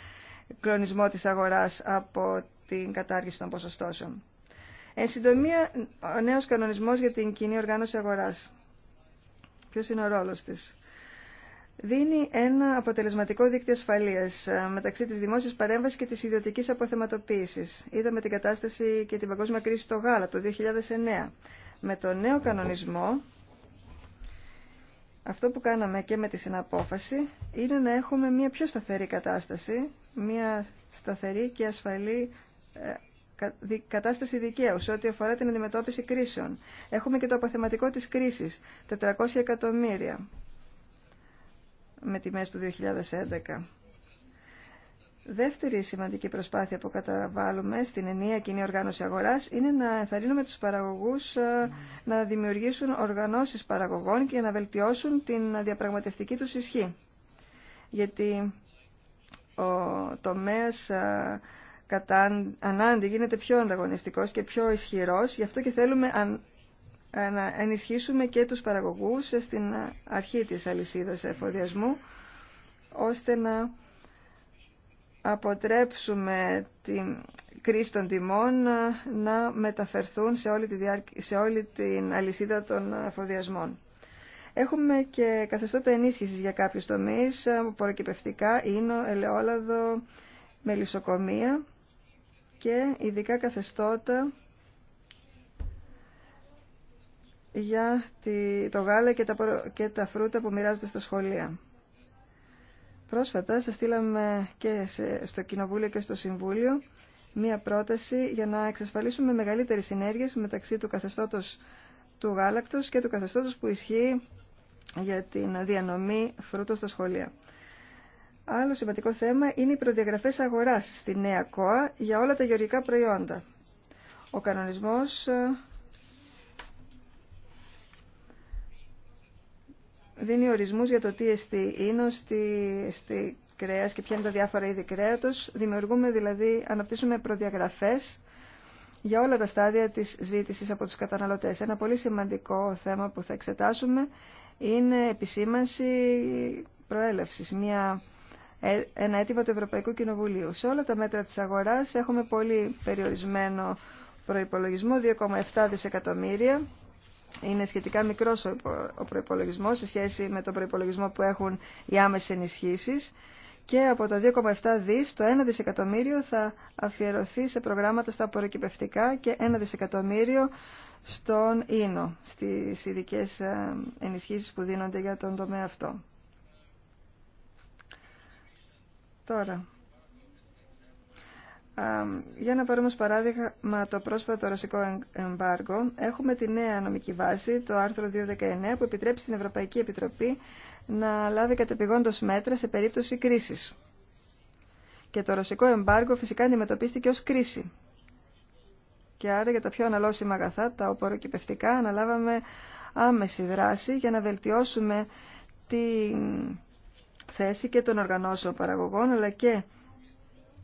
κλονισμό της αγοράς από την κατάργηση των ποσοστώσεων. Εν συντομία, ο νέος κανονισμός για την κοινή οργάνωση αγοράς ποιος είναι ο ρόλος της. Δίνει ένα αποτελεσματικό δίκτυο ασφαλείας ε, μεταξύ της δημόσιας παρέμβασης και της ιδιωτικής αποθεματοποίησης. Είδαμε την κατάσταση και την παγκόσμια κρίση στο Γάλα το 2009. Με το νέο κανονισμό, αυτό που κάναμε και με τη συναπόφαση, είναι να έχουμε μια πιο σταθερή κατάσταση, μια σταθερή και ασφαλή ε, κατάσταση δικαίου σε ό,τι αφορά την αντιμετώπιση κρίσεων. Έχουμε και το αποθεματικό της κρίσης, 400 εκατομμύρια με τιμές του 2011. Δεύτερη σημαντική προσπάθεια που καταβάλουμε στην ενιαία κοινή οργάνωση αγοράς είναι να ενθαρρύνουμε τους παραγωγούς ε, να δημιουργήσουν οργανώσεις παραγωγών και να βελτιώσουν την διαπραγματευτική τους ισχύ. Γιατί ο τομέας ε, κατά ανάντι γίνεται πιο ανταγωνιστικός και πιο ισχυρός. Γι' αυτό και θέλουμε ε, να ενισχύσουμε και τους παραγωγούς στην αρχή της αλυσίδας εφοδιασμού, ώστε να αποτρέψουμε την κρίση των τιμών να μεταφερθούν σε όλη, όλη την αλυσίδα των εφοδιασμών. Έχουμε και καθεστώτα ενίσχυσης για κάποιους τομείς, ε, προκυπευτικά, ίνο, ελαιόλαδο, μελισσοκομεία και ειδικά καθεστώτα για το γάλα και τα φρούτα που μοιράζονται στα σχολεία. Πρόσφατα σας στείλαμε και στο Κοινοβούλιο και στο Συμβούλιο μία πρόταση για να εξασφαλίσουμε μεγαλύτερες συνέργειες μεταξύ του καθεστώτος του γάλακτος και του καθεστώτος που ισχύει για την διανομή φρούτων στα σχολεία. Άλλο σημαντικό θέμα είναι οι προδιαγραφές αγοράς στη νέα ΚΟΑ για όλα τα γεωργικά προϊόντα. Ο κανονισμός ε, δίνει ορισμούς για το τι εστί είναι στη, στη κρέας και ποια είναι τα διάφορα είδη κρέατος. Δημιουργούμε δηλαδή, αναπτύσσουμε προδιαγραφές για όλα τα στάδια της ζήτησης από τους καταναλωτές. Ένα πολύ σημαντικό θέμα που θα εξετάσουμε είναι επισήμανση προέλευσης, ε, ένα αίτημα του Ευρωπαϊκού Κοινοβουλίου. Σε όλα τα μέτρα της αγοράς έχουμε πολύ περιορισμένο προϋπολογισμό, 2,7 δισεκατομμύρια. Είναι σχετικά μικρός ο προϋπολογισμός σε σχέση με τον προϋπολογισμό που έχουν οι άμεσες ενισχύσεις και από τα 2,7 δις το 1 δισεκατομμύριο θα αφιερωθεί σε προγράμματα στα απορροκυπευτικά και 1 δισεκατομμύριο στον ίνο, στις ειδικές ε, ενισχύσεις που δίνονται για τον τομέα αυτό. Τώρα, για να πάρουμε ως παράδειγμα το πρόσφατο ρωσικό εμπάργο, έχουμε τη νέα νομική βάση, το άρθρο 219, που επιτρέπει στην Ευρωπαϊκή Επιτροπή να λάβει κατεπηγόντως μέτρα σε περίπτωση κρίσης. Και το ρωσικό εμπάργο φυσικά αντιμετωπίστηκε ως κρίση. Και άρα για τα πιο αναλώσιμα αγαθά, τα οποροκυπευτικά, αναλάβαμε άμεση δράση για να βελτιώσουμε την θέση και των οργανώσεων παραγωγών αλλά και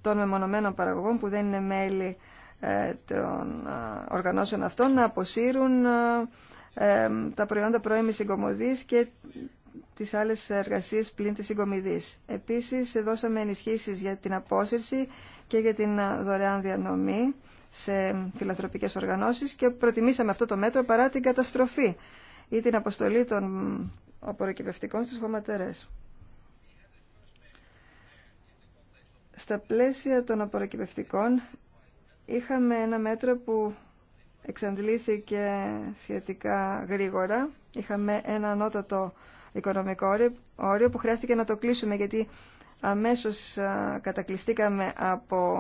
των μεμονωμένων παραγωγών που δεν είναι μέλη ε, των ε, οργανώσεων αυτών να αποσύρουν ε, τα προϊόντα πρώιμης συγκομωδής και τις άλλες εργασίες πλην της συγκομιδής. Επίσης, δώσαμε ενισχύσεις για την απόσυρση και για την δωρεάν διανομή σε φιλανθρωπικές οργανώσεις και προτιμήσαμε αυτό το μέτρο παρά την καταστροφή ή την αποστολή των απορροκυπευτικών στις χωματερές. Στα πλαίσια των απορροκυπευτικών είχαμε ένα μέτρο που εξαντλήθηκε σχετικά γρήγορα. Είχαμε ένα ανώτατο οικονομικό όριο που χρειάστηκε να το κλείσουμε γιατί αμέσως κατακλειστήκαμε από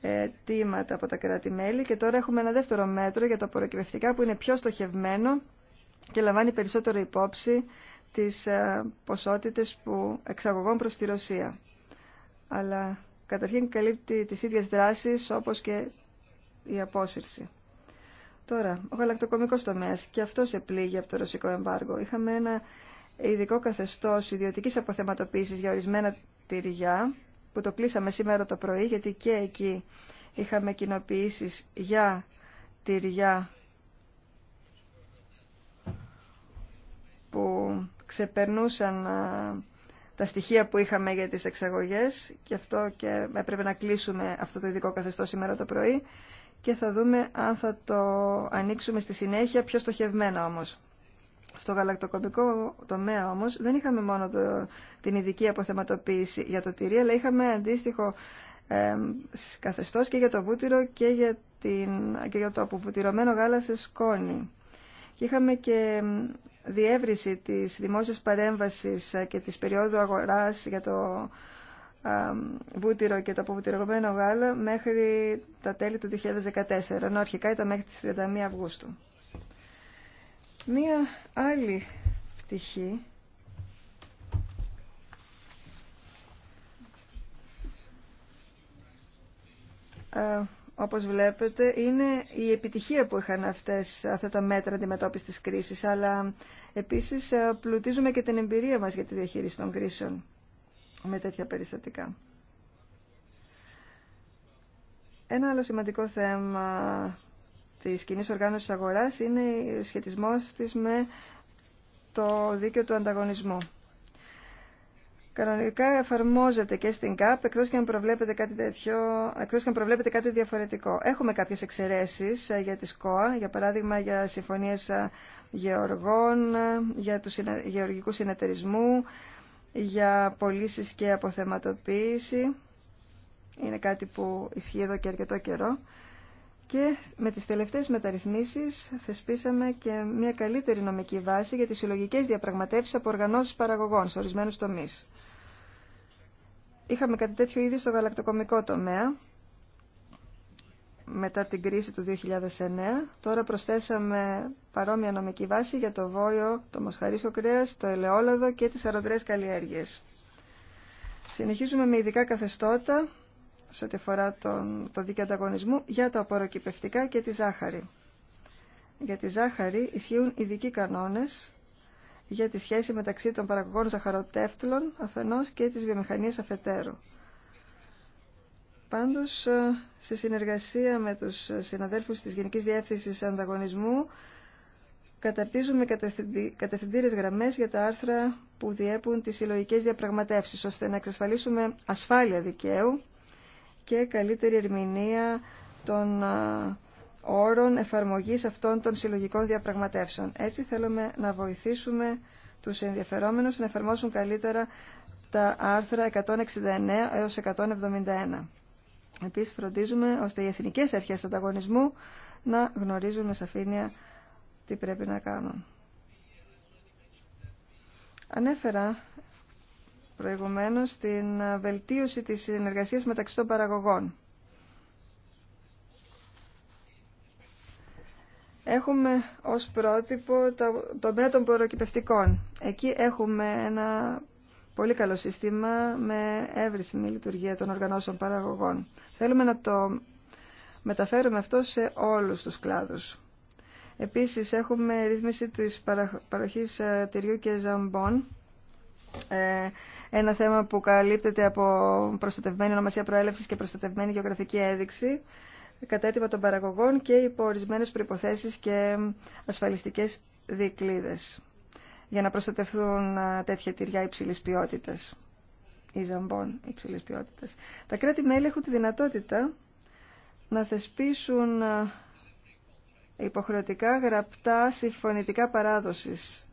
αιτήματα από τα κράτη-μέλη και τώρα έχουμε ένα δεύτερο μέτρο για τα απορροκυπευτικά που είναι πιο στοχευμένο και λαμβάνει περισσότερο υπόψη τις ε, ποσότητες που εξαγωγών προς τη Ρωσία αλλά καταρχήν καλύπτει τις ίδιες δράσεις όπως και η απόσυρση. Τώρα, ο γαλακτοκομικό τομέας, και αυτό επλήγει από το ρωσικό εμπάργο. Είχαμε ένα ειδικό καθεστώ ιδιωτική αποθεματοποίηση για ορισμένα τυριά που το κλείσαμε σήμερα το πρωί γιατί και εκεί είχαμε κοινοποιήσει για τυριά που ξεπερνούσαν τα στοιχεία που είχαμε για τις εξαγωγές και αυτό και έπρεπε να κλείσουμε αυτό το ειδικό καθεστώς σήμερα το πρωί και θα δούμε αν θα το ανοίξουμε στη συνέχεια πιο στοχευμένα όμως. Στο γαλακτοκομικό τομέα όμως δεν είχαμε μόνο την ειδική αποθεματοποίηση για το τυρί, αλλά είχαμε αντίστοιχο ε, καθεστώς και για το βούτυρο και για, την, και για το αποβουτυρωμένο γάλα σε σκόνη. Και είχαμε και διεύρυνση της δημόσιας παρέμβασης ε, και της περίοδου αγοράς για το ε, βούτυρο και το αποβούτυρογμένο γάλα μέχρι τα τέλη του 2014, ενώ αρχικά ήταν μέχρι τις 31 Αυγούστου. Μία άλλη πτυχή ε, όπως βλέπετε, είναι η επιτυχία που είχαν αυτές, αυτά τα μέτρα αντιμετώπισης της κρίσης, αλλά επίσης ε, πλουτίζουμε και την εμπειρία μας για τη διαχείριση των κρίσεων με τέτοια περιστατικά. Ένα άλλο σημαντικό θέμα της κοινή οργάνωσης αγοράς είναι ο σχετισμός της με το δίκαιο του ανταγωνισμού κανονικά εφαρμόζεται και στην ΚΑΠ, εκτός και αν προβλέπετε κάτι, τέτοιο, εκτός και αν προβλέπετε κάτι διαφορετικό. Έχουμε κάποιες εξαιρέσεις ε, για τη ΣΚΟΑ, για παράδειγμα για συμφωνίες ε, γεωργών, για τους γεωργικού συνεταιρισμού, για πωλήσει και αποθεματοποίηση. Είναι κάτι που ισχύει εδώ και αρκετό καιρό. Και με τις τελευταίες μεταρρυθμίσεις θεσπίσαμε και μια καλύτερη νομική βάση για τις συλλογικές διαπραγματεύσεις από οργανώσεις παραγωγών σε ορισμένους τομείς είχαμε κάτι τέτοιο ήδη στο γαλακτοκομικό τομέα μετά την κρίση του 2009. Τώρα προσθέσαμε παρόμοια νομική βάση για το βόλιο, το μοσχαρίσιο κρέας, το ελαιόλαδο και τις αεροτρές καλλιέργειες. Συνεχίζουμε με ειδικά καθεστώτα σε ό,τι αφορά τον, το δίκαιο ανταγωνισμού για τα απορροκυπευτικά και τη ζάχαρη. Για τη ζάχαρη ισχύουν ειδικοί κανόνες για τη σχέση μεταξύ των παραγωγών ζαχαροτέφτυλων αφενός και της βιομηχανίας αφετέρου. Πάντως, ε, σε συνεργασία με τους συναδέλφους της Γενικής Διεύθυνσης Ανταγωνισμού, καταρτίζουμε κατευθυντήρες γραμμές για τα άρθρα που διέπουν τις συλλογικέ διαπραγματεύσεις, ώστε να εξασφαλίσουμε ασφάλεια δικαίου και καλύτερη ερμηνεία των ε, όρων εφαρμογής αυτών των συλλογικών διαπραγματεύσεων. Έτσι θέλουμε να βοηθήσουμε τους ενδιαφερόμενους να εφαρμόσουν καλύτερα τα άρθρα 169 έως 171. Επίσης φροντίζουμε ώστε οι εθνικές αρχές ανταγωνισμού να γνωρίζουν με σαφήνεια τι πρέπει να κάνουν. Ανέφερα προηγουμένως την βελτίωση της συνεργασίας μεταξύ των παραγωγών. έχουμε ως πρότυπο το τομέα των προκυπευτικών. Εκεί έχουμε ένα πολύ καλό σύστημα με εύρυθμη λειτουργία των οργανώσεων παραγωγών. Θέλουμε να το μεταφέρουμε αυτό σε όλους τους κλάδους. Επίσης έχουμε ρύθμιση της παροχής ε, τυριού και ζαμπών, ε, ένα θέμα που καλύπτεται από προστατευμένη ονομασία προέλευσης και προστατευμένη γεωγραφική έδειξη κατά έτοιμα των παραγωγών και υπό ορισμένε προποθέσει και ασφαλιστικές δικλείδε για να προστατευτούν τέτοια τυριά υψηλή ποιότητα, ή ζαμπών υψηλής ποιότητα. Τα κράτη-μέλη έχουν τη δυνατότητα να θεσπίσουν υποχρεωτικά γραπτά συμφωνητικά παράδοσης.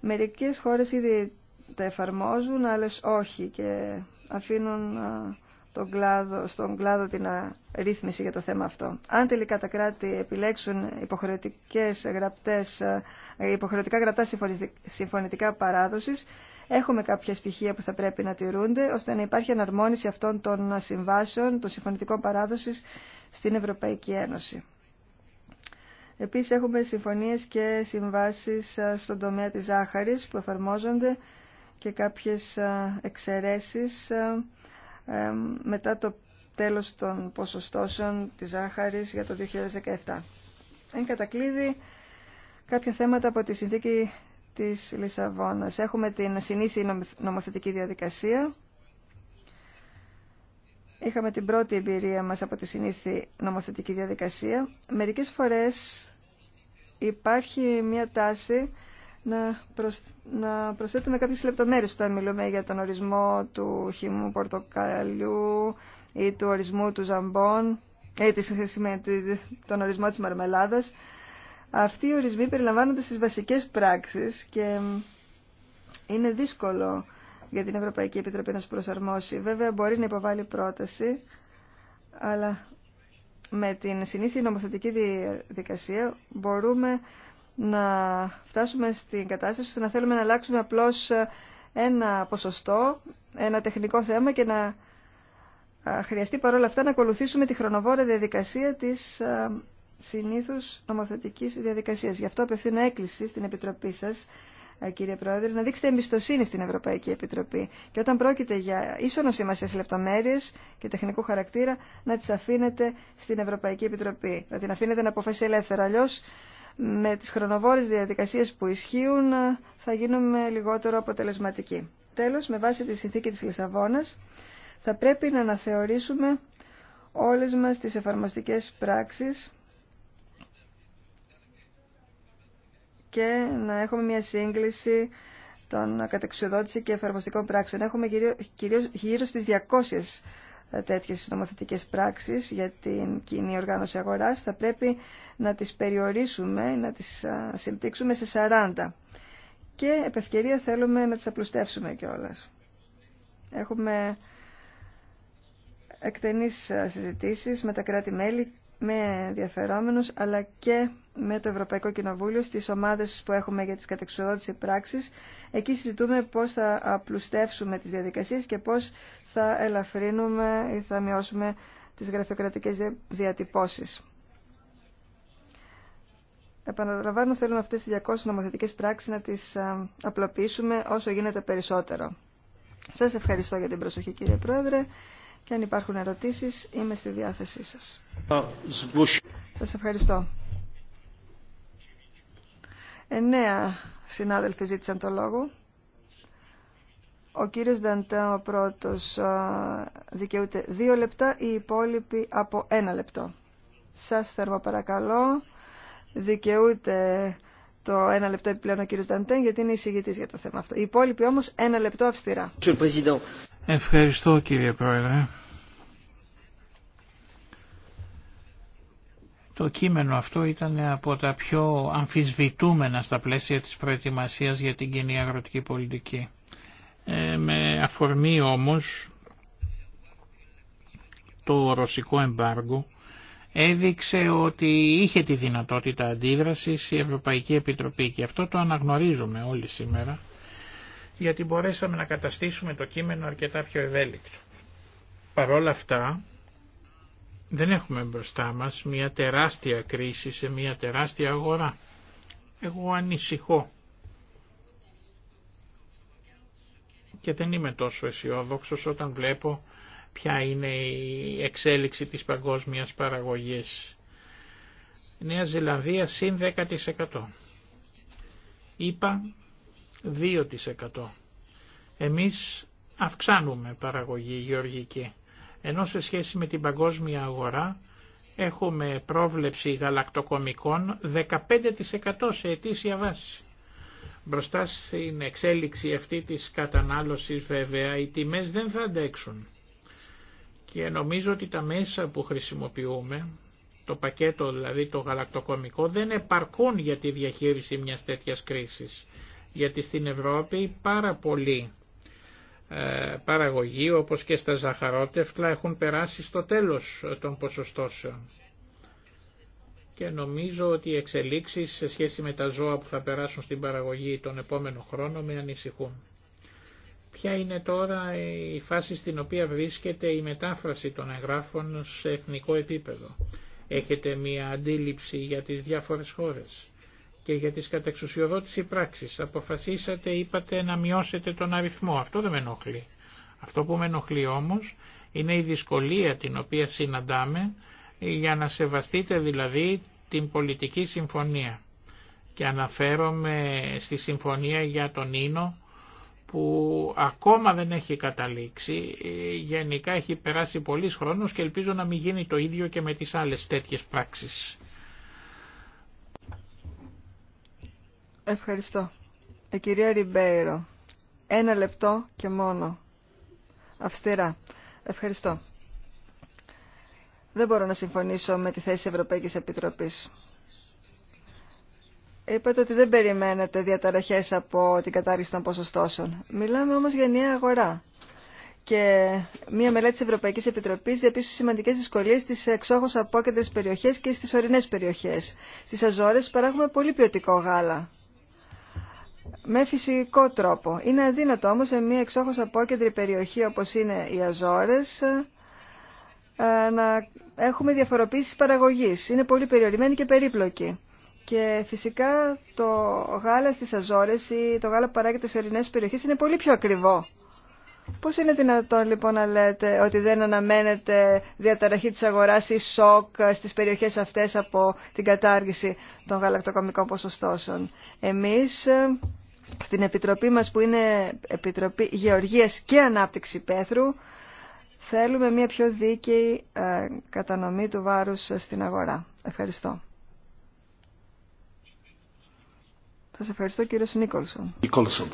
Μερικές χώρες ήδη τα εφαρμόζουν, άλλες όχι και αφήνουν κλάδο, στον κλάδο την ρύθμιση για το θέμα αυτό. Αν τελικά τα κράτη επιλέξουν υποχρεωτικές γραπτές, ε, υποχρεωτικά γραπτά συμφωνητικά παράδοσης, έχουμε κάποια στοιχεία που θα πρέπει να τηρούνται, ώστε να υπάρχει αναρμόνιση αυτών των συμβάσεων, των συμφωνητικών παράδοσης στην Ευρωπαϊκή Ένωση. Επίσης έχουμε συμφωνίες και συμβάσεις ε, στον τομέα της ζάχαρης που εφαρμόζονται και κάποιες ε, εξαιρέσεις μετά το τέλος των ποσοστώσεων της ζάχαρης για το 2017. Εν κατακλείδη κάποια θέματα από τη συνθήκη της Λισαβόνας. Έχουμε την συνήθη νομοθετική διαδικασία. Είχαμε την πρώτη εμπειρία μας από τη συνήθη νομοθετική διαδικασία. Μερικές φορές υπάρχει μια τάση να, προσ... να προσθέτουμε κάποιες λεπτομέρειες όταν μιλούμε για τον ορισμό του χυμού πορτοκαλιού ή του ορισμού του ζαμπών ή ε, τον ορισμό της μαρμελάδας. Αυτοί οι ορισμοί περιλαμβάνονται στις βασικές πράξεις και είναι δύσκολο για την Ευρωπαϊκή Επιτροπή να προσαρμόσει. Βέβαια μπορεί να υποβάλει πρόταση, αλλά με την συνήθεια νομοθετική διαδικασία μπορούμε να φτάσουμε στην κατάσταση ώστε να θέλουμε να αλλάξουμε απλώς ένα ποσοστό, ένα τεχνικό θέμα και να χρειαστεί παρόλα αυτά να ακολουθήσουμε τη χρονοβόρα διαδικασία της συνήθους νομοθετικής διαδικασίας. Γι' αυτό απευθύνω έκκληση στην Επιτροπή σας, κύριε Πρόεδρε, να δείξετε εμπιστοσύνη στην Ευρωπαϊκή Επιτροπή και όταν πρόκειται για ίσονο σημασία λεπτομέρειες και τεχνικού χαρακτήρα να τις αφήνετε στην Ευρωπαϊκή Επιτροπή, να την αφήνετε να αποφασίσει ελεύθερα. Αλλιώς με τις χρονοβόρες διαδικασίες που ισχύουν θα γίνουμε λιγότερο αποτελεσματικοί. Τέλος, με βάση τη συνθήκη της Λισαβόνας, θα πρέπει να αναθεωρήσουμε όλες μας τις εφαρμοστικές πράξεις και να έχουμε μια σύγκληση των κατεξοδότηση και εφαρμοστικών πράξεων. Έχουμε κυρίως, κυρίως γύρω στις 200 ε, τέτοιες νομοθετικές πράξεις για την κοινή οργάνωση αγοράς θα πρέπει να τις περιορίσουμε, να τις συμπτύξουμε σε 40. Και επ' ευκαιρία θέλουμε να τις απλουστεύσουμε κιόλα. Έχουμε εκτενείς συζητήσεις με τα κράτη-μέλη με ενδιαφερόμενους αλλά και με το Ευρωπαϊκό Κοινοβούλιο στις ομάδες που έχουμε για τις κατεξοδότηση πράξεις. Εκεί συζητούμε πώς θα απλουστεύσουμε τις διαδικασίες και πώς θα ελαφρύνουμε ή θα μειώσουμε τις γραφειοκρατικές διατυπώσεις. Επαναλαμβάνω, θέλουμε αυτές τις 200 νομοθετικές πράξεις να τις απλοποιήσουμε όσο γίνεται περισσότερο. Σας ευχαριστώ για την προσοχή κύριε Πρόεδρε και αν υπάρχουν ερωτήσεις είμαι στη διάθεσή σας. Σας ευχαριστώ. Εννέα συνάδελφοι ζήτησαν το λόγο. Ο κύριος Νταντά ο πρώτος δικαιούται δύο λεπτά, οι υπόλοιποι από ένα λεπτό. Σας θερμά παρακαλώ, δικαιούται το ένα λεπτό επιπλέον ο κύριος Νταντέν γιατί είναι εισηγητής για το θέμα αυτό. Οι υπόλοιποι όμως ένα λεπτό αυστηρά. Ευχαριστώ κύριε Πρόεδρε. Το κείμενο αυτό ήταν από τα πιο αμφισβητούμενα στα πλαίσια της προετοιμασίας για την κοινή αγροτική πολιτική. Ε, με αφορμή όμως το ρωσικό εμπάργο έδειξε ότι είχε τη δυνατότητα αντίδρασης η Ευρωπαϊκή Επιτροπή και αυτό το αναγνωρίζουμε όλοι σήμερα γιατί μπορέσαμε να καταστήσουμε το κείμενο αρκετά πιο ευέλικτο. Παρ' όλα αυτά, δεν έχουμε μπροστά μας μια τεράστια κρίση σε μια τεράστια αγορά. Εγώ ανησυχώ. Και δεν είμαι τόσο αισιόδοξο όταν βλέπω ποια είναι η εξέλιξη της παγκόσμιας παραγωγής. Νέα Ζηλανδία συν 10%. Είπα 2%. Εμείς αυξάνουμε παραγωγή γεωργική, ενώ σε σχέση με την παγκόσμια αγορά έχουμε πρόβλεψη γαλακτοκομικών 15% σε ετήσια βάση. Μπροστά στην εξέλιξη αυτή της κατανάλωσης βέβαια οι τιμές δεν θα αντέξουν. Και νομίζω ότι τα μέσα που χρησιμοποιούμε, το πακέτο δηλαδή το γαλακτοκομικό, δεν επαρκούν για τη διαχείριση μιας τέτοιας κρίσης γιατί στην Ευρώπη πάρα πολλοί ε, παραγωγοί όπως και στα ζαχαρότευκλα έχουν περάσει στο τέλος των ποσοστώσεων. Και νομίζω ότι οι εξελίξεις σε σχέση με τα ζώα που θα περάσουν στην παραγωγή τον επόμενο χρόνο με ανησυχούν. Ποια είναι τώρα η φάση στην οποία βρίσκεται η μετάφραση των εγγράφων σε εθνικό επίπεδο. Έχετε μία αντίληψη για τις διάφορες χώρες και για τις κατεξουσιοδότηση πράξεις. Αποφασίσατε, είπατε, να μειώσετε τον αριθμό. Αυτό δεν με ενοχλεί. Αυτό που με ενοχλεί όμως είναι η δυσκολία την οποία συναντάμε για να σεβαστείτε δηλαδή την πολιτική συμφωνία. Και αναφέρομαι στη συμφωνία για τον Ίνο που ακόμα δεν έχει καταλήξει, γενικά έχει περάσει πολλής χρόνος και ελπίζω να μην γίνει το ίδιο και με τις άλλες τέτοιες πράξεις. Ευχαριστώ. Η ε, κυρία Ριμπέιρο. Ένα λεπτό και μόνο. Αυστηρά. Ευχαριστώ. Δεν μπορώ να συμφωνήσω με τη θέση της Ευρωπαϊκής Επιτροπής. Είπατε ότι δεν περιμένετε διαταραχές από την κατάργηση των ποσοστώσεων. Μιλάμε όμως για νέα αγορά. Και μία μελέτη της Ευρωπαϊκής Επιτροπής διαπίστωσε σημαντικές δυσκολίες στις εξόχως απόκεντρες περιοχές και στις ορεινές περιοχές. Στις Αζόρες παράγουμε πολύ ποιοτικό γάλα με φυσικό τρόπο. Είναι αδύνατο όμως σε μια εξόχως απόκεντρη περιοχή όπως είναι οι Αζόρες ε, να έχουμε διαφοροποίηση παραγωγής. Είναι πολύ περιορισμένη και περίπλοκη. Και φυσικά το γάλα στις Αζόρες ή το γάλα που παράγεται σε ορεινές περιοχές είναι πολύ πιο ακριβό. Πώς είναι δυνατόν λοιπόν να λέτε ότι δεν αναμένεται διαταραχή της αγοράς ή σοκ στις περιοχές αυτές από την κατάργηση των γαλακτοκομικών ποσοστώσεων. Εμείς ε, στην Επιτροπή μας που είναι Επιτροπή Γεωργίας και Ανάπτυξη Πέθρου θέλουμε μια πιο δίκαιη ε, κατανομή του βάρους στην αγορά. Ευχαριστώ. Σας ευχαριστώ κύριος Νίκολσον. Νίκολσον.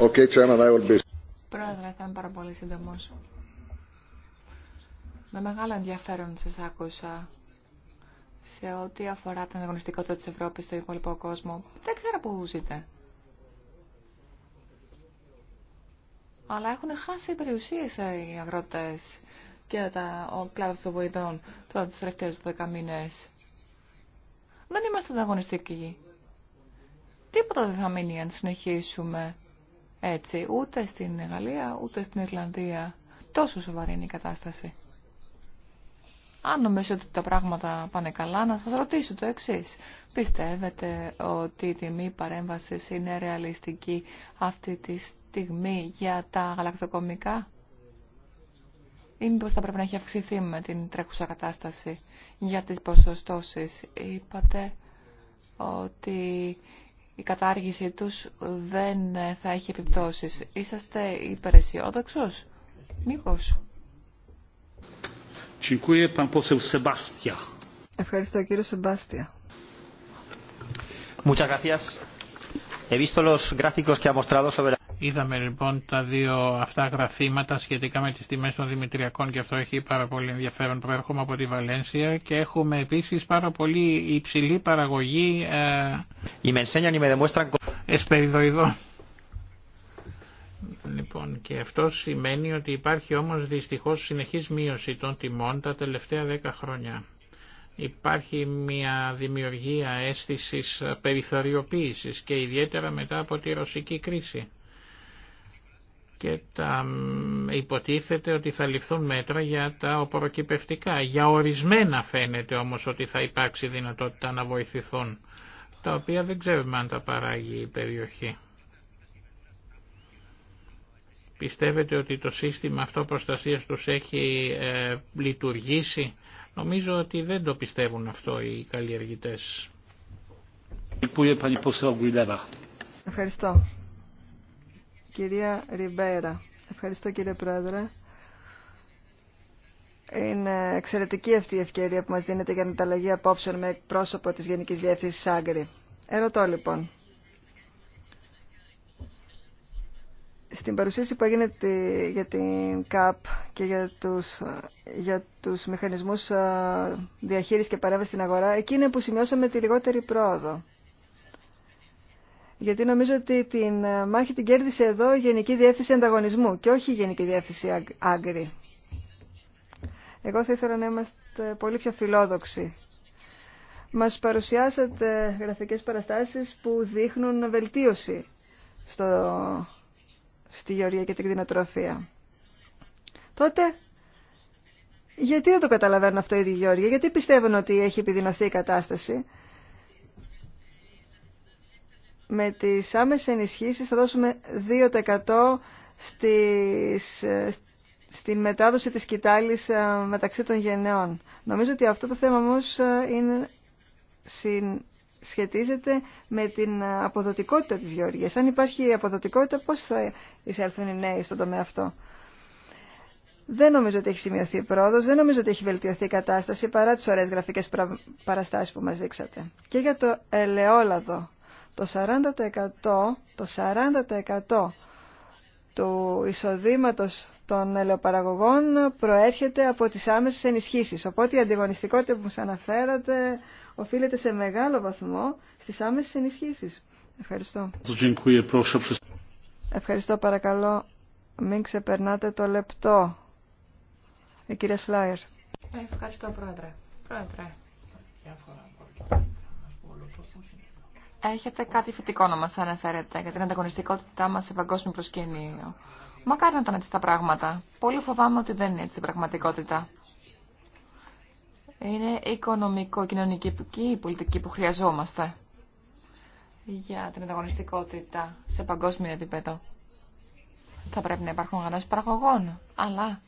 Okay, chairman, I will be... Πρόεδρε, θα είμαι πάρα πολύ σύντομος. Με μεγάλο ενδιαφέρον σας άκουσα σε ό,τι αφορά την ανταγωνιστικότητα της Ευρώπης στο υπόλοιπο κόσμο. Δεν ξέρω πού ζείτε. Αλλά έχουν χάσει οι περιουσίες ε, οι αγρότες και τα, ο κλάδος των βοηδών τώρα τις τελευταίες 12 Δεν είμαστε ανταγωνιστικοί. Τίποτα δεν θα μείνει αν συνεχίσουμε έτσι, ούτε στην Γαλλία, ούτε στην Ιρλανδία. Τόσο σοβαρή είναι η κατάσταση. Αν νομίζετε ότι τα πράγματα πάνε καλά, να σας ρωτήσω το εξής. Πιστεύετε ότι η τιμή παρέμβασης είναι ρεαλιστική αυτή τη στιγμή για τα γαλακτοκομικά? Ή μήπως θα πρέπει να έχει αυξηθεί με την τρέχουσα κατάσταση για τις ποσοστώσεις. Είπατε ότι η κατάργηση τους δεν θα έχει επιπτώσεις. Είσαστε υπεραισιόδοξος, μήπως. Ευχαριστώ κύριε Σεμπάστια. Είδαμε λοιπόν τα δύο αυτά γραφήματα σχετικά με τις τιμές των Δημητριακών και αυτό έχει πάρα πολύ ενδιαφέρον. Προέρχομαι από τη Βαλένσια και έχουμε επίσης πάρα πολύ υψηλή παραγωγή ε, εσπεριδοειδών. Λοιπόν, και αυτό σημαίνει ότι υπάρχει όμως δυστυχώς συνεχής μείωση των τιμών τα τελευταία δέκα χρόνια. Υπάρχει μια δημιουργία αίσθησης περιθωριοποίησης και ιδιαίτερα μετά από τη ρωσική κρίση. Και τα, υποτίθεται ότι θα ληφθούν μέτρα για τα οποροκυπευτικά. Για ορισμένα φαίνεται όμως ότι θα υπάρξει δυνατότητα να βοηθηθούν, τα οποία δεν ξέρουμε αν τα παράγει η περιοχή. Πιστεύετε ότι το σύστημα αυτό προστασίας τους έχει ε, λειτουργήσει. Νομίζω ότι δεν το πιστεύουν αυτό οι καλλιεργητές. Ευχαριστώ. Κυρία Ριμπέρα, ευχαριστώ κύριε Πρόεδρε. Είναι εξαιρετική αυτή η ευκαιρία που μας δίνεται για ανταλλαγή απόψεων με πρόσωπο της Γενικής Διεύθυνσης Άγκρη. Ερωτώ λοιπόν, στην παρουσίαση που έγινε για την ΚΑΠ και για τους, για τους μηχανισμούς ε, διαχείρισης και παρέμβασης στην αγορά, εκεί είναι που σημειώσαμε τη λιγότερη πρόοδο. Γιατί νομίζω ότι την ε, μάχη την κέρδισε εδώ η Γενική Διεύθυνση Ανταγωνισμού και όχι η Γενική Διεύθυνση Άγκρη. Εγώ θα ήθελα να είμαστε πολύ πιο φιλόδοξοι. Μας παρουσιάσατε γραφικές παραστάσεις που δείχνουν βελτίωση στο στη γεωργία και την κτηνοτροφία. Τότε, γιατί δεν το καταλαβαίνουν αυτό οι ίδιοι γιατί πιστεύουν ότι έχει επιδεινωθεί η κατάσταση. Με τις άμεσες ενισχύσεις θα δώσουμε 2% στις, στην μετάδοση της κοιτάλης ε, μεταξύ των γενναιών. Νομίζω ότι αυτό το θέμα όμω ε, είναι σχετίζεται με την αποδοτικότητα της γεωργίας. Αν υπάρχει αποδοτικότητα, πώς θα εισέλθουν οι νέοι στον τομέα αυτό. Δεν νομίζω ότι έχει σημειωθεί πρόοδος, δεν νομίζω ότι έχει βελτιωθεί η κατάσταση παρά τις ωραίες γραφικές παραστάσεις που μας δείξατε. Και για το ελαιόλαδο, το 40%, το 40 του εισοδήματος των ελαιοπαραγωγών προέρχεται από τις άμεσες ενισχύσεις. Οπότε η αντιγωνιστικότητα που μας αναφέρατε οφείλεται σε μεγάλο βαθμό στις άμεσες ενισχύσεις. Ευχαριστώ. Ευχαριστώ παρακαλώ. Μην ξεπερνάτε το λεπτό. Η κυρία Σλάιρ. Ευχαριστώ πρόεδρε. Πρόεδρε. Έχετε κάτι φυτικό να μας αναφέρετε για την ανταγωνιστικότητά μας σε παγκόσμιο προσκήνιο. Μακάρι να ήταν έτσι τα πράγματα. Πολύ φοβάμαι ότι δεν είναι έτσι η πραγματικότητα. Είναι οικονομικο-κοινωνική πολιτική που χρειαζόμαστε για την ανταγωνιστικότητα σε παγκόσμιο επίπεδο. Θα πρέπει να υπάρχουν οργανώσει παραγωγών, αλλά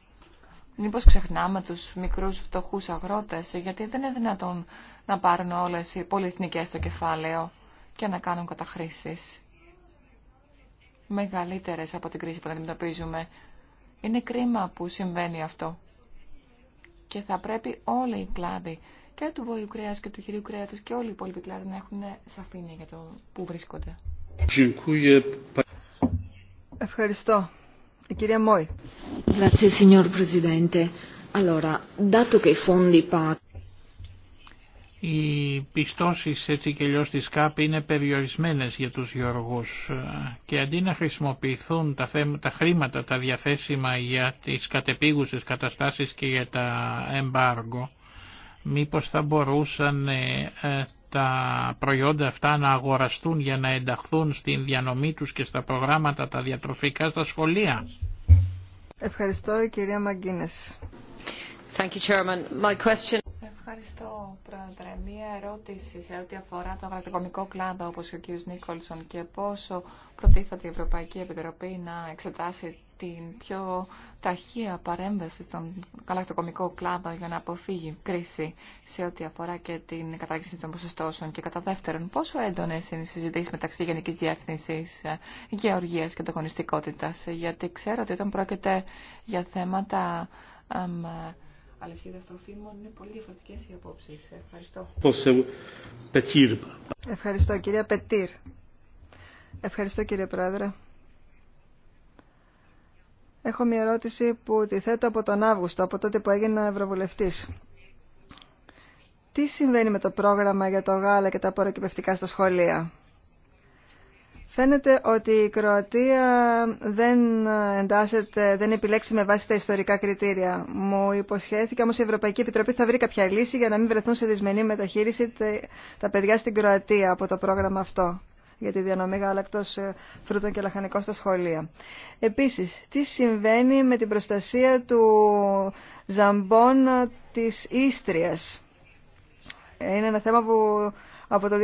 μήπως ξεχνάμε τους μικρούς φτωχούς αγρότες, γιατί δεν είναι δυνατόν να πάρουν όλες οι πολυεθνικές το κεφάλαιο και να κάνουν καταχρήσεις μεγαλύτερες από την κρίση που αντιμετωπίζουμε. Είναι κρίμα που συμβαίνει αυτό. Και θα πρέπει όλοι οι κλάδοι και του βόλιου κρέας και του χειρίου κρέατος και όλοι οι υπόλοιποι κλάδοι να έχουν σαφήνεια για το που βρίσκονται. Ευχαριστώ. Η κυρία Μόη. Grazie signor Presidente. Allora, dato che i fondi οι πιστώσεις έτσι και αλλιώς της ΚΑΠ είναι περιορισμένες για τους γεωργούς ε, και αντί να χρησιμοποιηθούν τα, τα χρήματα τα διαθέσιμα για τις κατεπίγουσες καταστάσεις και για τα εμπάργο, μήπως θα μπορούσαν ε, ε, τα προϊόντα αυτά να αγοραστούν για να ενταχθούν στην διανομή τους και στα προγράμματα τα διατροφικά στα σχολεία. Ευχαριστώ κυρία Μαγκίνες. Thank you, Ευχαριστώ, Πρόεδρε. Μία ερώτηση σε ό,τι αφορά το αγροτικομικό κλάδο, όπως και ο κ. Νίκολσον, και πόσο προτίθεται η Ευρωπαϊκή Επιτροπή να εξετάσει την πιο ταχεία παρέμβαση στον γαλακτοκομικό κλάδο για να αποφύγει κρίση σε ό,τι αφορά και την κατάργηση των ποσοστώσεων. Και κατά δεύτερον, πόσο έντονε είναι οι συζητήσει μεταξύ Γενική Διεύθυνση Γεωργία και Ανταγωνιστικότητα, γιατί ξέρω ότι όταν πρόκειται για θέματα των μου είναι πολύ διαφορετικέ οι απόψει. Ευχαριστώ. Ευχαριστώ κυρία Πετήρ. Ευχαριστώ κύριε Πρόεδρε. Έχω μια ερώτηση που τη θέτω από τον Αύγουστο, από τότε που έγινα ευρωβουλευτή. Τι συμβαίνει με το πρόγραμμα για το γάλα και τα απορροκυπευτικά στα σχολεία. Φαίνεται ότι η Κροατία δεν εντάσσεται, δεν επιλέξει με βάση τα ιστορικά κριτήρια. Μου υποσχέθηκε όμως η Ευρωπαϊκή Επιτροπή θα βρει κάποια λύση για να μην βρεθούν σε δυσμενή μεταχείριση τα παιδιά στην Κροατία από το πρόγραμμα αυτό για τη διανομή γάλακτος ε, φρούτων και λαχανικών στα σχολεία. Επίσης, τι συμβαίνει με την προστασία του ζαμπών της Ίστριας. Είναι ένα θέμα που από το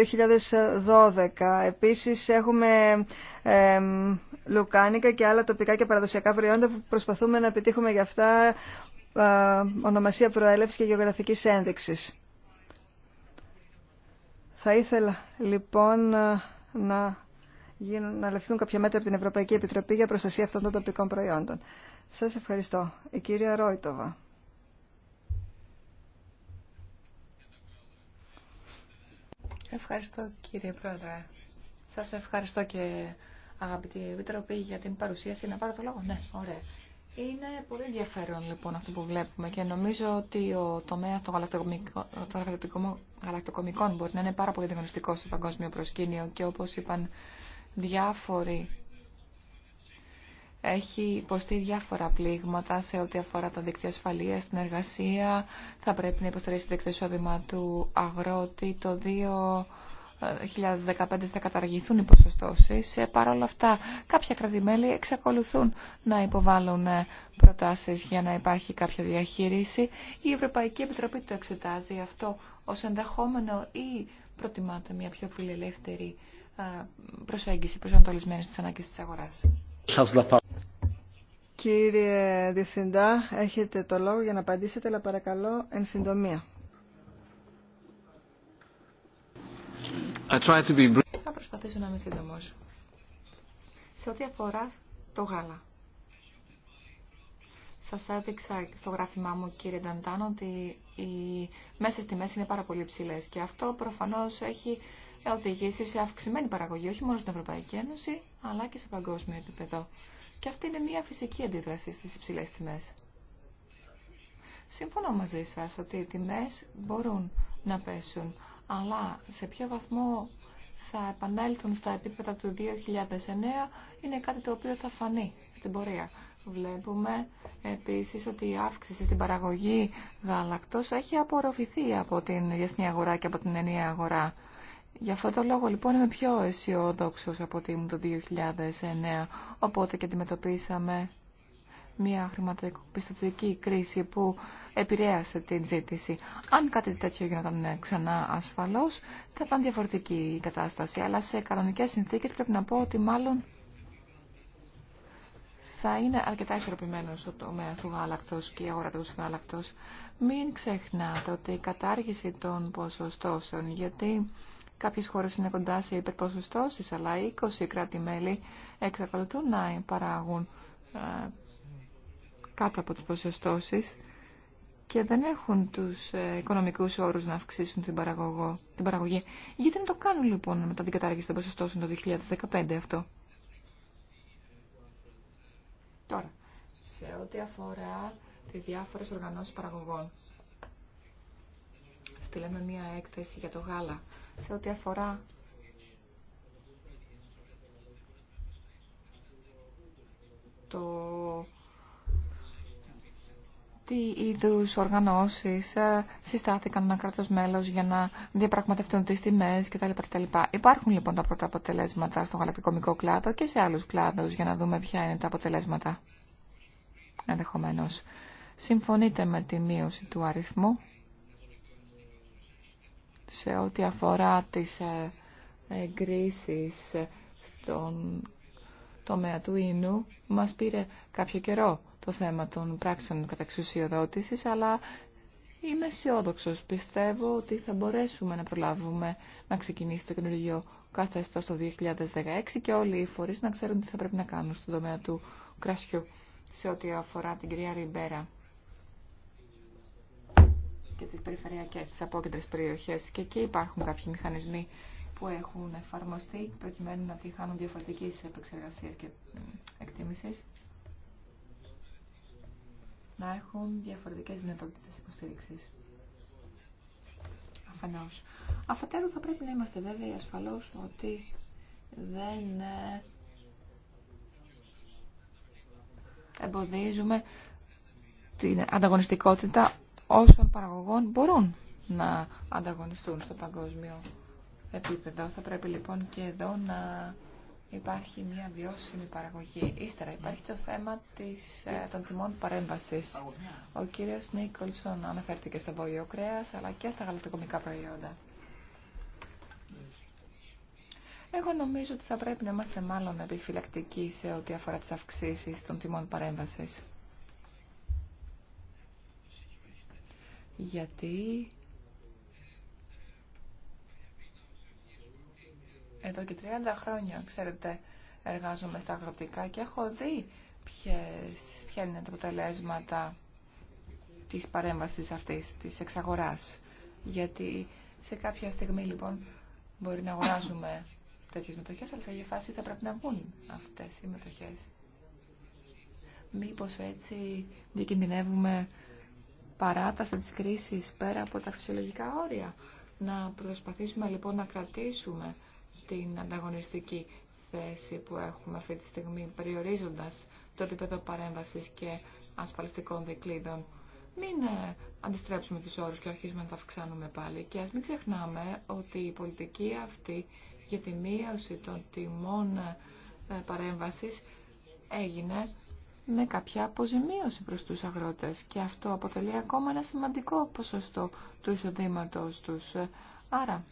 2012. Επίσης έχουμε λουκάνικα και άλλα τοπικά και παραδοσιακά προϊόντα που προσπαθούμε να επιτύχουμε για αυτά ονομασία προέλευσης και γεωγραφικής ένδειξης. Θα ήθελα λοιπόν να, γίνουν, να λεφθούν κάποια μέτρα από την Ευρωπαϊκή Επιτροπή για προστασία αυτών των τοπικών προϊόντων. Σας ευχαριστώ. Η κυρία Ρόιτοβα. Ευχαριστώ κύριε Πρόεδρε. Σας ευχαριστώ και αγαπητή Επιτροπή για την παρουσίαση. Να πάρω το λόγο. Ναι, ωραία. Είναι πολύ ενδιαφέρον λοιπόν αυτό που βλέπουμε και νομίζω ότι ο τομέα των γαλακτοκομικών μπορεί να είναι πάρα πολύ διαγνωστικό στο παγκόσμιο προσκήνιο και όπως είπαν διάφοροι έχει υποστεί διάφορα πλήγματα σε ό,τι αφορά τα δίκτυα ασφαλείας, την εργασία. Θα πρέπει να υποστηρίξει το εισόδημα του αγρότη. Το 2015 ε, θα καταργηθούν οι ποσοστώσεις. Ε, παρ' όλα αυτά, κάποια κρατημέλη εξακολουθούν να υποβάλλουν ε, προτάσεις για να υπάρχει κάποια διαχείριση. Η Ευρωπαϊκή Επιτροπή το εξετάζει αυτό ως ενδεχόμενο ή προτιμάται μια πιο φιλελεύθερη προσέγγιση προσανατολισμένη στις ανάγκες της αγοράς. Κύριε Διευθυντά, έχετε το λόγο για να απαντήσετε, αλλά παρακαλώ εν συντομία. Θα προσπαθήσω να είμαι σύντομο. Σε ό,τι αφορά το γάλα. Σας έδειξα στο γράφημά μου, κύριε Νταντάν, ότι οι μέσες τιμές είναι πάρα πολύ ψηλές και αυτό προφανώς έχει οδηγήσει σε αυξημένη παραγωγή, όχι μόνο στην Ευρωπαϊκή Ένωση, αλλά και σε παγκόσμιο επίπεδο. Και αυτή είναι μια φυσική αντίδραση στι υψηλέ τιμέ. Σύμφωνα μαζί σα ότι οι τιμέ μπορούν να πέσουν, αλλά σε ποιο βαθμό θα επανέλθουν στα επίπεδα του 2009 είναι κάτι το οποίο θα φανεί στην πορεία. Βλέπουμε επίσης ότι η αύξηση στην παραγωγή γάλακτος έχει απορροφηθεί από την διεθνή αγορά και από την ενιαία αγορά. Για αυτό το λόγο λοιπόν είμαι πιο αισιόδοξο από ότι ήμουν το 2009, οπότε και αντιμετωπίσαμε μια χρηματοπιστωτική κρίση που επηρέασε την ζήτηση. Αν κάτι τέτοιο γινόταν ξανά ασφαλώς, θα ήταν διαφορετική η κατάσταση. Αλλά σε κανονικές συνθήκες πρέπει να πω ότι μάλλον θα είναι αρκετά ισορροπημένο ο τομέα του γάλακτο και η αγορά του γάλακτο. Μην ξεχνάτε ότι η κατάργηση των ποσοστώσεων, γιατί Κάποιες χώρες είναι κοντά σε υπερποσοστώσεις, αλλά 20 κράτη-μέλη εξακολουθούν να παράγουν ε, κάτω από τις ποσοστώσεις και δεν έχουν τους ε, οικονομικούς όρους να αυξήσουν την, παραγωγό, την παραγωγή. Γιατί να το κάνουν λοιπόν μετά την κατάργηση των ποσοστώσεων το 2015 αυτό. Τώρα, σε ό,τι αφορά τις διάφορες οργανώσεις παραγωγών. Στείλαμε μία έκθεση για το γάλα σε ό,τι αφορά το τι είδους οργανώσεις ε, συστάθηκαν ένα κράτος μέλος για να διαπραγματευτούν τις τιμές κτλ. Υπάρχουν λοιπόν τα πρώτα αποτελέσματα στον μικρό κλάδο και σε άλλους κλάδους για να δούμε ποια είναι τα αποτελέσματα. Ενδεχομένω. Συμφωνείτε με τη μείωση του αριθμού σε ό,τι αφορά τις ε, εγκρίσεις στον τομέα του ίνου. Μας πήρε κάποιο καιρό το θέμα των πράξεων καταξουσιοδότησης, αλλά είμαι αισιόδοξο. Πιστεύω ότι θα μπορέσουμε να προλάβουμε να ξεκινήσει το καινούργιο καθεστώς το 2016 και όλοι οι φορείς να ξέρουν τι θα πρέπει να κάνουν στον τομέα του κρασιού σε ό,τι αφορά την κυρία Ριμπέρα και τις περιφερειακές, τις απόκεντρες περιοχές και εκεί υπάρχουν κάποιοι μηχανισμοί που έχουν εφαρμοστεί προκειμένου να τη χάνουν διαφορετική επεξεργασία και εκτίμηση. Να έχουν διαφορετικέ δυνατότητε υποστήριξη. Αφενό. Αφετέρου, θα πρέπει να είμαστε βέβαιοι ασφαλώ ότι δεν ε, εμποδίζουμε την ανταγωνιστικότητα όσων παραγωγών μπορούν να ανταγωνιστούν στο παγκόσμιο επίπεδο. Θα πρέπει λοιπόν και εδώ να υπάρχει μια βιώσιμη παραγωγή. Ύστερα υπάρχει το θέμα της, ε, των τιμών παρέμβασης. Ο κύριος Νίκολσον αναφέρθηκε στο βόλιο κρέας αλλά και στα γαλατοκομικά προϊόντα. Εγώ νομίζω ότι θα πρέπει να είμαστε μάλλον επιφυλακτικοί σε ό,τι αφορά τις αυξήσεις των τιμών παρέμβασης. γιατί εδώ και 30 χρόνια, ξέρετε, εργάζομαι στα αγροπτικά και έχω δει ποιες, ποια είναι τα αποτελέσματα της παρέμβασης αυτής, της εξαγοράς. Γιατί σε κάποια στιγμή, λοιπόν, μπορεί να αγοράζουμε τέτοιες μετοχές, αλλά σε κάποια φάση θα πρέπει να βγουν αυτές οι μετοχές. Μήπως έτσι διακινδυνεύουμε παράταση της κρίσης πέρα από τα φυσιολογικά όρια. Να προσπαθήσουμε λοιπόν να κρατήσουμε την ανταγωνιστική θέση που έχουμε αυτή τη στιγμή, περιορίζοντας το επίπεδο παρέμβασης και ασφαλιστικών δικλείδων. Μην ε, αντιστρέψουμε τους όρους και αρχίσουμε να τα αυξάνουμε πάλι. Και ας μην ξεχνάμε ότι η πολιτική αυτή για τη μείωση των τιμών ε, παρέμβασης έγινε με κάποια αποζημίωση προς τους αγρότες και αυτό αποτελεί ακόμα ένα σημαντικό ποσοστό του εισοδήματος τους. Άρα,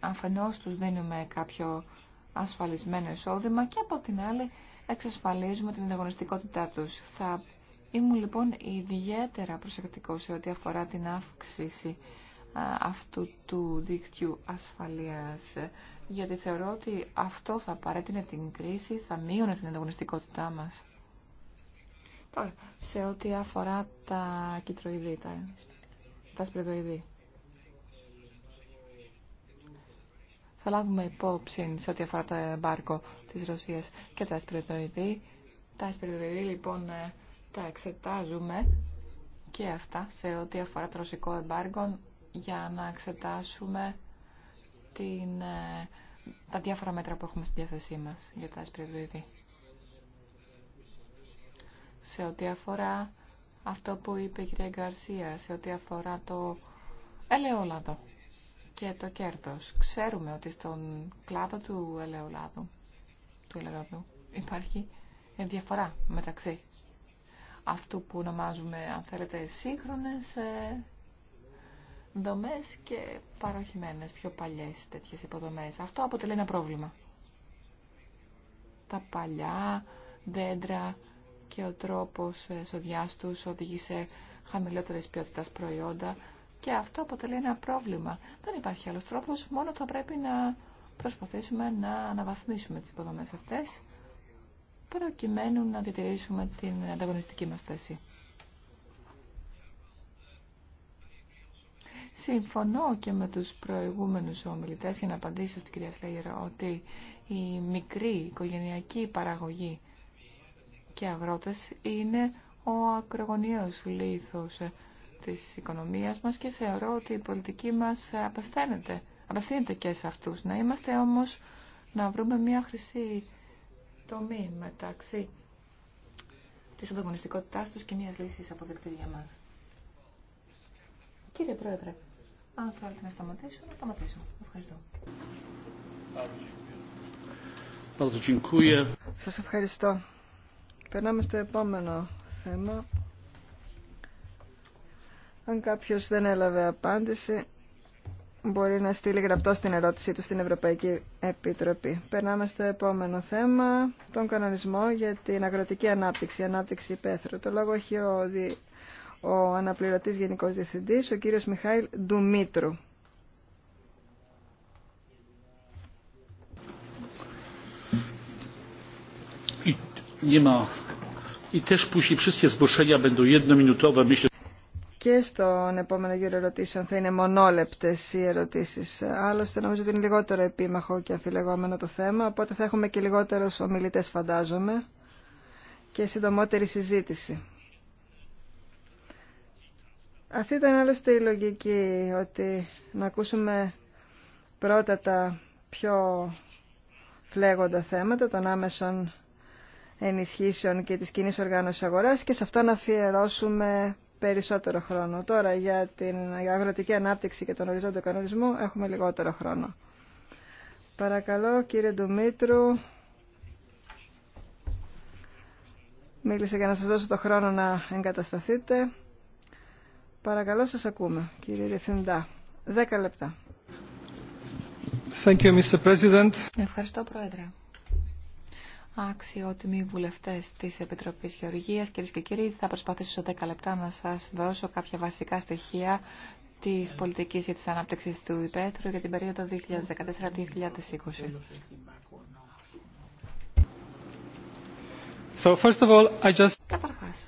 αφενός τους δίνουμε κάποιο ασφαλισμένο εισόδημα και από την άλλη εξασφαλίζουμε την ανταγωνιστικότητά τους. Θα ήμουν λοιπόν ιδιαίτερα προσεκτικό σε ό,τι αφορά την αύξηση αυτού του δίκτυου ασφαλείας γιατί θεωρώ ότι αυτό θα παρέτεινε την κρίση, θα μείωνε την ανταγωνιστικότητά μας. Τώρα, σε ό,τι αφορά τα κυτροειδή, τα, τα σπριδοειδή. Θα λάβουμε υπόψη σε ό,τι αφορά το εμπάρκο της Ρωσίας και τα σπριδοειδή. Τα σπριδοειδή λοιπόν ε, τα εξετάζουμε και αυτά σε ό,τι αφορά το ρωσικό εμπάργκο για να εξετάσουμε την, ε, τα διάφορα μέτρα που έχουμε στη διάθεσή μας για τα σπριδοειδή σε ό,τι αφορά αυτό που είπε η κυρία Γκαρσία, σε ό,τι αφορά το ελαιόλαδο και το κέρδος. Ξέρουμε ότι στον κλάδο του ελαιόλαδου, του ελαιόλαδου υπάρχει διαφορά μεταξύ αυτού που ονομάζουμε, αν θέλετε, σύγχρονες ε, δομές και παροχημένες, πιο παλιές τέτοιες υποδομές. Αυτό αποτελεί ένα πρόβλημα. Τα παλιά δέντρα και ο τρόπος εσοδιάς τους οδηγεί σε χαμηλότερες ποιότητας προϊόντα και αυτό αποτελεί ένα πρόβλημα. Δεν υπάρχει άλλος τρόπος, μόνο θα πρέπει να προσπαθήσουμε να αναβαθμίσουμε τις υποδομές αυτές προκειμένου να διατηρήσουμε την ανταγωνιστική μας θέση. Συμφωνώ και με τους προηγούμενους ομιλητές για να απαντήσω στην κυρία Σλέγερα ότι η μικρή οικογενειακή παραγωγή και αγρότες είναι ο ακρογωνιαίος λίθος της οικονομίας μας και θεωρώ ότι η πολιτική μας απευθύνεται, απευθύνεται και σε αυτούς. Να είμαστε όμως, να βρούμε μια χρυσή τομή μεταξύ της ανταγωνιστικότητάς τους και μιας λύσης αποδεκτής για μας. Κύριε Πρόεδρε, αν θέλετε να σταματήσω, να σταματήσω. Ευχαριστώ. Σας ευχαριστώ. Περνάμε στο επόμενο θέμα. Αν κάποιος δεν έλαβε απάντηση, μπορεί να στείλει γραπτό στην ερώτησή του στην Ευρωπαϊκή Επιτροπή. Περνάμε στο επόμενο θέμα, τον κανονισμό για την αγροτική ανάπτυξη, ανάπτυξη υπαίθρου. Το λόγο έχει ο, αναπληρωτής Γενικός Διευθυντής, ο κύριος Μιχάηλ Ντουμίτρου. Και στον επόμενο γύρο ερωτήσεων θα είναι μονόλεπτες οι ερωτήσεις. Άλλωστε νομίζω ότι είναι λιγότερο επίμαχο και αφιλεγόμενο το θέμα, οπότε θα έχουμε και λιγότερους ομιλητές φαντάζομαι και συντομότερη συζήτηση. Αυτή ήταν άλλωστε η λογική, ότι να ακούσουμε πρώτα τα πιο φλέγοντα θέματα των άμεσων ενισχύσεων και της κοινή οργάνωσης αγοράς και σε αυτά να αφιερώσουμε περισσότερο χρόνο. Τώρα για την αγροτική ανάπτυξη και τον οριζόντο κανονισμό έχουμε λιγότερο χρόνο. Παρακαλώ κύριε Ντουμίτρου. μίλησε για να σας δώσω το χρόνο να εγκατασταθείτε. Παρακαλώ σας ακούμε κύριε Διευθυντά. Δέκα λεπτά. Thank you, Mr. Ευχαριστώ Πρόεδρε αξιότιμοι βουλευτές της Επιτροπής Γεωργίας. Κυρίε και κύριοι, θα προσπαθήσω σε 10 λεπτά να σας δώσω κάποια βασικά στοιχεία τη πολιτική για τη ανάπτυξη του Υπέθρου για την περίοδο 2014-2020. So, first of all, I just... Καταρχάς,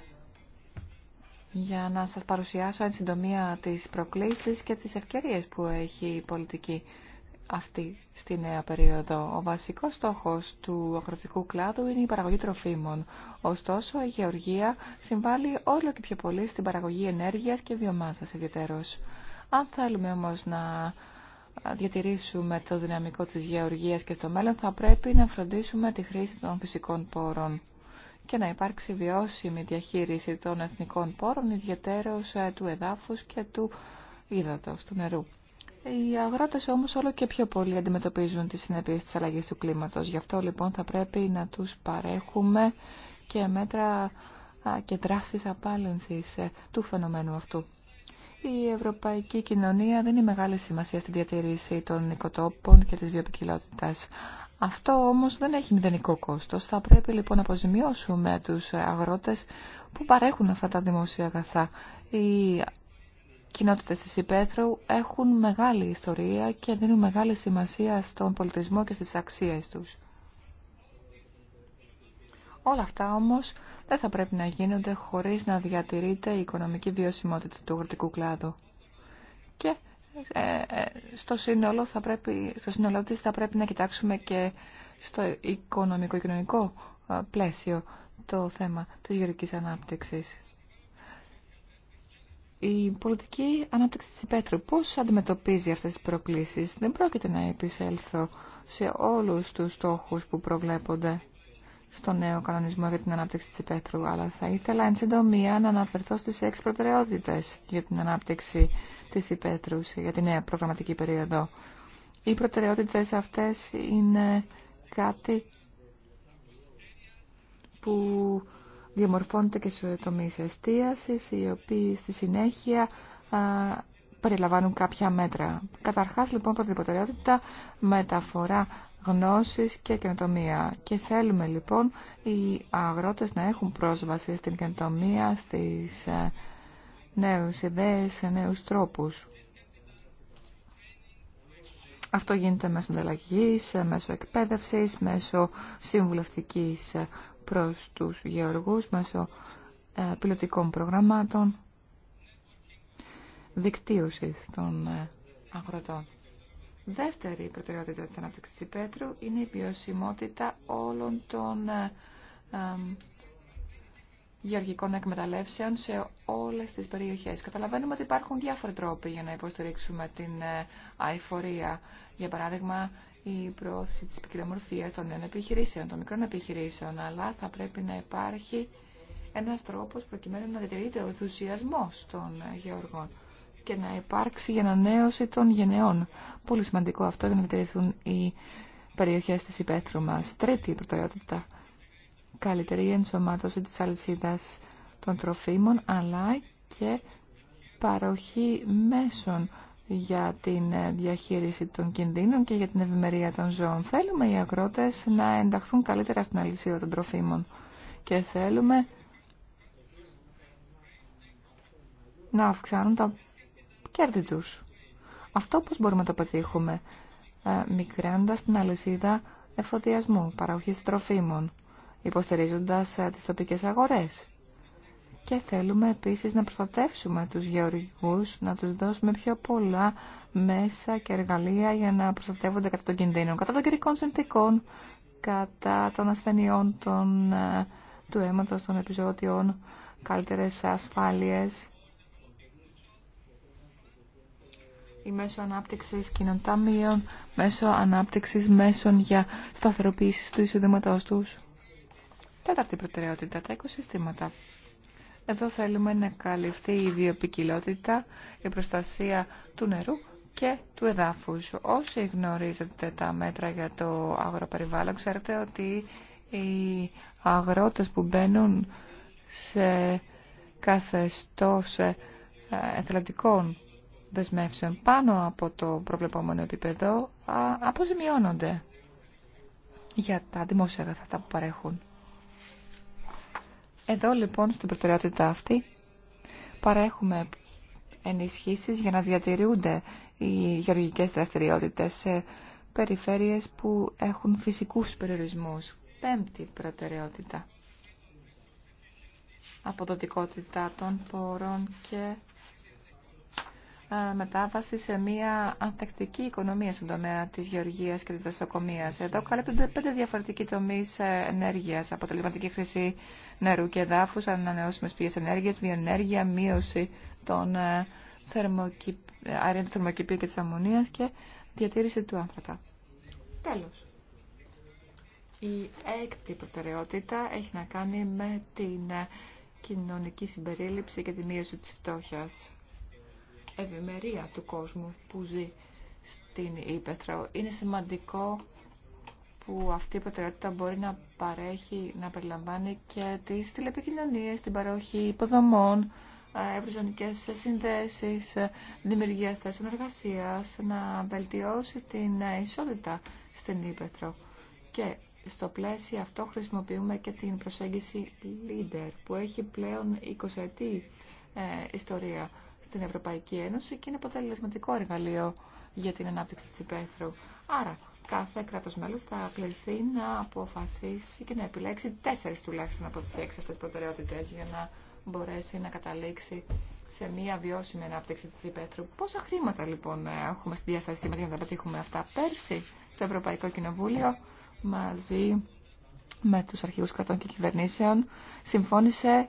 για να σας παρουσιάσω εν συντομία τις προκλήσεις και τις ευκαιρίες που έχει η πολιτική αυτή στη νέα περίοδο. Ο βασικός στόχος του αγροτικού κλάδου είναι η παραγωγή τροφίμων. Ωστόσο, η γεωργία συμβάλλει όλο και πιο πολύ στην παραγωγή ενέργειας και βιομάζας ιδιαίτερως. Αν θέλουμε όμως να διατηρήσουμε το δυναμικό της γεωργίας και στο μέλλον, θα πρέπει να φροντίσουμε τη χρήση των φυσικών πόρων και να υπάρξει βιώσιμη διαχείριση των εθνικών πόρων, ιδιαίτερως ε, του εδάφους και του ύδατος, του νερού. Οι αγρότε όμως όλο και πιο πολύ αντιμετωπίζουν τι συνέπειε της αλλαγής του κλίματος. Γι' αυτό λοιπόν θα πρέπει να τους παρέχουμε και μέτρα και δράσεις απάλυνσης ε, του φαινομένου αυτού. Η ευρωπαϊκή κοινωνία δίνει μεγάλη σημασία στη διατηρήση των οικοτόπων και της βιοποικιλότητας. Αυτό όμως δεν έχει μηδενικό κόστο. Θα πρέπει λοιπόν να αποζημιώσουμε του αγρότε που παρέχουν αυτά τα δημόσια αγαθά κοινότητες της Υπέθρου έχουν μεγάλη ιστορία και δίνουν μεγάλη σημασία στον πολιτισμό και στις αξίες τους. Όλα αυτά όμως δεν θα πρέπει να γίνονται χωρίς να διατηρείται η οικονομική βιωσιμότητα του αγροτικού κλάδου. Και ε, ε, στο σύνολο, θα πρέπει, στο σύνολο της θα πρέπει να κοιτάξουμε και στο οικονομικό-κοινωνικό ε, πλαίσιο το θέμα της γεωρικής ανάπτυξης η πολιτική ανάπτυξη της Πέτρου πώς αντιμετωπίζει αυτές τις προκλήσεις. Δεν πρόκειται να επισέλθω σε όλους τους στόχους που προβλέπονται στο νέο κανονισμό για την ανάπτυξη της Πέτρου αλλά θα ήθελα εν συντομία να αναφερθώ στις έξι προτεραιότητες για την ανάπτυξη της υπαίθρου για τη νέα προγραμματική περίοδο. Οι προτεραιότητες αυτές είναι κάτι που διαμορφώνεται και σε τομείς εστίασης, οι οποίοι στη συνέχεια περιλαμβάνουν κάποια μέτρα. Καταρχάς, λοιπόν, προτεραιότητα μεταφορά γνώσης και καινοτομία. Και θέλουμε, λοιπόν, οι αγρότες να έχουν πρόσβαση στην καινοτομία, στις ε, νέους ιδέες, σε νέους τρόπους. Αυτό γίνεται μέσω ανταλλαγή, ε, μέσω εκπαίδευση, μέσω συμβουλευτική. Ε, προς τους γεωργούς μέσω ε, πιλωτικών προγραμμάτων δικτύωσης των ε, αγροτών. Δεύτερη προτεραιότητα της ανάπτυξης της Πέτρου είναι η βιωσιμότητα όλων των ε, γεωργικών εκμεταλλεύσεων σε όλες τις περιοχές. Καταλαβαίνουμε ότι υπάρχουν διάφοροι τρόποι για να υποστηρίξουμε την αηφορία. Για παράδειγμα, η προώθηση της επικοινωνία των νέων επιχειρήσεων, των μικρών επιχειρήσεων, αλλά θα πρέπει να υπάρχει ένας τρόπος προκειμένου να διατηρείται ο ενθουσιασμός των γεωργών και να υπάρξει για ανανέωση των γενεών. Πολύ σημαντικό αυτό για να διατηρηθούν οι περιοχές της υπαίθρου μας. Τρίτη προτεραιότητα, καλύτερη ενσωμάτωση της αλυσίδας των τροφίμων, αλλά και παροχή μέσων για την ε, διαχείριση των κινδύνων και για την ευημερία των ζώων. Θέλουμε οι αγρότες να ενταχθούν καλύτερα στην αλυσίδα των τροφίμων και θέλουμε να αυξάνουν τα κέρδη τους. Αυτό πώς μπορούμε να το πετύχουμε, ε, Μικράντα την αλυσίδα εφοδιασμού, παραγωγής τροφίμων, υποστηρίζοντας ε, τις τοπικές αγορές και θέλουμε επίσης να προστατεύσουμε τους γεωργικούς, να τους δώσουμε πιο πολλά μέσα και εργαλεία για να προστατεύονται κατά των κινδύνων, κατά των κυρικών συνθήκων, κατά των ασθενειών των, ε, του αίματος, των επιζώτιων, καλύτερες ασφάλειες. Η μέσω ανάπτυξης κοινων ταμείων, μέσω ανάπτυξης μέσων για σταθεροποίηση του εισοδήματός τους. Τέταρτη προτεραιότητα, τα οικοσυστήματα εδώ θέλουμε να καλυφθεί η βιοπικιλότητα, η προστασία του νερού και του εδάφους. Όσοι γνωρίζετε τα μέτρα για το αγροπεριβάλλον, ξέρετε ότι οι αγρότες που μπαίνουν σε καθεστώς ε, εθελοντικών δεσμεύσεων πάνω από το προβλεπόμενο επίπεδο αποζημιώνονται για τα δημόσια αγαθά που παρέχουν. Εδώ λοιπόν στην προτεραιότητα αυτή παρέχουμε ενισχύσεις για να διατηρούνται οι γεωργικές δραστηριότητες σε περιφέρειες που έχουν φυσικούς περιορισμούς. Πέμπτη προτεραιότητα. Αποδοτικότητα των πόρων και ε, μετάβαση σε μια ανθεκτική οικονομία στον τομέα της γεωργία και τη δασοκομεία. Εδώ καλύπτονται πέντε διαφορετικοί τομείς ε, ενέργειας, αποτελεσματική χρήση νερού και εδάφου, ανανεώσιμες πηγές ενέργειας, μειονέργεια, μείωση των αερίων ε, του θερμοκηπίου και τη αμμονία και διατήρηση του άνθρακα. Τέλος. Η έκτη προτεραιότητα έχει να κάνει με την κοινωνική συμπερίληψη και τη μείωση της φτώχειας ευημερία του κόσμου που ζει στην Ήπεθρο. Είναι σημαντικό που αυτή η προτεραιότητα μπορεί να παρέχει, να περιλαμβάνει και τις τηλεπικοινωνίες, την παροχή υποδομών, ε, ευρωζωνικές συνδέσεις, ε, δημιουργία θέσεων εργασία, να βελτιώσει την ε, ισότητα στην Ήπεθρο. Και στο πλαίσιο αυτό χρησιμοποιούμε και την προσέγγιση LEADER που έχει πλέον 20 ετή ιστορία στην Ευρωπαϊκή Ένωση και είναι αποτελεσματικό εργαλείο για την ανάπτυξη της υπαίθρου. Άρα, κάθε κράτος μέλος θα κληθεί να αποφασίσει και να επιλέξει τέσσερις τουλάχιστον από τις έξι αυτές προτεραιότητες για να μπορέσει να καταλήξει σε μια βιώσιμη ανάπτυξη της υπαίθρου. Πόσα χρήματα λοιπόν έχουμε στη διάθεσή μας για να τα πετύχουμε αυτά. Πέρσι το Ευρωπαϊκό Κοινοβούλιο μαζί με τους αρχηγούς κρατών και κυβερνήσεων συμφώνησε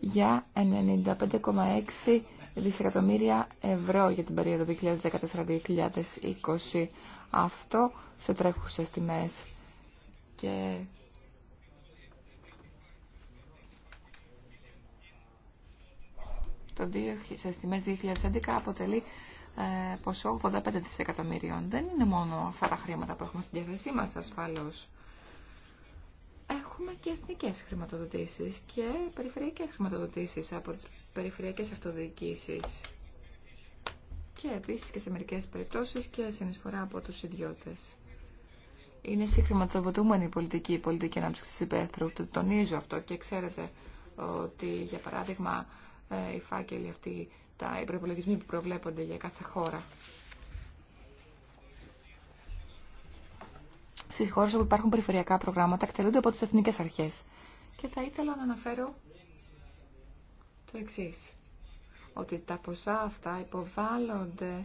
για 95,6 δισεκατομμύρια ευρώ για την περίοδο 2014-2020. Αυτό σε τρέχουσες τιμές. Και το 2, σε τιμές 2011 αποτελεί ε, ποσό 85 δισεκατομμυρίων. Δεν είναι μόνο αυτά τα χρήματα που έχουμε στην διάθεσή μας ασφαλώς. Έχουμε και εθνικές χρηματοδοτήσεις και περιφερειακές χρηματοδοτήσεις από περιφερειακές αυτοδιοίκησεις και επίσης και σε μερικές περιπτώσεις και συνεισφορά από τους ιδιώτες. Είναι συγχρηματοδοτούμενη η πολιτική, η πολιτική ανάπτυξη της υπαίθρου. Το τονίζω αυτό και ξέρετε ότι, για παράδειγμα, ε, οι φάκελοι αυτοί, τα προπολογισμοί που προβλέπονται για κάθε χώρα. Στις χώρες όπου υπάρχουν περιφερειακά προγράμματα εκτελούνται από τις εθνικές αρχές. Και θα ήθελα να αναφέρω το εξής, ότι τα ποσά αυτά υποβάλλονται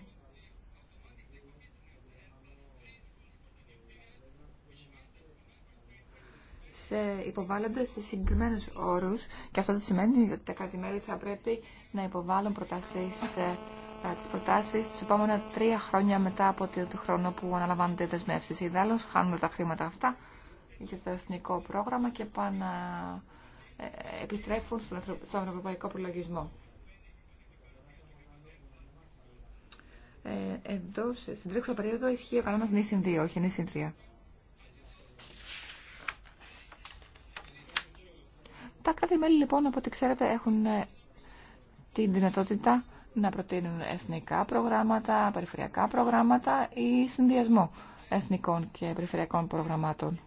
σε, υποβάλλονται σε συγκεκριμένους όρους και αυτό δεν σημαίνει ότι τα κρατημέλη θα πρέπει να υποβάλλουν προτάσεις, ε, ε, τις προτάσεις τις επόμενα τρία χρόνια μετά από το χρόνο που αναλαμβάνονται οι δεσμεύσεις. Ιδάλλως χάνουν τα χρήματα αυτά για το εθνικό πρόγραμμα και πάνε ε, επιστρέφουν στον ευρωπαϊκό προλογισμό. Ε, εδώ, στην τρέχουσα περίοδο, ισχύει ο κανόνας νήσιν 2, όχι νήσιν 3. Τα κράτη-μέλη, λοιπόν, από ό,τι ξέρετε, έχουν ε, την δυνατότητα να προτείνουν εθνικά προγράμματα, περιφερειακά προγράμματα ή συνδυασμό εθνικών και περιφερειακών προγραμμάτων.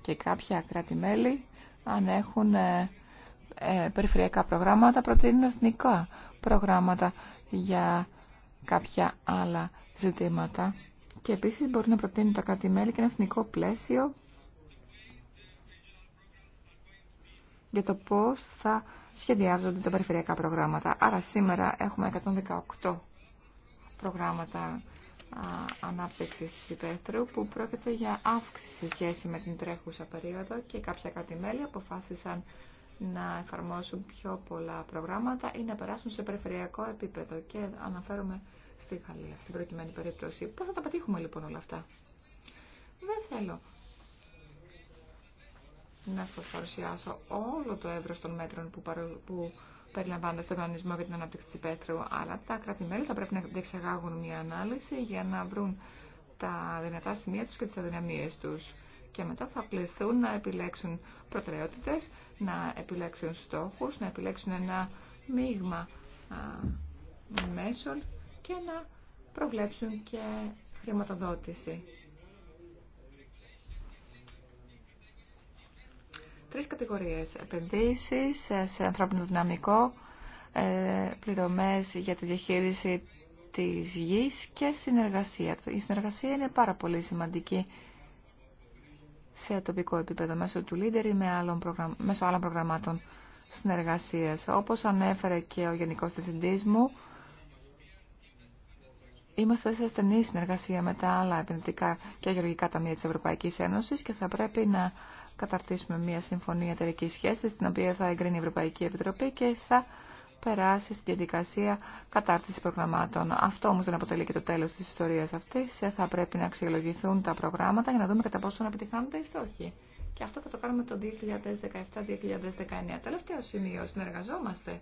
Και κάποια κράτη-μέλη αν έχουν ε, ε, περιφερειακά προγράμματα, προτείνουν εθνικά προγράμματα για κάποια άλλα ζητήματα. Και επίσης μπορεί να προτείνουν τα κράτη-μέλη και ένα εθνικό πλαίσιο για το πώς θα σχεδιάζονται τα περιφερειακά προγράμματα. Άρα σήμερα έχουμε 118 προγράμματα Ανάπτυξη της υπαίθρου που πρόκειται για αύξηση σε σχέση με την τρέχουσα περίοδο και κάποια αποφάσισαν να εφαρμόσουν πιο πολλά προγράμματα ή να περάσουν σε περιφερειακό επίπεδο και αναφέρουμε στη Γαλλία, στην προκειμένη περίπτωση. Πώς θα τα πετύχουμε λοιπόν όλα αυτά. Δεν θέλω να σας παρουσιάσω όλο το εύρος των μέτρων που, παρου... που περιλαμβάνοντα τον κανονισμό για την ανάπτυξη τη υπαίθρου, αλλά τα κράτη-μέλη θα πρέπει να διεξαγάγουν μια ανάλυση για να βρουν τα δυνατά σημεία του και τι αδυναμίε του. Και μετά θα πληθούν να επιλέξουν προτεραιότητες, να επιλέξουν στόχου, να επιλέξουν ένα μείγμα μέσων και να προβλέψουν και χρηματοδότηση. τρεις κατηγορίες. Επενδύσεις σε ανθρώπινο δυναμικό, ε, πληρωμές για τη διαχείριση της γης και συνεργασία. Η συνεργασία είναι πάρα πολύ σημαντική σε τοπικό επίπεδο μέσω του Leader ή μέσω άλλων προγραμμάτων συνεργασίας. Όπως ανέφερε και ο Γενικός Διευθυντής μου, είμαστε σε στενή συνεργασία με τα άλλα επενδυτικά και γεωργικά ταμεία της Ευρωπαϊκής Ένωσης και θα πρέπει να καταρτήσουμε μια συμφωνία εταιρική σχέση, την οποία θα εγκρίνει η Ευρωπαϊκή Επιτροπή και θα περάσει στη διαδικασία κατάρτιση προγραμμάτων. Αυτό όμω δεν αποτελεί και το τέλο τη ιστορία αυτή. Ε, θα πρέπει να αξιολογηθούν τα προγράμματα για να δούμε κατά πόσο επιτυχάνονται οι στόχοι. Και αυτό θα το κάνουμε το 2017-2019. Τελευταίο σημείο, συνεργαζόμαστε.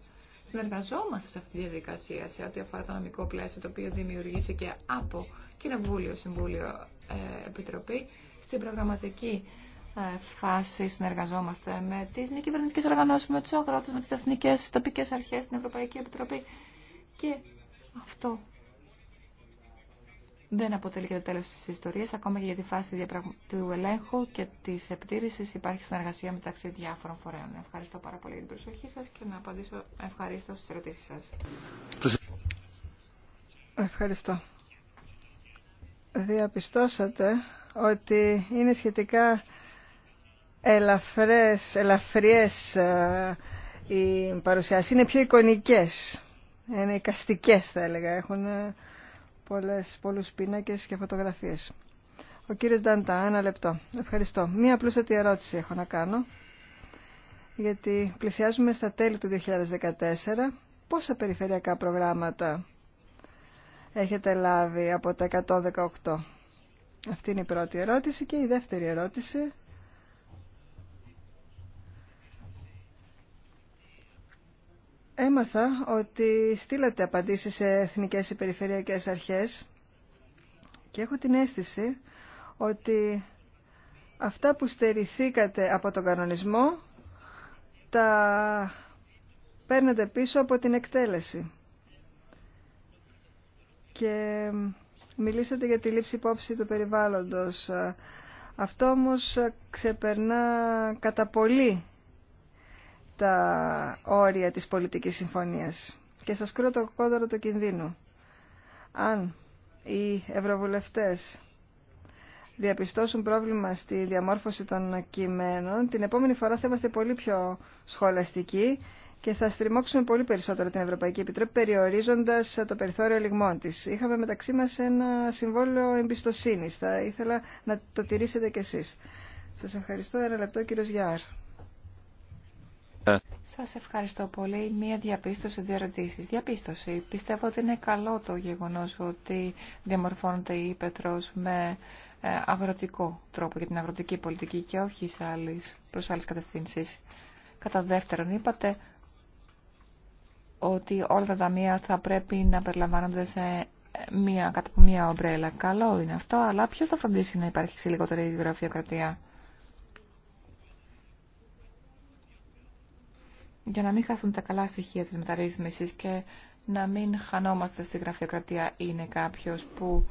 Συνεργαζόμαστε σε αυτή τη διαδικασία σε ό,τι αφορά το νομικό πλαίσιο το οποίο δημιουργήθηκε από Κοινοβούλιο, Συμβούλιο, ε, Επιτροπή στην προγραμματική ε, φάση συνεργαζόμαστε με τις μη κυβερνητικέ οργανώσεις, με του αγρότες, με τις εθνικές τοπικές αρχές, την Ευρωπαϊκή Επιτροπή και αυτό δεν αποτελεί και το τέλος της ιστορίας, ακόμα και για τη φάση του ελέγχου και τη επιτήρησης υπάρχει συνεργασία μεταξύ διάφορων φορέων. Ευχαριστώ πάρα πολύ για την προσοχή σα και να απαντήσω ευχαρίστω στις ερωτήσει σα. Ευχαριστώ. Διαπιστώσατε ότι είναι σχετικά ελαφρές, ελαφριές ε, οι παρουσιάσεις. Είναι πιο εικονικές, είναι εικαστικές θα έλεγα. Έχουν ε, πολλές, πολλούς πίνακες και φωτογραφίες. Ο κύριος Νταντά, ένα λεπτό. Ευχαριστώ. Μία απλούστατη ερώτηση έχω να κάνω. Γιατί πλησιάζουμε στα τέλη του 2014. Πόσα περιφερειακά προγράμματα έχετε λάβει από τα 118. Αυτή είναι η πρώτη ερώτηση και η δεύτερη ερώτηση Έμαθα ότι στείλατε απαντήσεις σε εθνικές και αρχές και έχω την αίσθηση ότι αυτά που στερηθήκατε από τον κανονισμό τα παίρνετε πίσω από την εκτέλεση. Και μιλήσατε για τη λήψη υπόψη του περιβάλλοντος. Αυτό όμως ξεπερνά κατά πολύ τα όρια της πολιτικής συμφωνίας και σας κρύω το κόδωρο του κινδύνου. Αν οι ευρωβουλευτές διαπιστώσουν πρόβλημα στη διαμόρφωση των κειμένων, την επόμενη φορά θα είμαστε πολύ πιο σχολαστικοί και θα στριμώξουμε πολύ περισσότερο την Ευρωπαϊκή Επιτροπή, περιορίζοντας το περιθώριο λιγμών τη. Είχαμε μεταξύ μα ένα συμβόλαιο εμπιστοσύνης. Θα ήθελα να το τηρήσετε κι εσείς. Σας ευχαριστώ. Ένα λεπτό, κύριο Γιάρ. Σας ευχαριστώ πολύ. Μία διαπίστωση, δύο ερωτήσει. Διαπίστωση. Πιστεύω ότι είναι καλό το γεγονός ότι διαμορφώνεται η Ήπετρος με ε, αγροτικό τρόπο για την αγροτική πολιτική και όχι σε άλλες, προς άλλες κατευθύνσεις. Κατά δεύτερον, είπατε ότι όλα τα ταμεία θα πρέπει να περιλαμβάνονται σε μία, κατά μία ομπρέλα. Καλό είναι αυτό, αλλά ποιος θα φροντίσει να υπάρχει σε λιγότερη γραφειοκρατία. για να μην χαθούν τα καλά στοιχεία της μεταρρύθμισης και να μην χανόμαστε στη γραφειοκρατία είναι κάποιος που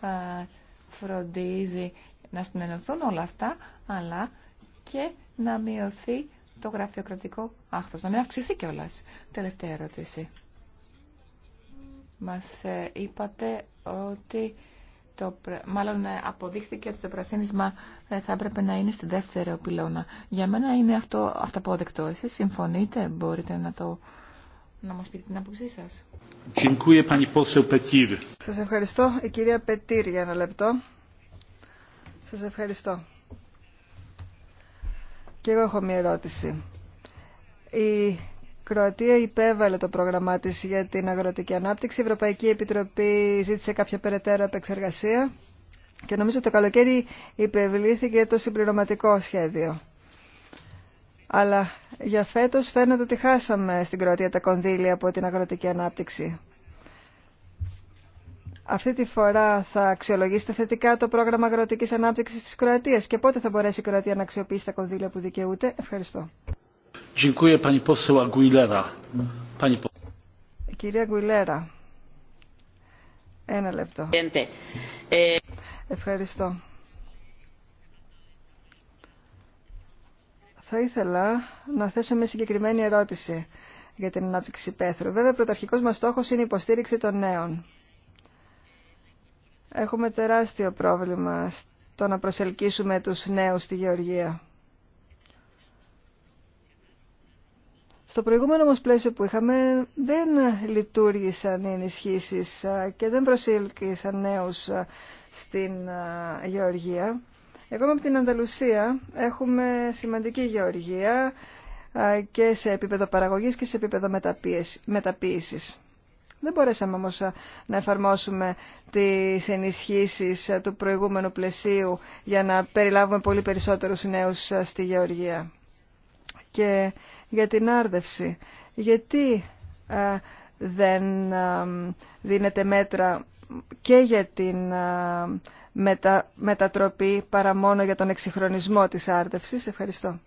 ε, φροντίζει να συνενωθούν όλα αυτά, αλλά και να μειωθεί το γραφειοκρατικό άχθος, να μην αυξηθεί κιόλα. Τελευταία ερώτηση. Μας ε, είπατε ότι το, μάλλον ε, αποδείχθηκε ότι το πρασίνισμα ε, θα έπρεπε να είναι στη δεύτερη πυλώνα. Για μένα είναι αυτό αυταπόδεκτο. Εσείς συμφωνείτε, μπορείτε να το να μας πείτε την άποψή σας. Σας ευχαριστώ, η κυρία Πετήρ, για ένα λεπτό. Σας ευχαριστώ. Και εγώ έχω μια ερώτηση. Η Κροατία υπέβαλε το πρόγραμμά τη για την αγροτική ανάπτυξη. Η Ευρωπαϊκή Επιτροπή ζήτησε κάποια περαιτέρω επεξεργασία και νομίζω ότι το καλοκαίρι υπευλήθηκε το συμπληρωματικό σχέδιο. Αλλά για φέτος φαίνεται ότι χάσαμε στην Κροατία τα κονδύλια από την αγροτική ανάπτυξη. Αυτή τη φορά θα αξιολογήσετε θετικά το πρόγραμμα αγροτικής ανάπτυξης της Κροατίας και πότε θα μπορέσει η Κροατία να αξιοποιήσει τα κονδύλια που δικαιούται. Ευχαριστώ. Κυρία Γκουιλέρα, ένα λεπτό. Ε, Ευχαριστώ. Θα ήθελα να θέσω μια συγκεκριμένη ερώτηση για την ανάπτυξη πέθρου. Βέβαια, πρωταρχικός μας στόχος είναι η υποστήριξη των νέων. Έχουμε τεράστιο πρόβλημα στο να προσελκύσουμε τους νέους στη γεωργία. Στο προηγούμενο όμως πλαίσιο που είχαμε δεν λειτουργήσαν οι ενισχύσεις και δεν προσήλκησαν νέους στην γεωργία. Εγώ από την Ανταλουσία έχουμε σημαντική γεωργία και σε επίπεδο παραγωγής και σε επίπεδο μεταποίησης. Δεν μπορέσαμε όμως να εφαρμόσουμε τις ενισχύσεις του προηγούμενου πλαισίου για να περιλάβουμε πολύ περισσότερους νέους στη γεωργία και για την άρδευση. Γιατί ε, δεν ε, δίνεται μέτρα και για την ε, μετατροπή παρά μόνο για τον εξυγχρονισμό της άρδευσης. Ευχαριστώ.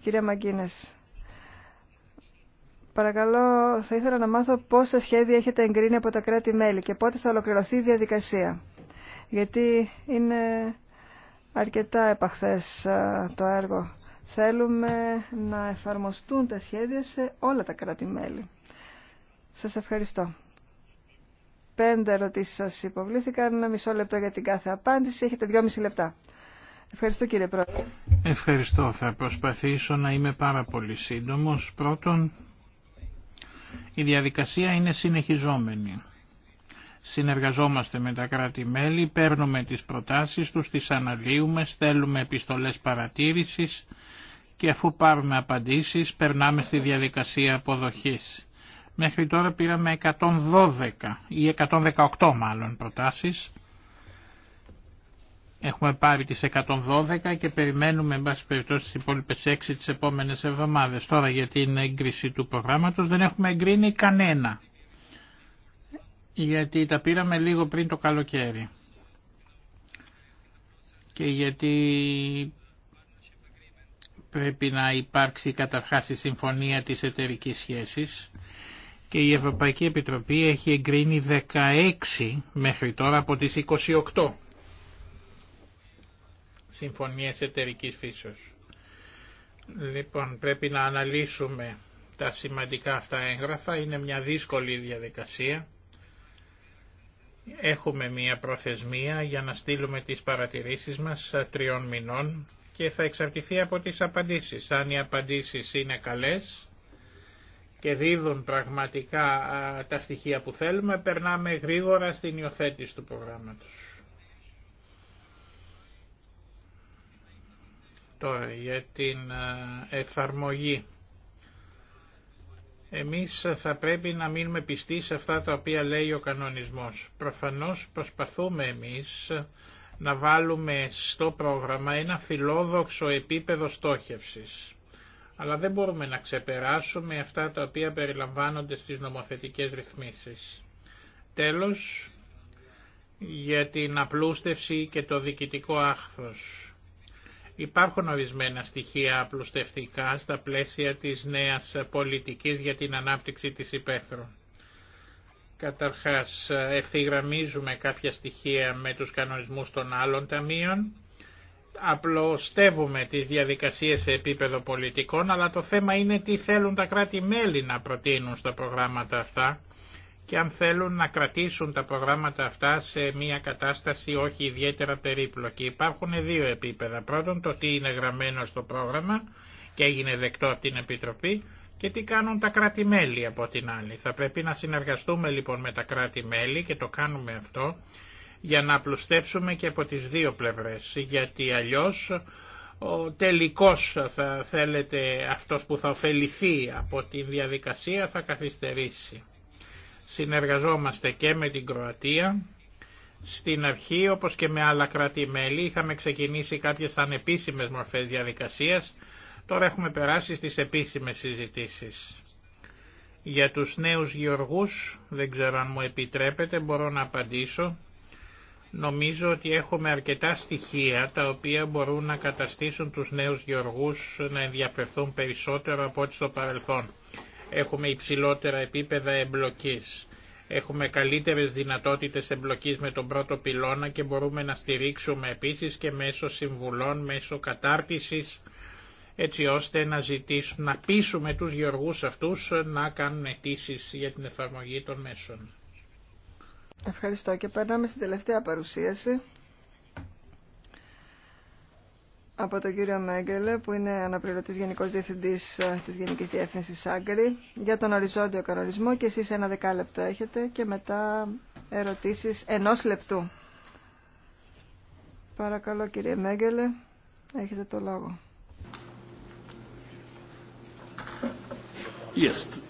Κυρία Μαγκίνες, παρακαλώ θα ήθελα να μάθω πόσα σχέδια έχετε εγκρίνει από τα κράτη-μέλη και πότε θα ολοκληρωθεί η διαδικασία. Γιατί είναι αρκετά επαχθές το έργο Θέλουμε να εφαρμοστούν τα σχέδια σε όλα τα κράτη-μέλη. Σας ευχαριστώ. Πέντε ερωτήσεις σας υποβλήθηκαν, μισό λεπτό για την κάθε απάντηση. Έχετε δυόμιση λεπτά. Ευχαριστώ κύριε Πρόεδρε. Ευχαριστώ. Θα προσπαθήσω να είμαι πάρα πολύ σύντομος. Πρώτον, η διαδικασία είναι συνεχιζόμενη. Συνεργαζόμαστε με τα κράτη-μέλη, παίρνουμε τις προτάσεις τους, τις αναλύουμε, στέλνουμε επιστολές παρατήρησης και αφού πάρουμε απαντήσεις περνάμε στη διαδικασία αποδοχής. Μέχρι τώρα πήραμε 112 ή 118 μάλλον προτάσεις. Έχουμε πάρει τις 112 και περιμένουμε εν πάση περιπτώσει τις υπόλοιπες 6 τις επόμενες εβδομάδες. Τώρα για την έγκριση του προγράμματος δεν έχουμε εγκρίνει κανένα. Γιατί τα πήραμε λίγο πριν το καλοκαίρι. Και γιατί πρέπει να υπάρξει καταρχάς η συμφωνία της εταιρική σχέσης και η Ευρωπαϊκή Επιτροπή έχει εγκρίνει 16 μέχρι τώρα από τις 28 συμφωνίες εταιρική φύσεως. Λοιπόν, πρέπει να αναλύσουμε τα σημαντικά αυτά έγγραφα. Είναι μια δύσκολη διαδικασία. Έχουμε μια προθεσμία για να στείλουμε τις παρατηρήσεις μας ε, τριών μηνών και θα εξαρτηθεί από τις απαντήσεις. Αν οι απαντήσεις είναι καλές και δίδουν πραγματικά τα στοιχεία που θέλουμε, περνάμε γρήγορα στην υιοθέτηση του προγράμματος. Τώρα για την εφαρμογή. Εμείς θα πρέπει να μείνουμε πιστοί σε αυτά τα οποία λέει ο κανονισμός. Προφανώς προσπαθούμε εμείς να βάλουμε στο πρόγραμμα ένα φιλόδοξο επίπεδο στόχευσης. Αλλά δεν μπορούμε να ξεπεράσουμε αυτά τα οποία περιλαμβάνονται στις νομοθετικές ρυθμίσεις. Τέλος, για την απλούστευση και το διοικητικό άχθος. Υπάρχουν ορισμένα στοιχεία απλουστευτικά στα πλαίσια της νέας πολιτικής για την ανάπτυξη της υπαίθρου. Καταρχάς ευθυγραμμίζουμε κάποια στοιχεία με τους κανονισμούς των άλλων ταμείων, Απλωστεύουμε τις διαδικασίες σε επίπεδο πολιτικών, αλλά το θέμα είναι τι θέλουν τα κράτη-μέλη να προτείνουν στα προγράμματα αυτά και αν θέλουν να κρατήσουν τα προγράμματα αυτά σε μια κατάσταση όχι ιδιαίτερα περίπλοκη. Υπάρχουν δύο επίπεδα. Πρώτον το τι είναι γραμμένο στο πρόγραμμα και έγινε δεκτό από την Επιτροπή και τι κάνουν τα κράτη-μέλη από την άλλη. Θα πρέπει να συνεργαστούμε λοιπόν με τα κράτη-μέλη και το κάνουμε αυτό για να απλουστεύσουμε και από τις δύο πλευρές, γιατί αλλιώς ο τελικός θα θέλετε αυτός που θα ωφεληθεί από τη διαδικασία θα καθυστερήσει. Συνεργαζόμαστε και με την Κροατία. Στην αρχή όπως και με άλλα κράτη-μέλη είχαμε ξεκινήσει κάποιες ανεπίσημες μορφές διαδικασίας Τώρα έχουμε περάσει στις επίσημες συζητήσεις. Για τους νέους γεωργούς, δεν ξέρω αν μου επιτρέπετε, μπορώ να απαντήσω. Νομίζω ότι έχουμε αρκετά στοιχεία τα οποία μπορούν να καταστήσουν τους νέους γεωργούς να ενδιαφερθούν περισσότερο από ό,τι στο παρελθόν. Έχουμε υψηλότερα επίπεδα εμπλοκής. Έχουμε καλύτερες δυνατότητες εμπλοκής με τον πρώτο πυλώνα και μπορούμε να στηρίξουμε επίσης και μέσω συμβουλών, μέσω κατάρτισης έτσι ώστε να, ζητήσουμε, να πείσουμε τους γεωργούς αυτούς να κάνουν αιτήσει για την εφαρμογή των μέσων. Ευχαριστώ και περνάμε στην τελευταία παρουσίαση από τον κύριο Μέγκελε που είναι αναπληρωτής Γενικός Διευθυντής ε, της Γενικής Διεύθυνσης Άγκρη για τον οριζόντιο κανονισμό και εσείς ένα δεκάλεπτο έχετε και μετά ερωτήσεις ενός λεπτού. Παρακαλώ κύριε Μέγκελε, έχετε το λόγο. Jest.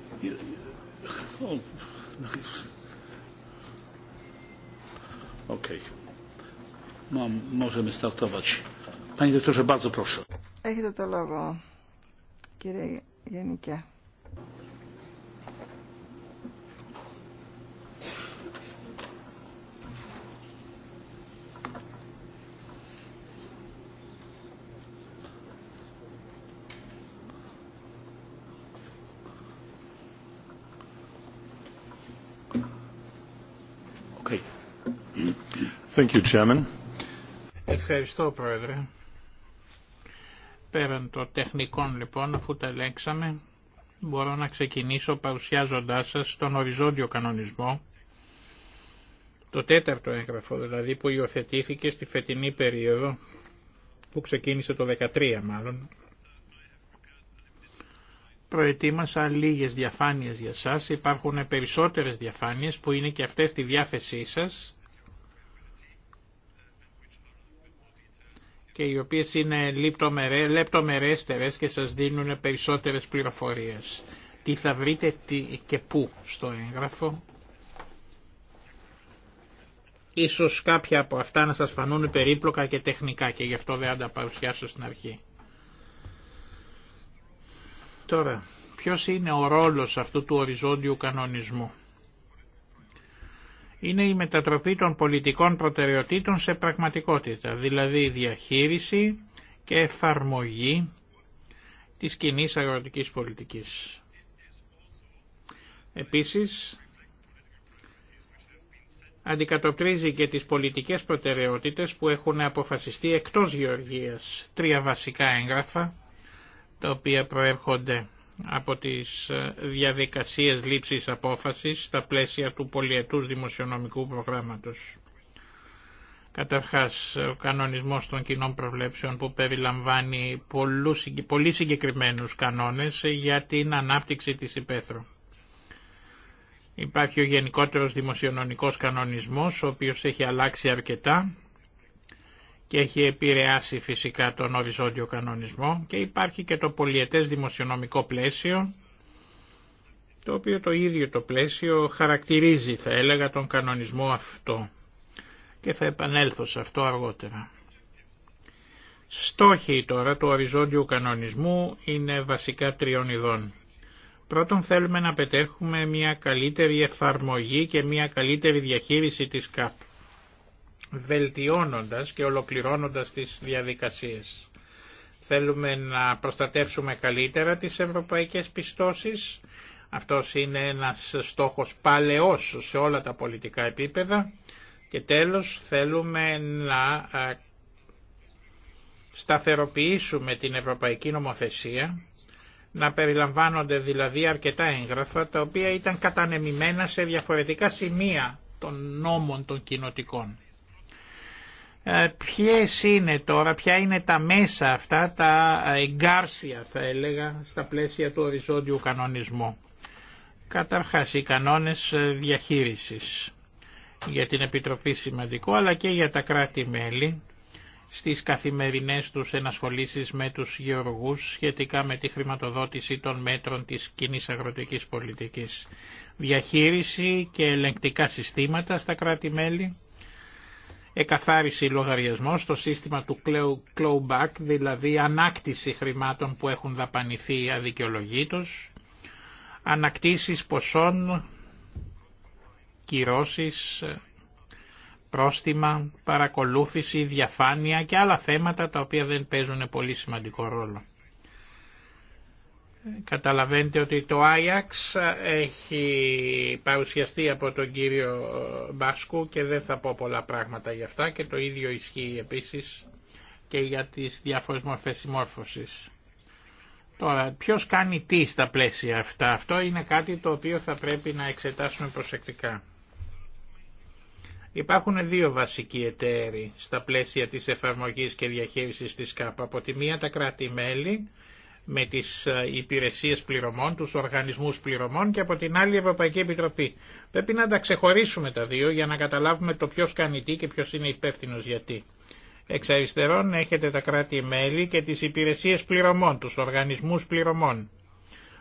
Okej. Mam, możemy startować. Panie doktorze, bardzo proszę. to το Kiedy kiedy, Γενικέ. Ευχαριστώ Πρόεδρε. Πέραν των τεχνικών λοιπόν, αφού τα λέξαμε, μπορώ να ξεκινήσω παρουσιάζοντάς σας τον οριζόντιο κανονισμό, το τέταρτο έγγραφο δηλαδή που υιοθετήθηκε στη φετινή περίοδο, που ξεκίνησε το 2013 μάλλον, προετοίμασα λίγες διαφάνειες για σας, υπάρχουν περισσότερες διαφάνειες που είναι και αυτές στη διάθεσή σας και οι οποίες είναι λεπτομερέστερες και σας δίνουν περισσότερες πληροφορίες. Τι θα βρείτε τι και πού στο έγγραφο. Ίσως κάποια από αυτά να σας φανούν περίπλοκα και τεχνικά και γι' αυτό δεν τα παρουσιάσω στην αρχή. Τώρα, ποιος είναι ο ρόλος αυτού του οριζόντιου κανονισμού είναι η μετατροπή των πολιτικών προτεραιοτήτων σε πραγματικότητα, δηλαδή η διαχείριση και εφαρμογή της κοινή αγροτικής πολιτικής. Επίσης, αντικατοπτρίζει και τις πολιτικές προτεραιότητες που έχουν αποφασιστεί εκτός Γεωργίας. Τρία βασικά έγγραφα, τα οποία προέρχονται από τις ε, διαδικασίες λήψης απόφασης στα πλαίσια του πολιετούς δημοσιονομικού προγράμματος. Καταρχάς, ο κανονισμός των κοινών προβλέψεων που περιλαμβάνει πολλούς, πολύ συγκεκριμένους κανόνες για την ανάπτυξη της υπαίθρου. Υπάρχει ο γενικότερος δημοσιονομικός κανονισμός, ο οποίος έχει αλλάξει αρκετά και έχει επηρεάσει φυσικά τον οριζόντιο κανονισμό και υπάρχει και το πολιετές δημοσιονομικό πλαίσιο το οποίο το ίδιο το πλαίσιο χαρακτηρίζει θα έλεγα τον κανονισμό αυτό και θα επανέλθω σε αυτό αργότερα. Στόχοι τώρα του οριζόντιου κανονισμού είναι βασικά τριών ειδών. Πρώτον θέλουμε να πετέχουμε μια καλύτερη εφαρμογή και μια καλύτερη διαχείριση της ΚΑΠ βελτιώνοντας και ολοκληρώνοντας τις διαδικασίες. Θέλουμε να προστατεύσουμε καλύτερα τις ευρωπαϊκές πιστώσεις. Αυτός είναι ένας στόχος παλαιός σε όλα τα πολιτικά επίπεδα. Και τέλος θέλουμε να ε, σταθεροποιήσουμε την ευρωπαϊκή νομοθεσία, να περιλαμβάνονται δηλαδή αρκετά έγγραφα τα οποία ήταν κατανεμημένα σε διαφορετικά σημεία των νόμων των κοινοτικών. Ε, ποιες είναι τώρα, ποια είναι τα μέσα αυτά, τα εγκάρσια θα έλεγα, στα πλαίσια του οριζόντιου κανονισμού. Καταρχάς οι κανόνες ε, διαχείρισης για την Επιτροπή σημαντικό αλλά και για τα κράτη-μέλη στις καθημερινές τους ενασχολήσεις με τους γεωργούς σχετικά με τη χρηματοδότηση των μέτρων της κοινή αγροτικής πολιτικής. Διαχείριση και ελεγκτικά συστήματα στα κράτη-μέλη εκαθάριση λογαριασμών στο σύστημα του clawback, δηλαδή ανάκτηση χρημάτων που έχουν δαπανηθεί αδικαιολογήτως, ανακτήσεις ποσών, κυρώσεις, πρόστιμα, παρακολούθηση, διαφάνεια και άλλα θέματα τα οποία δεν παίζουν πολύ σημαντικό ρόλο. Καταλαβαίνετε ότι το Άιαξ έχει παρουσιαστεί από τον κύριο Μπάσκου και δεν θα πω πολλά πράγματα για αυτά και το ίδιο ισχύει επίσης και για τις διάφορες μορφές συμμόρφωσης. Τώρα, ποιος κάνει τι στα πλαίσια αυτά. Αυτό είναι κάτι το οποίο θα πρέπει να εξετάσουμε προσεκτικά. Υπάρχουν δύο βασικοί εταίροι στα πλαίσια της εφαρμογής και διαχείρισης της ΚΑΠΑ. Από τη μία τα κράτη-μέλη, με τις ε, υπηρεσίες πληρωμών, τους οργανισμούς πληρωμών και από την άλλη η Ευρωπαϊκή Επιτροπή. Πρέπει να τα ξεχωρίσουμε τα δύο για να καταλάβουμε το ποιος κάνει τι και ποιος είναι υπεύθυνος γιατί. Εξ αριστερών έχετε τα κράτη-μέλη και τις υπηρεσίες πληρωμών, τους οργανισμούς πληρωμών.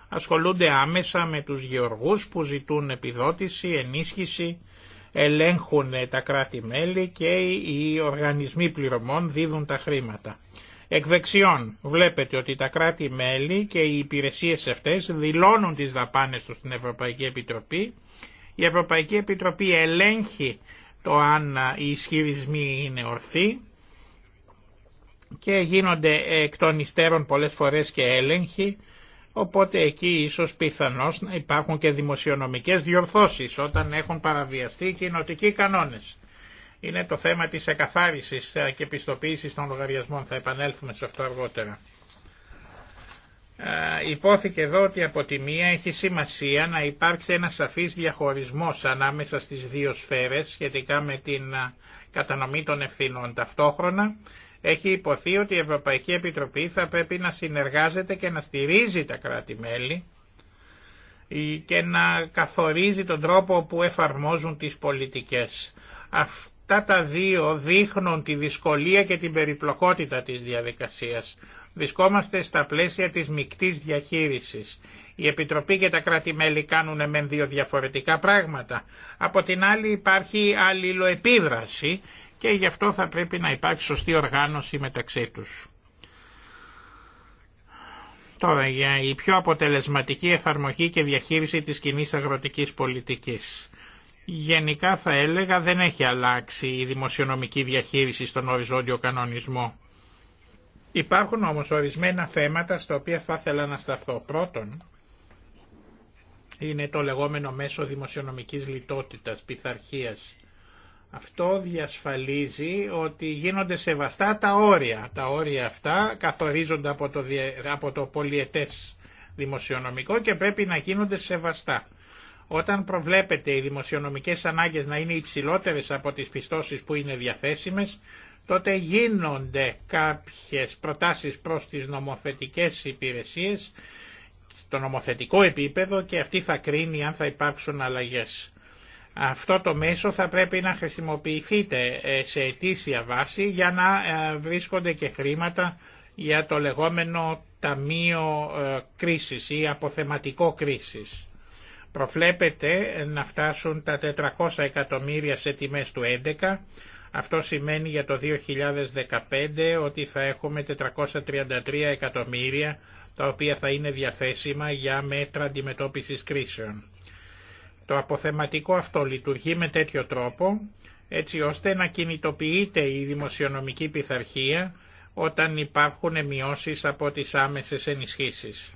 Ασχολούνται άμεσα με τους γεωργούς που ζητούν επιδότηση, ενίσχυση, ελέγχουν τα κράτη-μέλη και οι οργανισμοί πληρωμών δίδουν τα χρήματα. Εκ δεξιών βλέπετε ότι τα κράτη-μέλη και οι υπηρεσίες αυτές δηλώνουν τις δαπάνες τους στην Ευρωπαϊκή Επιτροπή. Η Ευρωπαϊκή Επιτροπή ελέγχει το αν οι ισχυρισμοί είναι ορθοί και γίνονται εκ των υστέρων πολλές φορές και έλεγχοι, οπότε εκεί ίσως πιθανώς να υπάρχουν και δημοσιονομικές διορθώσεις όταν έχουν παραβιαστεί οι κοινοτικοί κανόνες είναι το θέμα της εκαθάρισης ε, και πιστοποίησης των λογαριασμών. Θα επανέλθουμε σε αυτό αργότερα. Ε, υπόθηκε εδώ ότι από τη μία έχει σημασία να υπάρξει ένα σαφής διαχωρισμός ανάμεσα στις δύο σφαίρες σχετικά με την ε, κατανομή των ευθύνων ταυτόχρονα. Έχει υποθεί ότι η Ευρωπαϊκή Επιτροπή θα πρέπει να συνεργάζεται και να στηρίζει τα κράτη-μέλη και να καθορίζει τον τρόπο που εφαρμόζουν τις πολιτικές. Τα τα δύο δείχνουν τη δυσκολία και την περιπλοκότητα της διαδικασίας. Βρισκόμαστε στα πλαίσια της μικτής διαχείρισης. Η Επιτροπή και τα κράτη-μέλη κάνουν μεν δύο διαφορετικά πράγματα. Από την άλλη υπάρχει αλληλοεπίδραση και γι' αυτό θα πρέπει να υπάρξει σωστή οργάνωση μεταξύ τους. Τώρα για η πιο αποτελεσματική εφαρμογή και διαχείριση της κοινή αγροτικής πολιτικής γενικά θα έλεγα δεν έχει αλλάξει η δημοσιονομική διαχείριση στον οριζόντιο κανονισμό. Υπάρχουν όμως ορισμένα θέματα στα οποία θα ήθελα να σταθώ. Πρώτον, είναι το λεγόμενο μέσο δημοσιονομικής λιτότητας, πειθαρχία. Αυτό διασφαλίζει ότι γίνονται σεβαστά τα όρια. Τα όρια αυτά καθορίζονται από το, από το πολιετές δημοσιονομικό και πρέπει να γίνονται σεβαστά. Όταν προβλέπεται οι δημοσιονομικές ανάγκες να είναι υψηλότερες από τις πιστώσεις που είναι διαθέσιμες, τότε γίνονται κάποιες προτάσεις προς τις νομοθετικές υπηρεσίες στο νομοθετικό επίπεδο και αυτή θα κρίνει αν θα υπάρξουν αλλαγές. Αυτό το μέσο θα πρέπει να χρησιμοποιηθείτε ε, σε αιτήσια βάση για να ε, βρίσκονται και χρήματα για το λεγόμενο ταμείο ε, κρίσης ή αποθεματικό κρίσης. Προβλέπεται να φτάσουν τα 400 εκατομμύρια σε τιμές του 11. Αυτό σημαίνει για το 2015 ότι θα έχουμε 433 εκατομμύρια τα οποία θα είναι διαθέσιμα για μέτρα αντιμετώπισης κρίσεων. Το αποθεματικό αυτό λειτουργεί με τέτοιο τρόπο έτσι ώστε να κινητοποιείται η δημοσιονομική πειθαρχία όταν υπάρχουν μειώσεις από τις άμεσες ενισχύσεις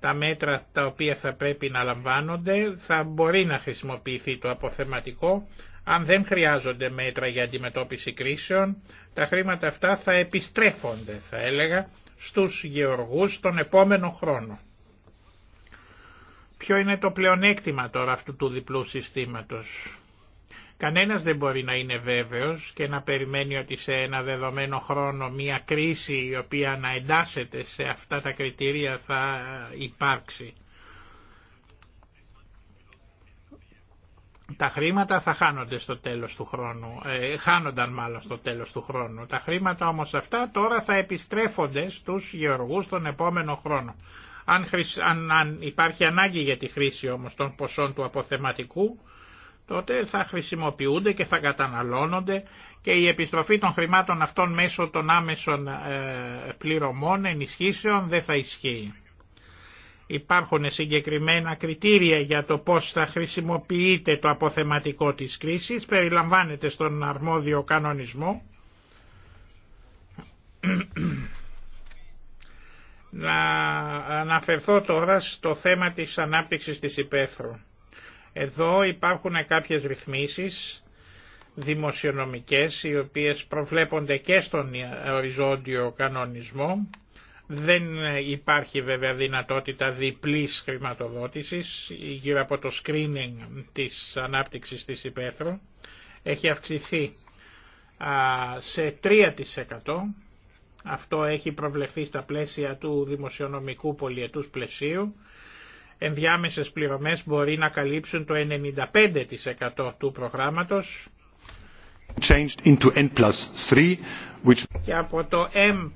τα μέτρα τα οποία θα πρέπει να λαμβάνονται, θα μπορεί να χρησιμοποιηθεί το αποθεματικό. Αν δεν χρειάζονται μέτρα για αντιμετώπιση κρίσεων, τα χρήματα αυτά θα επιστρέφονται, θα έλεγα, στους γεωργούς τον επόμενο χρόνο. Ποιο είναι το πλεονέκτημα τώρα αυτού του διπλού συστήματος. Κανένας δεν μπορεί να είναι βέβαιος και να περιμένει ότι σε ένα δεδομένο χρόνο μια κρίση η οποία να εντάσσεται σε αυτά τα κριτήρια θα υπάρξει. Τα χρήματα θα χάνονται στο τέλος του χρόνου, ε, χάνονταν μάλλον στο τέλος του χρόνου. Τα χρήματα όμως αυτά τώρα θα επιστρέφονται στους γεωργούς τον επόμενο χρόνο. Αν, αν, αν υπάρχει ανάγκη για τη χρήση όμως των ποσών του αποθεματικού, τότε θα χρησιμοποιούνται και θα καταναλώνονται και η επιστροφή των χρημάτων αυτών μέσω των άμεσων ε, πληρωμών ενισχύσεων δεν θα ισχύει. Υπάρχουν συγκεκριμένα κριτήρια για το πώς θα χρησιμοποιείται το αποθεματικό της κρίσης, περιλαμβάνεται στον αρμόδιο κανονισμό. Να αναφερθώ τώρα στο θέμα της ανάπτυξης της υπαίθρου. Εδώ υπάρχουν κάποιες ρυθμίσεις δημοσιονομικές οι οποίες προβλέπονται και στον οριζόντιο κανονισμό. Δεν υπάρχει βέβαια δυνατότητα διπλής χρηματοδότησης γύρω από το screening της ανάπτυξης της υπαίθρου. Έχει αυξηθεί σε 3% αυτό έχει προβλεφθεί στα πλαίσια του δημοσιονομικού πολιετούς πλαισίου ενδιάμεσες πληρωμές μπορεί να καλύψουν το 95% του προγράμματος changed into N which... και από το M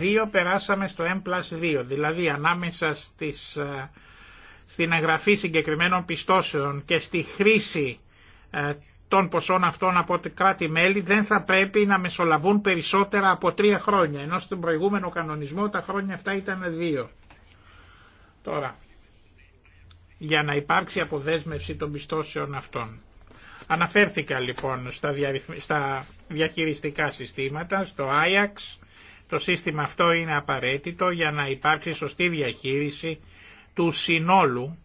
2 περάσαμε στο M 2, δηλαδή ανάμεσα στις, ε, στην εγγραφή συγκεκριμένων πιστώσεων και στη χρήση ε, των ποσών αυτών από το κράτη-μέλη δεν θα πρέπει να μεσολαβούν περισσότερα από τρία χρόνια, ενώ στον προηγούμενο κανονισμό τα χρόνια αυτά ήταν δύο. Τώρα, για να υπάρξει αποδέσμευση των πιστώσεων αυτών. Αναφέρθηκα λοιπόν στα, διαχειριστικά συστήματα, στο Ajax. Το σύστημα αυτό είναι απαραίτητο για να υπάρξει σωστή διαχείριση του συνόλου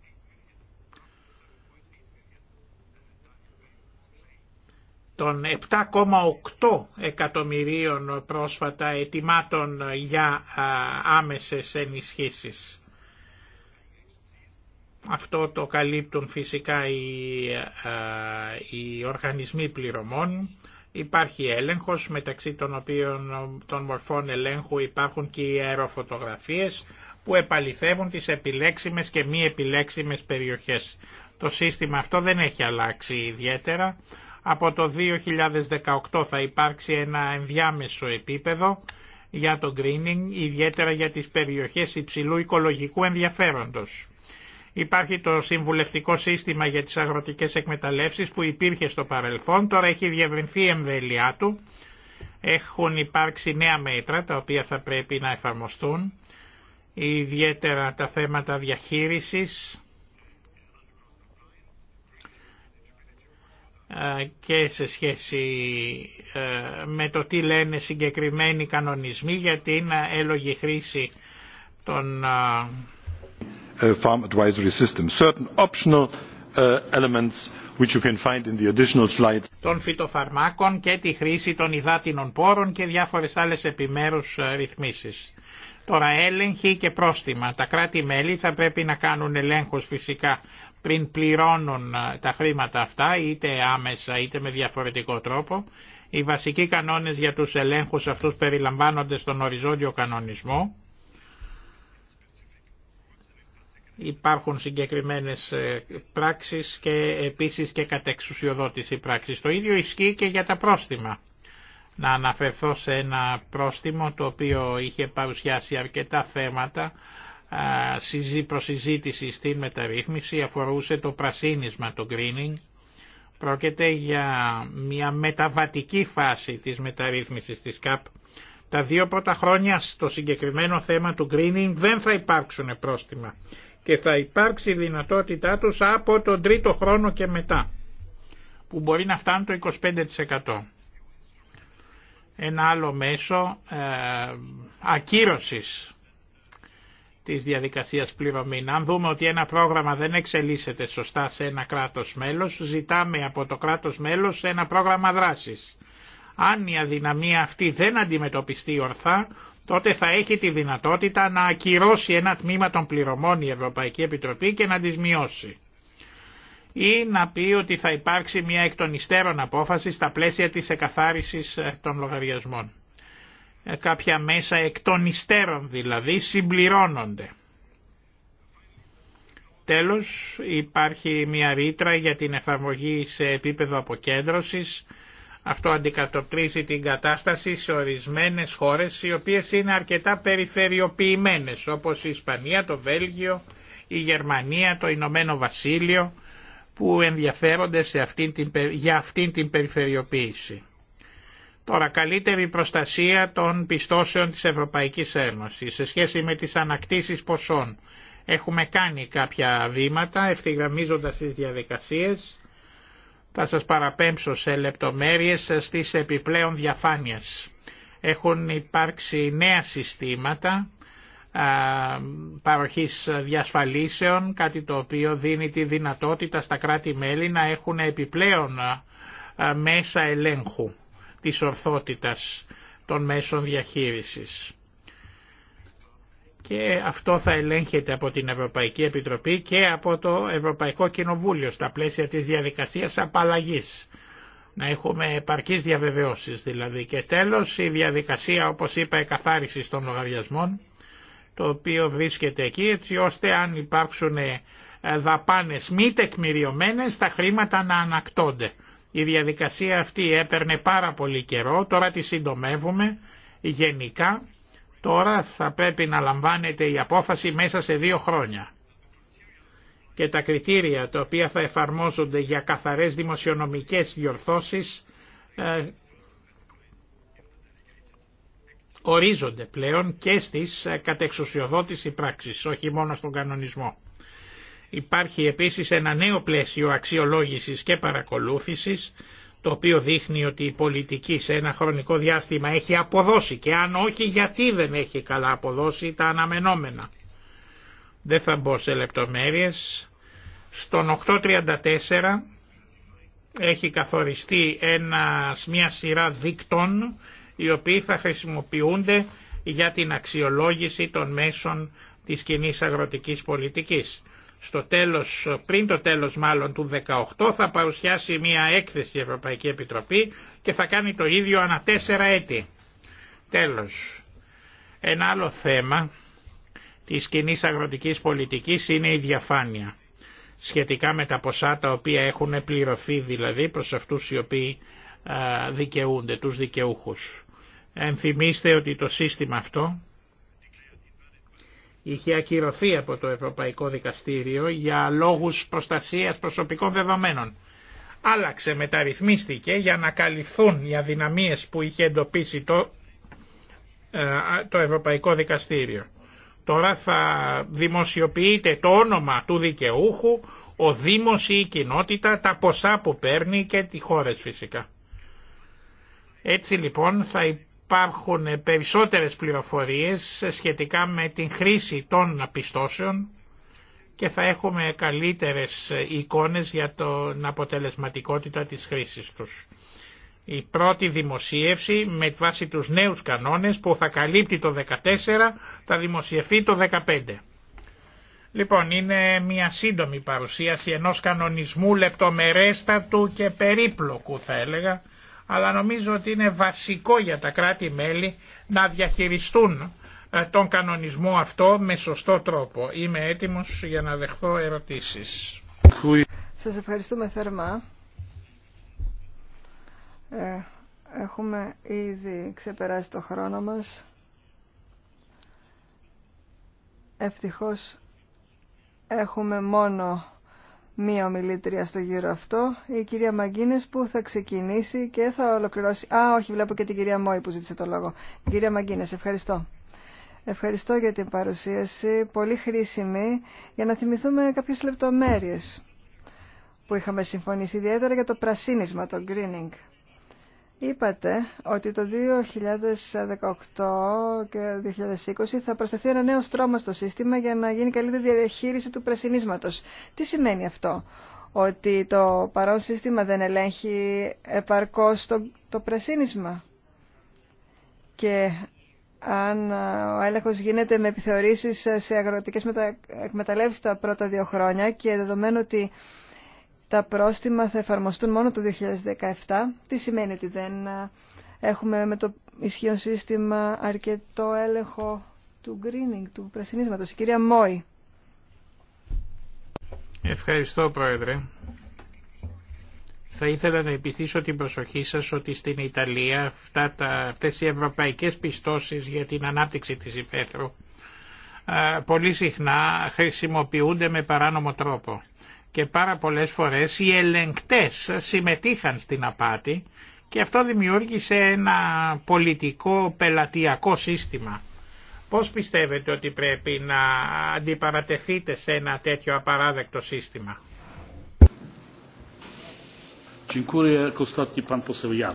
των 7,8 εκατομμυρίων πρόσφατα ετοιμάτων για άμεσες ενισχύσεις. Αυτό το καλύπτουν φυσικά οι, οργανισμοί πληρωμών. Υπάρχει έλεγχος μεταξύ των οποίων των μορφών ελέγχου υπάρχουν και οι αεροφωτογραφίες που επαληθεύουν τις επιλέξιμες και μη επιλέξιμες περιοχές. Το σύστημα αυτό δεν έχει αλλάξει ιδιαίτερα. Από το 2018 θα υπάρξει ένα ενδιάμεσο επίπεδο για το greening, ιδιαίτερα για τις περιοχές υψηλού οικολογικού ενδιαφέροντος. Υπάρχει το συμβουλευτικό σύστημα για τις αγροτικές εκμεταλλεύσεις που υπήρχε στο παρελθόν, τώρα έχει διευρυνθεί η εμβέλειά του. Έχουν υπάρξει νέα μέτρα τα οποία θα πρέπει να εφαρμοστούν, ιδιαίτερα τα θέματα διαχείρισης ε, και σε σχέση ε, με το τι λένε συγκεκριμένοι κανονισμοί για την ε, έλογη χρήση των farm Των φυτοφαρμάκων και τη χρήση των υδάτινων πόρων και διάφορες άλλες επιμέρους ε, ρυθμίσεις. Τώρα έλεγχη και πρόστιμα. Τα κράτη-μέλη θα πρέπει να κάνουν ελέγχου φυσικά πριν πληρώνουν ε, τα χρήματα αυτά, είτε άμεσα είτε με διαφορετικό τρόπο. Οι βασικοί κανόνες για τους ελέγχους αυτούς περιλαμβάνονται στον οριζόντιο κανονισμό Υπάρχουν συγκεκριμένες ε, πράξεις και επίσης και κατεξουσιοδότηση πράξης. Το ίδιο ισχύει και για τα πρόστιμα. Να αναφερθώ σε ένα πρόστιμο το οποίο είχε παρουσιάσει αρκετά θέματα προσυζήτηση στην μεταρρύθμιση αφορούσε το πρασίνισμα, το greening. Πρόκειται για μια μεταβατική φάση της μεταρρύθμισης της ΚΑΠ. Τα δύο πρώτα χρόνια στο συγκεκριμένο θέμα του greening δεν θα υπάρξουν πρόστιμα και θα υπάρξει δυνατότητά τους από τον τρίτο χρόνο και μετά που μπορεί να φτάνει το 25%. Ένα άλλο μέσο ε, ακύρωσης της διαδικασίας πληρωμή. Αν δούμε ότι ένα πρόγραμμα δεν εξελίσσεται σωστά σε ένα κράτος μέλος, ζητάμε από το κράτος μέλος ένα πρόγραμμα δράσης. Αν η αδυναμία αυτή δεν αντιμετωπιστεί ορθά, τότε θα έχει τη δυνατότητα να ακυρώσει ένα τμήμα των πληρωμών η Ευρωπαϊκή Επιτροπή και να τις μειώσει. Ή να πει ότι θα υπάρξει μια εκτονιστέρων απόφαση στα πλαίσια της εκαθάρισης ε, των λογαριασμών. Ε, κάποια μέσα εκτονιστέρων, δηλαδή συμπληρώνονται. Τέλος υπάρχει μια ρήτρα για την εφαρμογή σε επίπεδο αποκέντρωσης αυτό αντικατοπτρίζει την κατάσταση σε ορισμένες χώρες οι οποίες είναι αρκετά περιφερειοποιημένες όπως η Ισπανία, το Βέλγιο, η Γερμανία, το Ηνωμένο Βασίλειο που ενδιαφέρονται σε για αυτήν την περιφερειοποίηση. Τώρα, καλύτερη προστασία των πιστώσεων της Ευρωπαϊκής Ένωσης σε σχέση με τις ανακτήσεις ποσών. Έχουμε κάνει κάποια βήματα ευθυγραμμίζοντας τις διαδικασίες θα σας παραπέμψω σε λεπτομέρειες στις επιπλέον διαφάνειες. Έχουν υπάρξει νέα συστήματα παροχής διασφαλίσεων, κάτι το οποίο δίνει τη δυνατότητα στα κράτη-μέλη να έχουν επιπλέον μέσα ελέγχου της ορθότητας των μέσων διαχείρισης και αυτό θα ελέγχεται από την Ευρωπαϊκή Επιτροπή και από το Ευρωπαϊκό Κοινοβούλιο στα πλαίσια της διαδικασίας απαλλαγής. Να έχουμε επαρκείς διαβεβαιώσεις δηλαδή. Και τέλος η διαδικασία όπως είπα εκαθάρισης των λογαριασμών το οποίο βρίσκεται εκεί έτσι ώστε αν υπάρξουν ε, δαπάνες μη τεκμηριωμένες τα χρήματα να ανακτώνται. Η διαδικασία αυτή έπαιρνε πάρα πολύ καιρό, τώρα τη συντομεύουμε γενικά Τώρα θα πρέπει να λαμβάνεται η απόφαση μέσα σε δύο χρόνια. Και τα κριτήρια τα οποία θα εφαρμόζονται για καθαρές δημοσιονομικές διορθώσεις ε, ορίζονται πλέον και στις ε, κατεξουσιοδότηση πράξεις, όχι μόνο στον κανονισμό. Υπάρχει επίσης ένα νέο πλαίσιο αξιολόγησης και παρακολούθησης το οποίο δείχνει ότι η πολιτική σε ένα χρονικό διάστημα έχει αποδώσει και αν όχι γιατί δεν έχει καλά αποδώσει τα αναμενόμενα. Δεν θα μπω σε λεπτομέρειες. Στον 834 έχει καθοριστεί ένα, μια σειρά δίκτων οι οποίοι θα χρησιμοποιούνται για την αξιολόγηση των μέσων της κοινή αγροτικής πολιτικής στο τέλος, πριν το τέλος μάλλον του 18 θα παρουσιάσει μια έκθεση η Ευρωπαϊκή Επιτροπή και θα κάνει το ίδιο ανά τέσσερα έτη. Τέλος, ένα άλλο θέμα της κοινή αγροτικής πολιτικής είναι η διαφάνεια σχετικά με τα ποσά τα οποία έχουν πληρωθεί δηλαδή προς αυτούς οι οποίοι δικαιούνται, τους δικαιούχους. Ενθυμίστε ότι το σύστημα αυτό είχε ακυρωθεί από το Ευρωπαϊκό Δικαστήριο για λόγους προστασίας προσωπικών δεδομένων. Άλλαξε, μεταρρυθμίστηκε για να καλυφθούν οι αδυναμίες που είχε εντοπίσει το, ε, το Ευρωπαϊκό Δικαστήριο. Τώρα θα δημοσιοποιείται το όνομα του δικαιούχου, ο Δήμος ή η κοινότητα, τα ποσά που παίρνει και τι χώρες φυσικά. Έτσι λοιπόν θα υπάρχουν περισσότερες πληροφορίες σχετικά με την χρήση των πιστώσεων και θα έχουμε καλύτερες εικόνες για την αποτελεσματικότητα της χρήσης τους. Η πρώτη δημοσίευση με βάση τους νέους κανόνες που θα καλύπτει το 14 θα δημοσιευθεί το 15. Λοιπόν, είναι μια σύντομη παρουσίαση ενός κανονισμού λεπτομερέστατου και περίπλοκου θα έλεγα, αλλά νομίζω ότι είναι βασικό για τα κράτη-μέλη να διαχειριστούν ε, τον κανονισμό αυτό με σωστό τρόπο. Είμαι έτοιμος για να δεχθώ ερωτήσεις. Σας ευχαριστούμε θερμά. Ε, έχουμε ήδη ξεπεράσει το χρόνο μας. Ευτυχώς έχουμε μόνο μία ομιλήτρια στο γύρο αυτό, η κυρία Μαγκίνες που θα ξεκινήσει και θα ολοκληρώσει. Α, όχι, βλέπω και την κυρία Μόη που ζήτησε το λόγο. Κυρία Μαγκίνες, ευχαριστώ. Ευχαριστώ για την παρουσίαση, πολύ χρήσιμη, για να θυμηθούμε κάποιες λεπτομέρειες που είχαμε συμφωνήσει, ιδιαίτερα για το πρασίνισμα, το greening. Είπατε ότι το 2018 και 2020 θα προσθεθεί ένα νέο στρώμα στο σύστημα για να γίνει καλύτερη διαχείριση του πρασινίσματος. Τι σημαίνει αυτό, ότι το παρόν σύστημα δεν ελέγχει επαρκώς το, το και αν ο έλεγχος γίνεται με επιθεωρήσεις σε αγροτικές εκμεταλλεύσεις τα πρώτα δύο χρόνια και δεδομένου ότι τα πρόστιμα θα εφαρμοστούν μόνο το 2017. Τι σημαίνει ότι δεν έχουμε με το ισχύον σύστημα αρκετό έλεγχο του greening, του πρασινίσματος. κυρία Μόη. Ευχαριστώ Πρόεδρε. Θα ήθελα να επιστήσω την προσοχή σας ότι στην Ιταλία αυτά τα, αυτές οι ευρωπαϊκές πιστώσεις για την ανάπτυξη της υπαίθρου πολύ συχνά χρησιμοποιούνται με παράνομο τρόπο και πάρα πολλές φορές οι ελεγκτές συμμετείχαν στην απάτη και αυτό δημιούργησε ένα πολιτικό πελατειακό σύστημα. Πώς πιστεύετε ότι πρέπει να αντιπαρατεθείτε σε ένα τέτοιο απαράδεκτο σύστημα.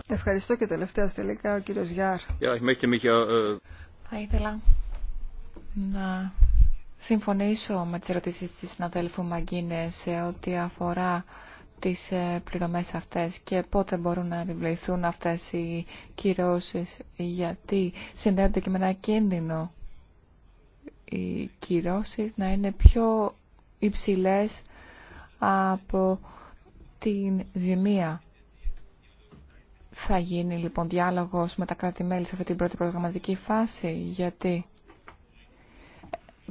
Ευχαριστώ και τελευταία στελικά ο κύριος Γιάρ. Uh, Θα ήθελα να συμφωνήσω με τις ερωτήσεις της συναδέλφου Μαγκίνε σε ό,τι αφορά τις ε, πληρωμές αυτές και πότε μπορούν να επιβληθούν αυτές οι κυρώσεις γιατί συνδέονται και με ένα κίνδυνο οι κυρώσεις να είναι πιο υψηλές από την ζημία. Θα γίνει λοιπόν διάλογος με τα κράτη-μέλη σε αυτή την πρώτη προγραμματική φάση γιατί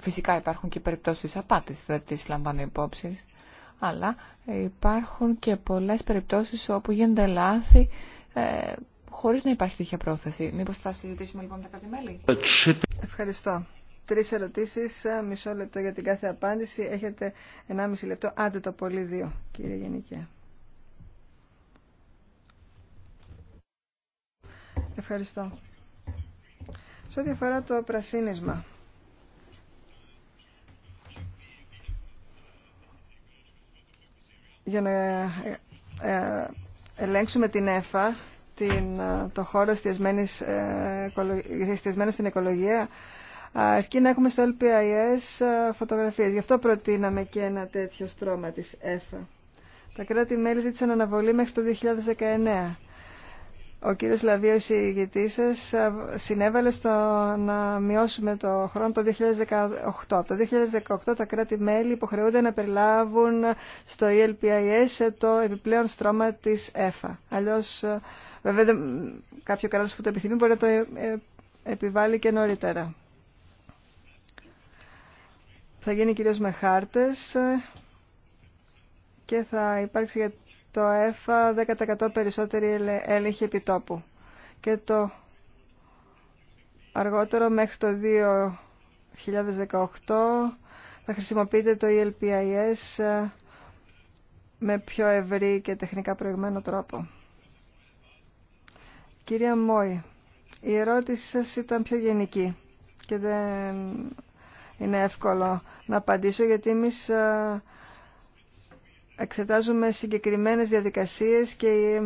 Φυσικά υπάρχουν και περιπτώσεις απάτης, δεν τις λαμβάνω υπόψη, αλλά υπάρχουν και πολλές περιπτώσεις όπου γίνονται λάθη ε, χωρίς να υπάρχει τέτοια πρόθεση. Μήπως θα συζητήσουμε λοιπόν τα μέλη. Ευχαριστώ. Τρεις ερωτήσεις, ε, μισό λεπτό για την κάθε απάντηση. Έχετε 1,5 λεπτό, άντε το πολύ δύο, κύριε Γενικέ. Ευχαριστώ. Σε ό,τι αφορά το πρασίνισμα, για να ε, ε, ελέγξουμε την ΕΦΑ, την, ε, το χώρο εστιασμένο στην οικολογία, αρκεί να έχουμε στο LPIS φωτογραφίες. Γι' αυτό προτείναμε και ένα τέτοιο στρώμα της ΕΦΑ. Τα κράτη-μέλη ζήτησαν αναβολή μέχρι το 2019. Ο κύριος Λαβίος, η ηγητή σας, συνέβαλε στο να μειώσουμε το χρόνο το 2018. Το 2018 τα κράτη-μέλη υποχρεούνται να περιλάβουν στο ELPIS το επιπλέον στρώμα της ΕΦΑ. Αλλιώς, βέβαια, κάποιο κράτος που το επιθυμεί μπορεί να το ε, ε, επιβάλλει και νωρίτερα. Θα γίνει κυρίως με χάρτες ε, και θα υπάρξει για το ΕΦΑ 10% περισσότερη έλεγχη επιτόπου. Και το αργότερο μέχρι το 2018 θα χρησιμοποιείται το ELPIS ε, με πιο ευρύ και τεχνικά προηγμένο τρόπο. Κυρία Μόη, η ερώτηση σας ήταν πιο γενική και δεν είναι εύκολο να απαντήσω γιατί εμείς ε, εξετάζουμε συγκεκριμένες διαδικασίες και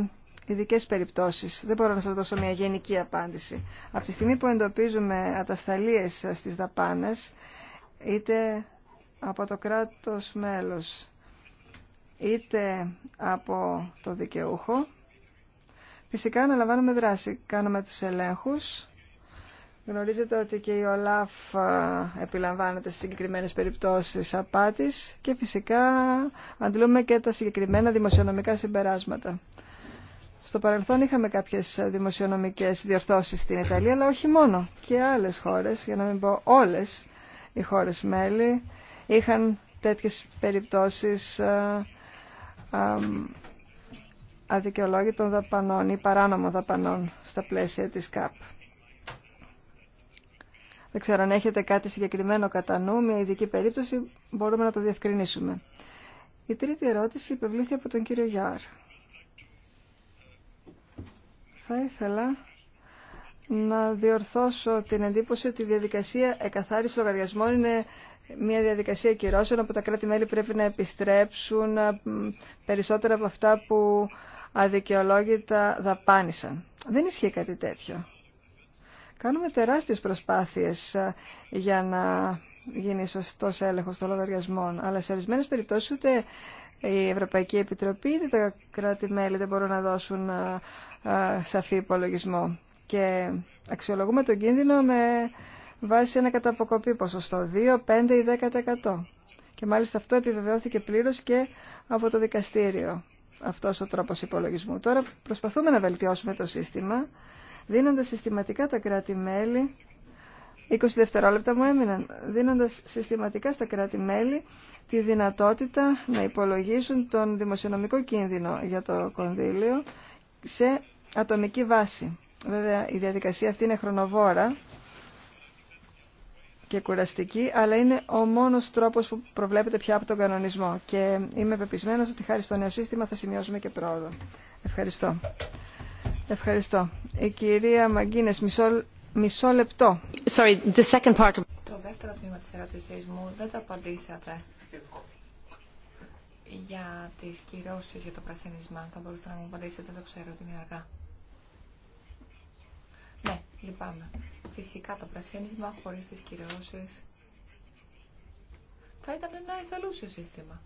ειδικέ περιπτώσεις. Δεν μπορώ να σας δώσω μια γενική απάντηση. Από τη στιγμή που εντοπίζουμε ατασταλίες στις δαπάνες, είτε από το κράτος μέλος, είτε από το δικαιούχο, φυσικά αναλαμβάνουμε δράση. Κάνουμε τους ελέγχους Γνωρίζετε ότι και η ΟΛΑΦ επιλαμβάνεται σε συγκεκριμένες περιπτώσεις απάτης και φυσικά αντλούμε και τα συγκεκριμένα δημοσιονομικά συμπεράσματα. Στο παρελθόν είχαμε κάποιες δημοσιονομικές διορθώσεις στην Ιταλία, αλλά όχι μόνο. Και άλλες χώρες, για να μην πω όλες οι χώρες μέλη, είχαν τέτοιες περιπτώσεις αδικαιολόγητων δαπανών ή παράνομων δαπανών στα πλαίσια της ΚΑΠ. Δεν ξέρω αν έχετε κάτι συγκεκριμένο κατά νου, μια ειδική περίπτωση, μπορούμε να το διευκρινίσουμε. Η τρίτη ερώτηση υπευλήθη από τον κύριο Γιάρ. Θα ήθελα να διορθώσω την εντύπωση ότι η διαδικασία εκαθάρισης λογαριασμών είναι μια διαδικασία κυρώσεων όπου τα κράτη-μέλη πρέπει να επιστρέψουν περισσότερα από αυτά που αδικαιολόγητα δαπάνησαν. Δεν ισχύει κάτι τέτοιο. Κάνουμε τεράστιες προσπάθειες ε, για να γίνει σωστός έλεγχος των λογαριασμών, αλλά σε ορισμένες περιπτώσεις ούτε η Ευρωπαϊκή Επιτροπή ούτε τα κράτη-μέλη δεν μπορούν να δώσουν ε, ε, σαφή υπολογισμό. Και αξιολογούμε τον κίνδυνο με βάση ένα καταποκοπή ποσοστό, 2, 5 ή 10%. Και μάλιστα αυτό επιβεβαιώθηκε πλήρως και από το δικαστήριο αυτός ο τρόπος υπολογισμού. Τώρα προσπαθούμε να βελτιώσουμε το σύστημα δίνοντας συστηματικά τα κράτη-μέλη 20 δευτερόλεπτα μου έμειναν, δίνοντας συστηματικά στα κράτη-μέλη τη δυνατότητα να υπολογίσουν τον δημοσιονομικό κίνδυνο για το κονδύλιο σε ατομική βάση. Βέβαια, η διαδικασία αυτή είναι χρονοβόρα και κουραστική, αλλά είναι ο μόνος τρόπος που προβλέπεται πια από τον κανονισμό και είμαι πεπισμένος ότι χάρη στο νέο σύστημα θα σημειώσουμε και πρόοδο. Ευχαριστώ. Ευχαριστώ. Η κυρία Μαγκίνες, μισό, μισό λεπτό. Sorry, the second part of... Το δεύτερο τμήμα της ερώτησής μου δεν το απαντήσατε. Για τις κυρώσεις για το πρασινισμά. Θα μπορούσατε να μου απαντήσετε, δεν το ξέρω ότι είναι αργά. Ναι, λυπάμαι. Φυσικά το πρασίνισμα χωρίς τις κυρώσεις θα ήταν ένα εθελούσιο σύστημα.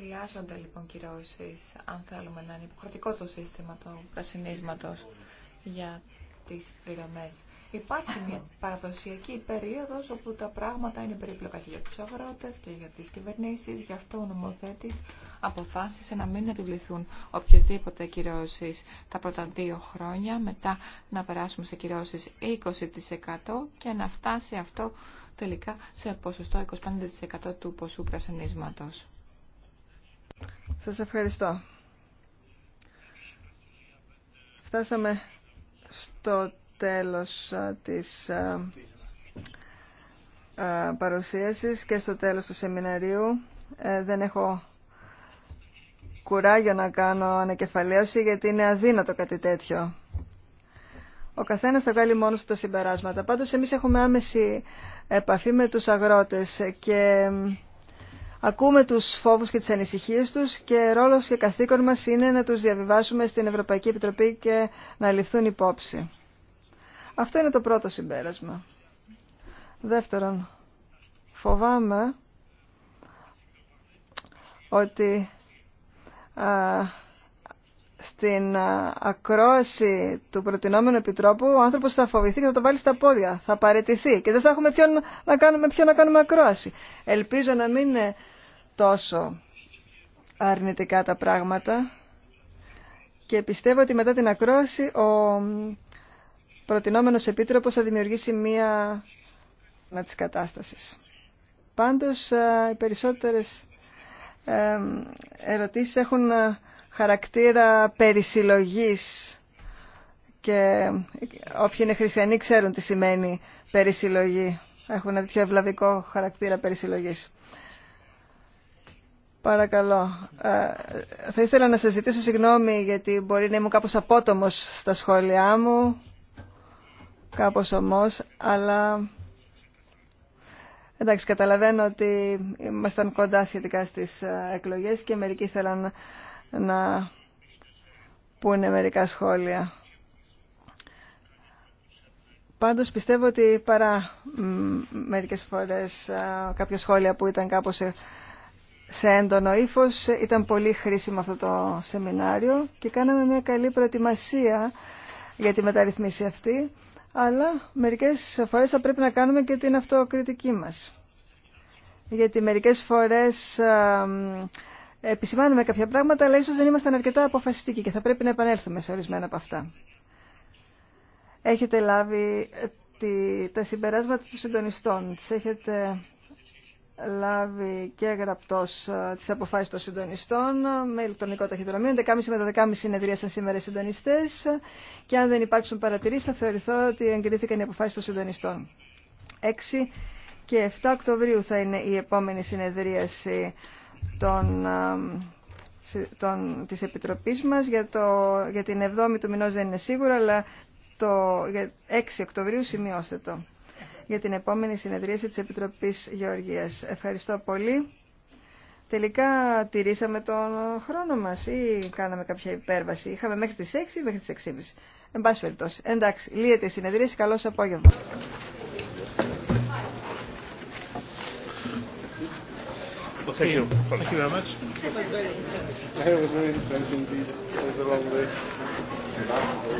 Χρειάζονται λοιπόν κυρώσει αν θέλουμε να είναι υποχρεωτικό το σύστημα του πρασινίσματο για τι πληρωμέ. Υπάρχει μια παραδοσιακή περίοδο όπου τα πράγματα είναι περίπλοκα και για του αγρότε και για τι κυβερνήσει. Γι' αυτό ο νομοθέτη αποφάσισε να μην επιβληθούν οποιασδήποτε κυρώσει τα πρώτα δύο χρόνια, μετά να περάσουμε σε κυρώσει 20% και να φτάσει αυτό τελικά σε ποσοστό 25% του ποσού πρασινίσματος. Σας ευχαριστώ. Φτάσαμε στο τέλος της παρουσίασης και στο τέλος του σεμιναρίου. Ε, δεν έχω κουράγιο να κάνω ανακεφαλαίωση γιατί είναι αδύνατο κάτι τέτοιο. Ο καθένας θα βγάλει μόνος τα συμπεράσματα. Πάντως εμείς έχουμε άμεση επαφή με τους αγρότες και ακούμε τους φόβους και τις ανησυχίες τους και ρόλος και καθήκον μας είναι να τους διαβιβάσουμε στην Ευρωπαϊκή Επιτροπή και να ληφθούν υπόψη. Αυτό είναι το πρώτο συμπέρασμα. Δεύτερον, φοβάμαι ότι στην ακρόαση του προτινόμενου επιτρόπου ο άνθρωπος θα φοβηθεί και θα το βάλει στα πόδια, θα παραιτηθεί και δεν θα έχουμε ποιον να κάνουμε, ποιον να κάνουμε ακρόαση. Ελπίζω να μην είναι τόσο αρνητικά τα πράγματα και πιστεύω ότι μετά την ακρόαση ο προτινόμενος επίτροπος θα δημιουργήσει μία να της κατάστασης. Πάντως οι περισσότερες ερωτήσεις έχουν χαρακτήρα περισυλλογής και όποιοι είναι χριστιανοί ξέρουν τι σημαίνει περισυλλογή. Έχουν ένα τέτοιο ευλαβικό χαρακτήρα περισυλλογής. Παρακαλώ. Ε, θα ήθελα να σας ζητήσω συγγνώμη γιατί μπορεί να ήμουν κάπως απότομος στα σχόλιά μου, κάπως όμως, αλλά... Εντάξει, καταλαβαίνω ότι ήμασταν κοντά σχετικά στις ε, εκλογές και μερικοί θέλαν να πούνε μερικά σχόλια. Πάντως πιστεύω ότι παρά μερικές φορές κάποια σχόλια που ήταν κάπως σε, έντονο ύφο, ήταν πολύ χρήσιμο αυτό το σεμινάριο και κάναμε μια καλή προετοιμασία για τη μεταρρυθμίση αυτή, αλλά μερικές φορές θα πρέπει να κάνουμε και την αυτοκριτική μας. Γιατί μερικές φορές επισημάνουμε κάποια πράγματα, αλλά ίσως δεν ήμασταν αρκετά αποφασιστικοί και θα πρέπει να επανέλθουμε σε ορισμένα από αυτά. Έχετε λάβει ε, τα συμπεράσματα των συντονιστών. Τις έχετε λάβει και γραπτός ε, τις αποφάσεις των συντονιστών ε, με ηλεκτρονικό ταχυδρομείο. 11.30 με 12.30 συνεδρίασαν σήμερα οι συντονιστές και αν δεν υπάρξουν παρατηρήσεις θα θεωρηθώ ότι εγκρίθηκαν οι αποφάσεις των συντονιστών. 6 και 7 Οκτωβρίου θα είναι η επόμενη συνεδρίαση των, των, της Επιτροπής μας για, το, για την 7η του μηνός δεν είναι σίγουρο, αλλά το 6 Οκτωβρίου σημειώστε το για την επόμενη συνεδρίαση της Επιτροπής Γεωργίας. Ευχαριστώ πολύ. Τελικά τηρήσαμε τον χρόνο μας ή κάναμε κάποια υπέρβαση. Είχαμε μέχρι τις 6 ή μέχρι τις 6.30. Εν πάση περιπτώσει. Εντάξει, λύεται η συνεδρίαση. Καλώς απόγευμα. Well, thank you. Thank you very much. It was very intense. It was very intense indeed. It was a long day.